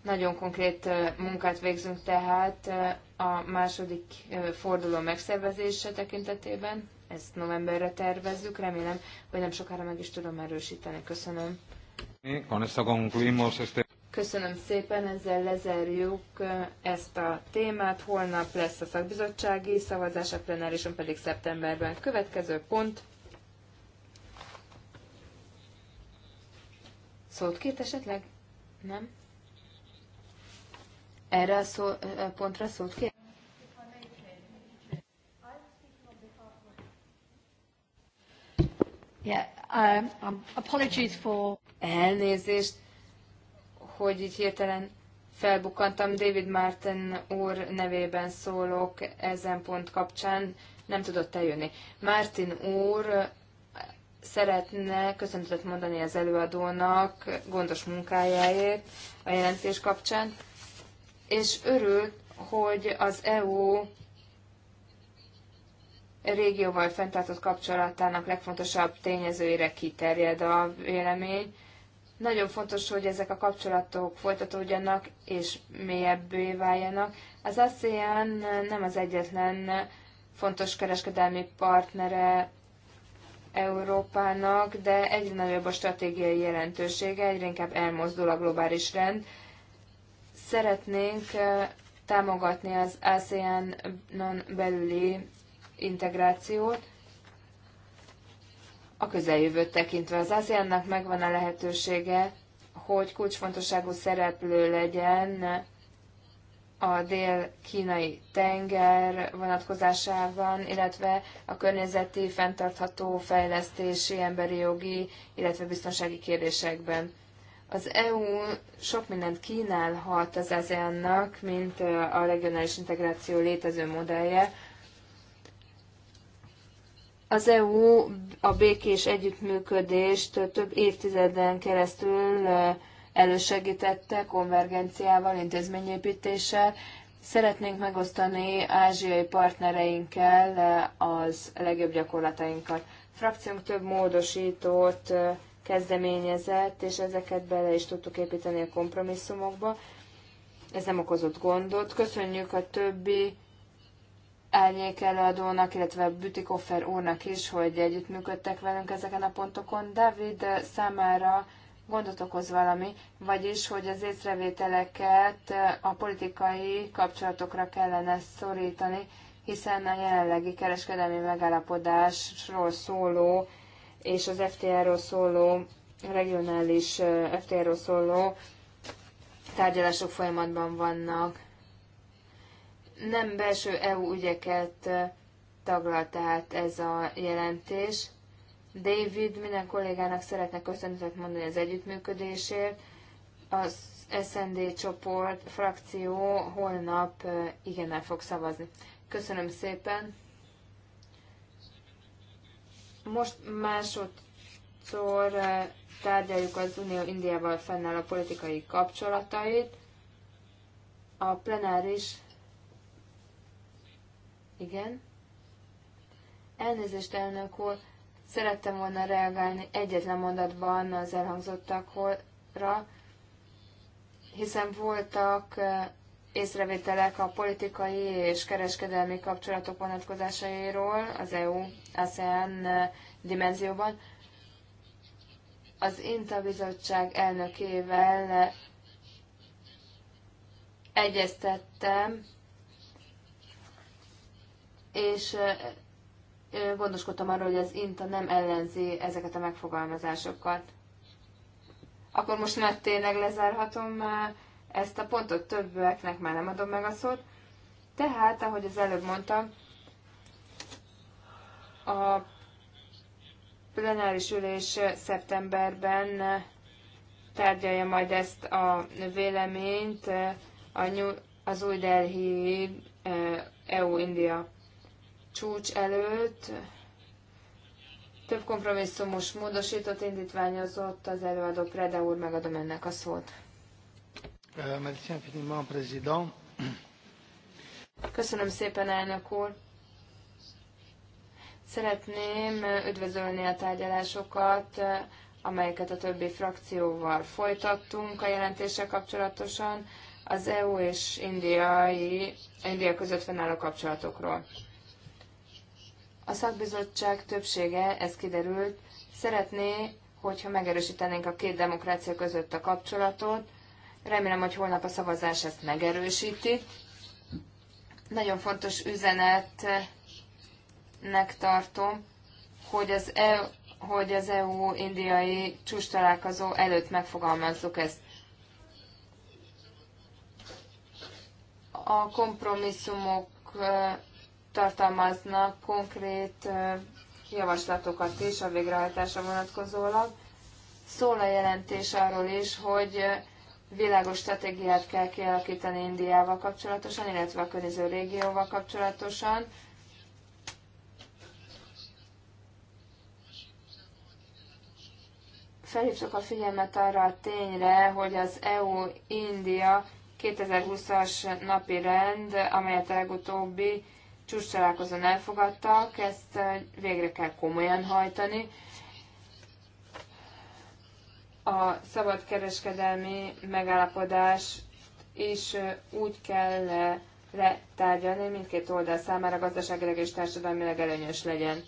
Nagyon konkrét munkát végzünk tehát a második forduló megszervezése tekintetében. Ezt novemberre tervezzük, remélem, hogy nem sokára meg is tudom erősíteni. Köszönöm. Köszönöm szépen, ezzel lezárjuk ezt a témát. Holnap lesz a szakbizottsági szavazás, a plenárison pedig szeptemberben. Következő pont. Szót két esetleg? Nem? Erre a, szó, pontra szót két? Yeah, um, um, apologies for... Elnézést hogy így hirtelen felbukkantam. David Martin úr nevében szólok ezen pont kapcsán, nem tudott eljönni. Martin úr szeretne köszöntetet mondani az előadónak gondos munkájáért a jelentés kapcsán, és örült, hogy az EU régióval fenntartott kapcsolatának legfontosabb tényezőire kiterjed a vélemény, nagyon fontos, hogy ezek a kapcsolatok folytatódjanak és mélyebbé váljanak. Az ASEAN nem az egyetlen fontos kereskedelmi partnere Európának, de egyre nagyobb a stratégiai jelentősége, egyre inkább elmozdul a globális rend. Szeretnénk eh, támogatni az ASEAN-on belüli integrációt, a közeljövőt tekintve. Az ASEAN-nak megvan a lehetősége, hogy kulcsfontosságú szereplő legyen a dél-kínai tenger vonatkozásában, illetve a környezeti, fenntartható fejlesztési, emberi jogi, illetve biztonsági kérdésekben. Az EU sok mindent kínálhat az ASEAN-nak, mint a regionális integráció létező modellje, az EU a békés együttműködést több évtizeden keresztül elősegítette konvergenciával, intézményépítéssel. Szeretnénk megosztani ázsiai partnereinkkel az legjobb gyakorlatainkat. Frakciónk több módosítót kezdeményezett, és ezeket bele is tudtuk építeni a kompromisszumokba. Ez nem okozott gondot. Köszönjük a többi árnyék előadónak, illetve Bütikoffer úrnak is, hogy együttműködtek velünk ezeken a pontokon. David számára gondot okoz valami, vagyis, hogy az észrevételeket a politikai kapcsolatokra kellene szorítani, hiszen a jelenlegi kereskedelmi megállapodásról szóló és az FTR-ról szóló, regionális eh, FTR-ról szóló tárgyalások folyamatban vannak nem belső EU ügyeket taglal tehát ez a jelentés. David minden kollégának szeretne köszönetet mondani az együttműködésért. Az SND csoport, frakció holnap igennel fog szavazni. Köszönöm szépen. Most másodszor tárgyaljuk az Unió Indiával fennáll a politikai kapcsolatait. A plenáris igen. Elnézést, elnök úr, szerettem volna reagálni egyetlen mondatban az elhangzottakra, hiszen voltak észrevételek a politikai és kereskedelmi kapcsolatok vonatkozásairól az EU-ASEAN dimenzióban. Az INTA bizottság elnökével egyeztettem, és gondoskodtam arról, hogy az INTA nem ellenzi ezeket a megfogalmazásokat. Akkor most már tényleg lezárhatom ezt a pontot, többieknek már nem adom meg a szót. Tehát, ahogy az előbb mondtam, a plenáris ülés szeptemberben tárgyalja majd ezt a véleményt az új Delhi EU-India csúcs előtt több kompromisszumos módosított indítványozott az előadó Preda úr, megadom ennek a szót. Eh, Köszönöm szépen, elnök úr. Szeretném üdvözölni a tárgyalásokat, amelyeket a többi frakcióval folytattunk a jelentéssel kapcsolatosan, az EU és indiai, India között fennálló kapcsolatokról. A szakbizottság többsége, ez kiderült, szeretné, hogyha megerősítenénk a két demokrácia között a kapcsolatot. Remélem, hogy holnap a szavazás ezt megerősíti. Nagyon fontos üzenetnek tartom, hogy az EU, hogy az EU indiai csúcstalálkozó előtt megfogalmazzuk ezt. A kompromisszumok tartalmaznak konkrét javaslatokat is a végrehajtásra vonatkozólag. Szól a jelentés arról is, hogy világos stratégiát kell kialakítani Indiával kapcsolatosan, illetve a környező régióval kapcsolatosan. Felhívtuk a figyelmet arra a tényre, hogy az EU-India 2020-as napi rend, amelyet legutóbbi csúcs találkozón elfogadtak, ezt végre kell komolyan hajtani. A szabadkereskedelmi megállapodás is úgy kell -e letárgyalni, mindkét oldal számára gazdaságileg és társadalmilag előnyös legyen.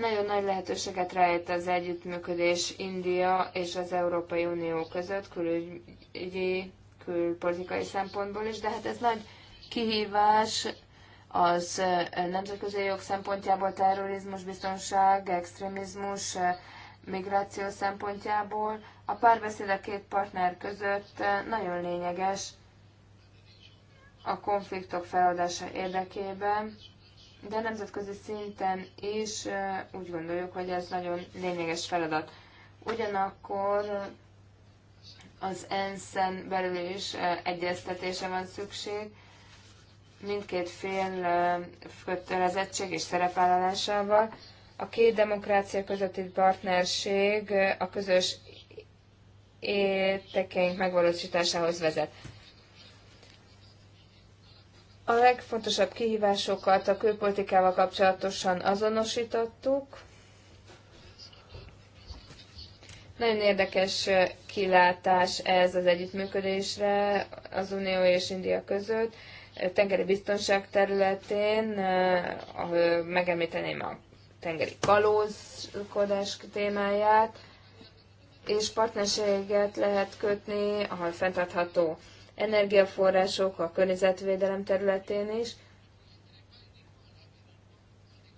Nagyon nagy lehetőséget rejt az együttműködés India és az Európai Unió között külügyi, külpolitikai szempontból is, de hát ez nagy kihívás az nemzetközi jog szempontjából terrorizmus, biztonság, extrémizmus, migráció szempontjából. A párbeszéd a két partner között nagyon lényeges a konfliktok feladása érdekében, de nemzetközi szinten is úgy gondoljuk, hogy ez nagyon lényeges feladat. Ugyanakkor az ENSZ-en belül is egyeztetése van szükség, mindkét fél kötelezettség és szerepvállalásával. A két demokrácia közötti partnerség a közös értekeink megvalósításához vezet. A legfontosabb kihívásokat a külpolitikával kapcsolatosan azonosítottuk. Nagyon érdekes kilátás ez az együttműködésre az Unió és India között tengeri biztonság területén eh, megemlíteném a tengeri kalózkodás témáját, és partnerséget lehet kötni a fenntartható energiaforrások a környezetvédelem területén is.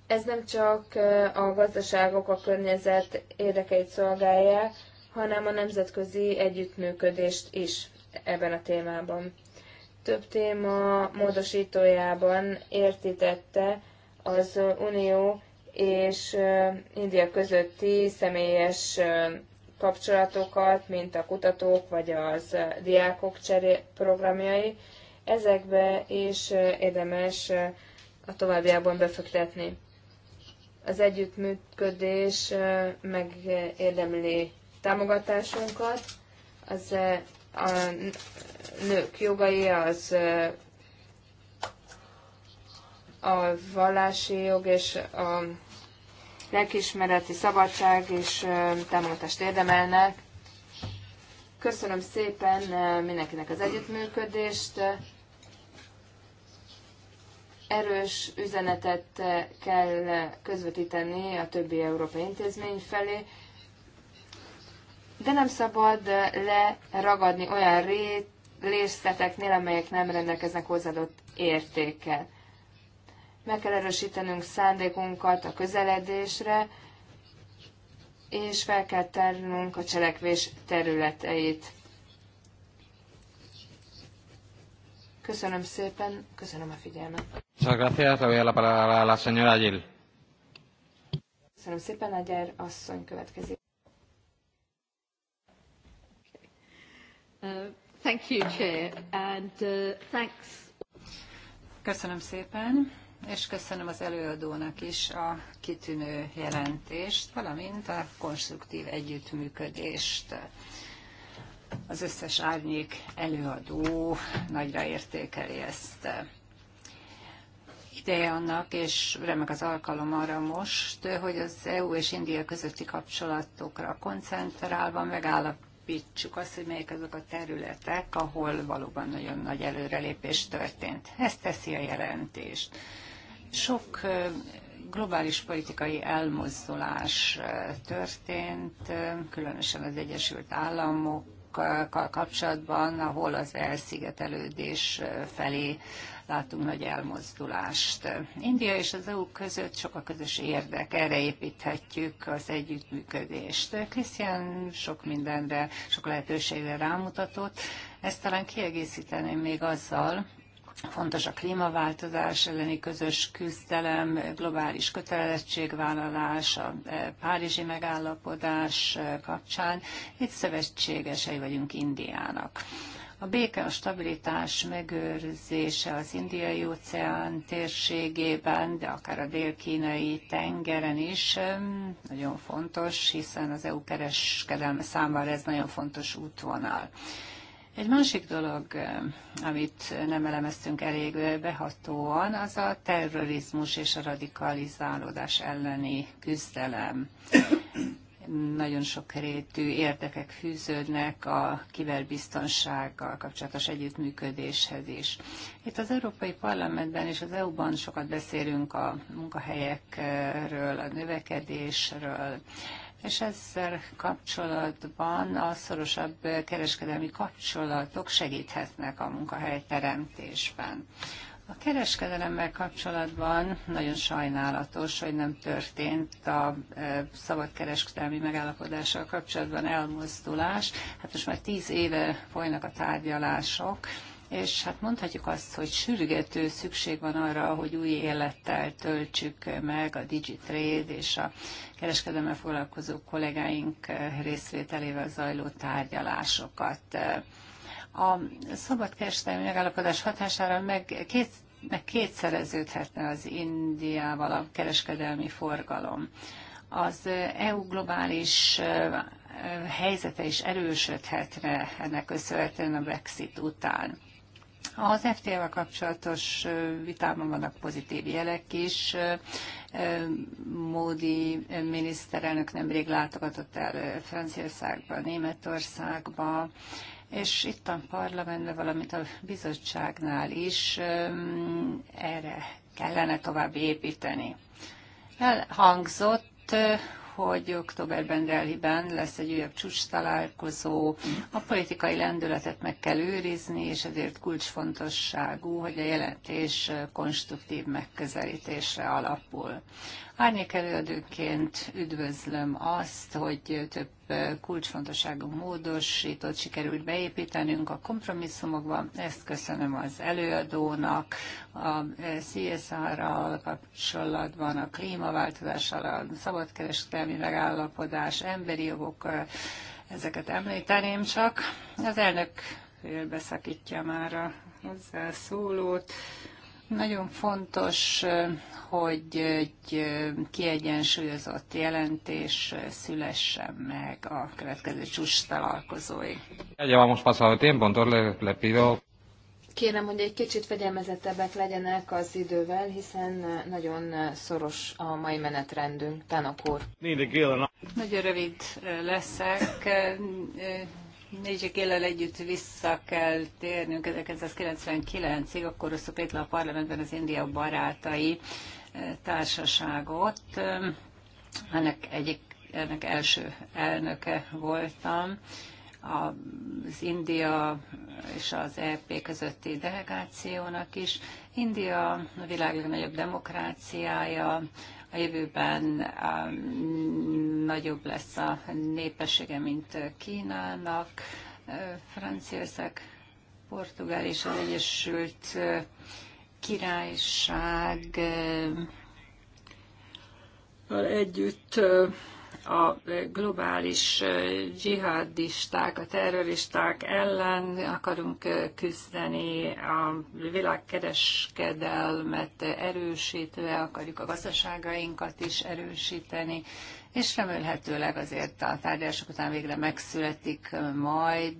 Ez nem csak eh, a gazdaságok, a környezet érdekeit szolgálja, hanem a nemzetközi együttműködést is ebben a témában több téma módosítójában értítette az Unió és India közötti személyes kapcsolatokat, mint a kutatók vagy az diákok cseré programjai. Ezekbe is érdemes a továbbiában befektetni. Az együttműködés megérdemli támogatásunkat. Az a nők jogai, az a vallási jog és a lelkismereti szabadság és támogatást érdemelnek. Köszönöm szépen mindenkinek az együttműködést. Erős üzenetet kell közvetíteni a többi európai intézmény felé de nem szabad eh, leragadni olyan részleteknél, amelyek nem rendelkeznek hozzáadott értékkel. Meg kell erősítenünk szándékunkat a közeledésre, és fel kell tárnunk a cselekvés területeit. Köszönöm szépen, köszönöm a figyelmet. la Köszönöm szépen, Ayer asszony következik. Uh, thank you, Chair, and uh, thanks. Köszönöm szépen, és köszönöm az előadónak is a kitűnő jelentést, valamint a konstruktív együttműködést. Az összes árnyék előadó nagyra értékeli ezt ideje annak, és remek az alkalom arra most, hogy az EU és India közötti kapcsolatokra koncentrálva megállap, megállapítsuk azt, hogy melyik azok a területek, ahol valóban nagyon nagy előrelépés történt. Ezt teszi a jelentést. Sok globális politikai elmozdulás történt, különösen az Egyesült Államok kapcsolatban, ahol az elszigetelődés felé látunk nagy elmozdulást. India és az EU között sok a közös érdek, erre építhetjük az együttműködést. Krisztián sok mindenre, sok lehetőségre rámutatott. Ezt talán kiegészíteném még azzal, Fontos a klímaváltozás elleni közös küzdelem, globális kötelezettségvállalás, a párizsi megállapodás kapcsán. Itt szövetségesei vagyunk Indiának. A béke, a stabilitás megőrzése az indiai óceán térségében, de akár a dél-kínai tengeren is nagyon fontos, hiszen az EU kereskedelme számára ez nagyon fontos útvonal. Egy másik dolog, amit nem elemeztünk elég behatóan, az a terrorizmus és a radikalizálódás elleni küzdelem nagyon sokrétű érdekek fűződnek a kiberbiztonsággal kapcsolatos együttműködéshez is. Itt az Európai Parlamentben és az EU-ban sokat beszélünk a munkahelyekről, a növekedésről, és ezzel kapcsolatban a szorosabb kereskedelmi kapcsolatok segíthetnek a munkahelyteremtésben. teremtésben. A kereskedelemmel kapcsolatban nagyon sajnálatos, hogy nem történt a e, szabadkereskedelmi megállapodással kapcsolatban elmozdulás. Hát most már tíz éve folynak a tárgyalások, és hát mondhatjuk azt, hogy sürgető szükség van arra, hogy új élettel töltsük meg a Digitrade és a kereskedelemmel foglalkozó kollégáink részvételével zajló tárgyalásokat a szabadkereskedelmi megállapodás hatására meg két meg kétszereződhetne az Indiával a kereskedelmi forgalom. Az EU globális helyzete is erősödhetne ennek köszönhetően a Brexit után. Az FTA-val kapcsolatos vitában vannak pozitív jelek is. Módi miniszterelnök nemrég látogatott el Franciaországba, Németországba, és itt a parlamentben, valamint a bizottságnál is erre kellene tovább építeni. Elhangzott, hogy októberben Delhiben lesz egy újabb csúcs találkozó, a politikai lendületet meg kell őrizni, és ezért kulcsfontosságú, hogy a jelentés konstruktív megközelítésre alapul. Árnyék előadőként üdvözlöm azt, hogy több kulcsfontosságú módosítót sikerült beépítenünk a kompromisszumokba. Ezt köszönöm az előadónak, a CSR-ral kapcsolatban, a klímaváltozással, a szabadkereskedelmi megállapodás, emberi jogok, ezeket említeném csak. Az elnök félbeszakítja már a hozzászólót. szólót. Nagyon fontos, hogy egy kiegyensúlyozott jelentés szülessen meg a következő csúcs találkozói. Kérem, hogy egy kicsit fegyelmezettebbek legyenek az idővel, hiszen nagyon szoros a mai menetrendünk. Tanok úr. Nagyon rövid leszek Nézzük, élel együtt vissza kell térnünk 1999-ig, akkor hoztuk létre a parlamentben az India Barátai eh, Társaságot. Eh, ennek egyik ennek első elnöke voltam. Az India és az EP közötti delegációnak is. India a világ legnagyobb demokráciája, a jövőben um, nagyobb lesz a népessége, mint Kínának, uh, Franciaország, Portugál és az Egyesült uh, Királyság uh, együtt a globális dzsihadisták, a terroristák ellen akarunk küzdeni, a világkereskedelmet erősítve akarjuk a gazdaságainkat is erősíteni, és remélhetőleg azért a tárgyalások után végre megszületik majd,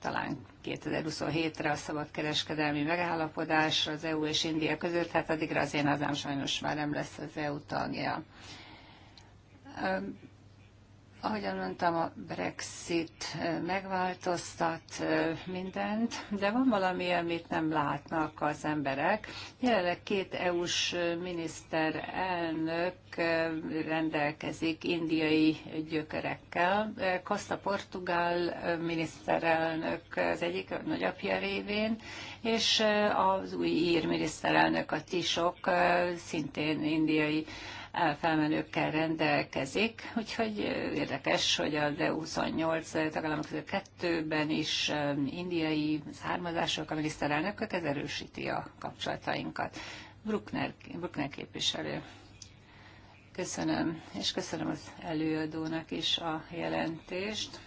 talán 2027-re a szabadkereskedelmi megállapodás az EU és India között, hát addigra az én hazám sajnos már nem lesz az EU tagja ahogyan mondtam, a Brexit megváltoztat mindent, de van valami, amit nem látnak az emberek. Jelenleg két EU-s miniszterelnök rendelkezik indiai gyökerekkel. Costa Portugál miniszterelnök az egyik a nagyapja révén, és az új ír miniszterelnök a Tisok szintén indiai felmenőkkel rendelkezik, úgyhogy érdekes, hogy a D28 tagállamok közül kettőben is indiai származások a miniszterelnökök, ez erősíti a kapcsolatainkat. Bruckner, Bruckner képviselő. Köszönöm, és köszönöm az előadónak is a jelentést.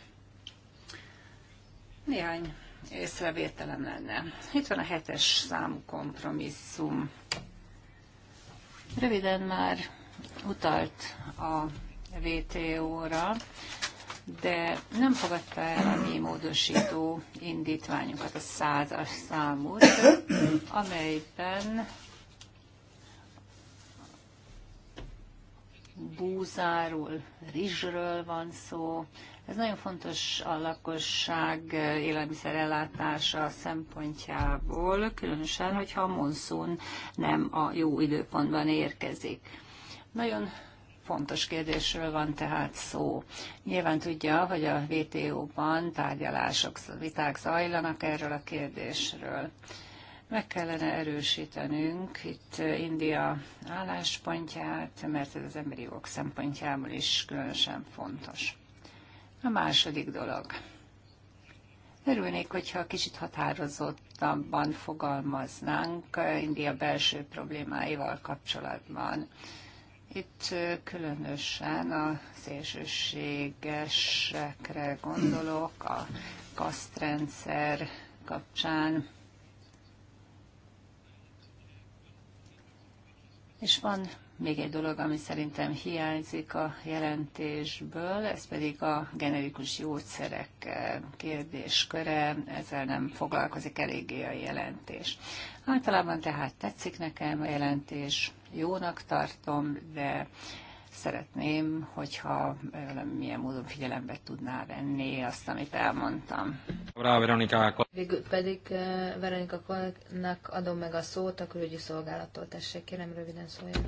Néhány észrevételem lenne. Itt van a hetes számú kompromisszum. Röviden már utalt a VTO-ra, de nem fogadta el a mi módosító indítványunkat, a százas számot, amelyben búzáról, rizsről van szó. Ez nagyon fontos a lakosság ellátása szempontjából, különösen, hogyha a monszun nem a jó időpontban érkezik. Nagyon fontos kérdésről van tehát szó. Nyilván tudja, hogy a WTO-ban tárgyalások, viták zajlanak erről a kérdésről. Meg kellene erősítenünk itt India álláspontját, mert ez az emberi jogok szempontjából is különösen fontos. A második dolog. Örülnék, hogyha kicsit határozottabban fogalmaznánk India belső problémáival kapcsolatban. Itt különösen a szélsőségesekre gondolok, a kasztrendszer kapcsán. És van még egy dolog, ami szerintem hiányzik a jelentésből, ez pedig a generikus gyógyszerek kérdésköre, ezzel nem foglalkozik eléggé a jelentés. Általában tehát tetszik nekem a jelentés, jónak tartom, de szeretném, hogyha milyen módon figyelembe tudná venni azt, amit elmondtam. Rá, Veronika. Végül pedig Veronika Kolnak adom meg a szót a külügyi szolgálattól. Tessék, kérem, röviden szóljon.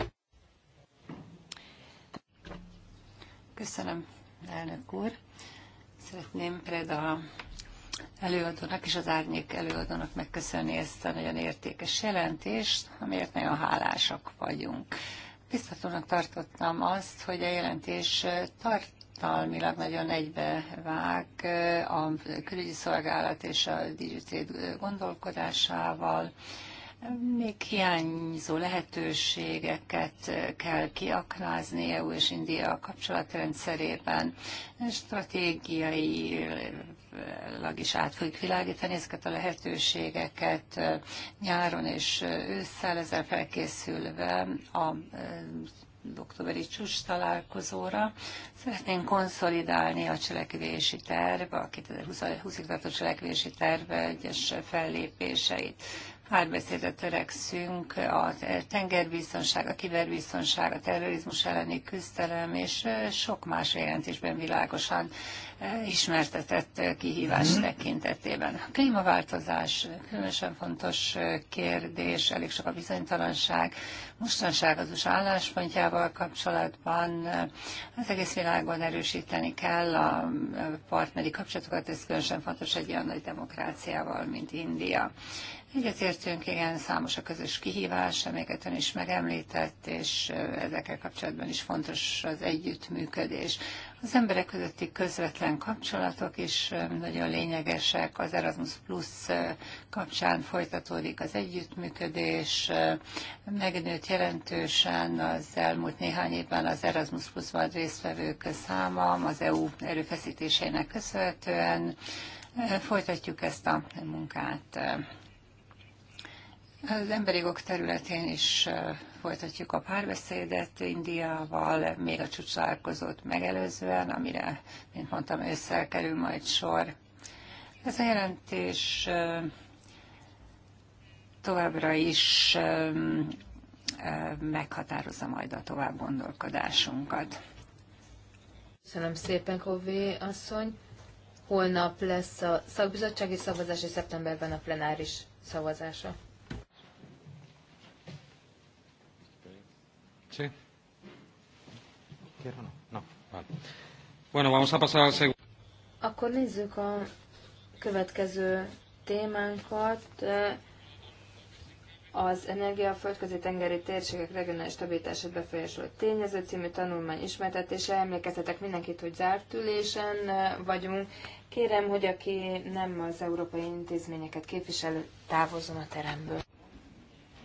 Köszönöm, elnök úr. Szeretném például előadónak és az árnyék előadónak megköszönni ezt a nagyon értékes jelentést, amiért nagyon hálásak vagyunk. Biztatónak tartottam azt, hogy a jelentés tart tartalmilag nagyon egybevág eh, a külügyi szolgálat és a DigiTrade gondolkodásával. Még hiányzó lehetőségeket eh, kell kiaknázni EU és India kapcsolatrendszerében. Stratégiai eh, politikailag is át fogjuk világítani ezeket a lehetőségeket nyáron és ősszel, ezzel felkészülve a októberi csúcs találkozóra. Szeretnénk konszolidálni a cselekvési terv, a 2020-ig tartó cselekvési terv egyes fellépéseit párbeszédre törekszünk, a tengerbiztonság, a kiberbiztonság, a terrorizmus elleni küzdelem, és sok más jelentésben világosan ismertetett kihívás mhm. tekintetében. A klímaváltozás különösen fontos kérdés, elég sok a bizonytalanság. Mostanság az USA álláspontjával kapcsolatban az egész világon erősíteni kell a partneri kapcsolatokat, ez különösen fontos egy olyan nagy demokráciával, mint India. Egyetértünk, igen, számos a közös kihívás, amelyeket ön is megemlített, és ezekkel kapcsolatban is fontos az együttműködés. Az emberek közötti közvetlen kapcsolatok is nagyon lényegesek, az Erasmus Plus kapcsán folytatódik az együttműködés, megnőtt jelentősen az elmúlt néhány évben az Erasmus Plus-ban résztvevők száma az EU erőfeszítéseinek köszönhetően. Folytatjuk ezt a munkát. Az emberi jogok területén is folytatjuk a párbeszédet Indiával, még a csúcsalálkozót megelőzően, amire, mint mondtam, ősszel kerül majd sor. Ez a jelentés továbbra is meghatározza majd a tovább gondolkodásunkat. Köszönöm szépen, Kové asszony. Holnap lesz a szakbizottsági szavazás, és szeptemberben a plenáris szavazása. Sí. ¿Quiero no? No. Vale. Bueno, vamos a pasar al segundo. Akkor nézzük a következő témánkat. Az energia a földközi tengeri térségek regionális stabilitását befolyásoló tényező című tanulmány ismertetése. Emlékeztetek mindenkit, hogy zárt ülésen vagyunk. Kérem, hogy aki nem az európai intézményeket képviselő, távozzon a teremből.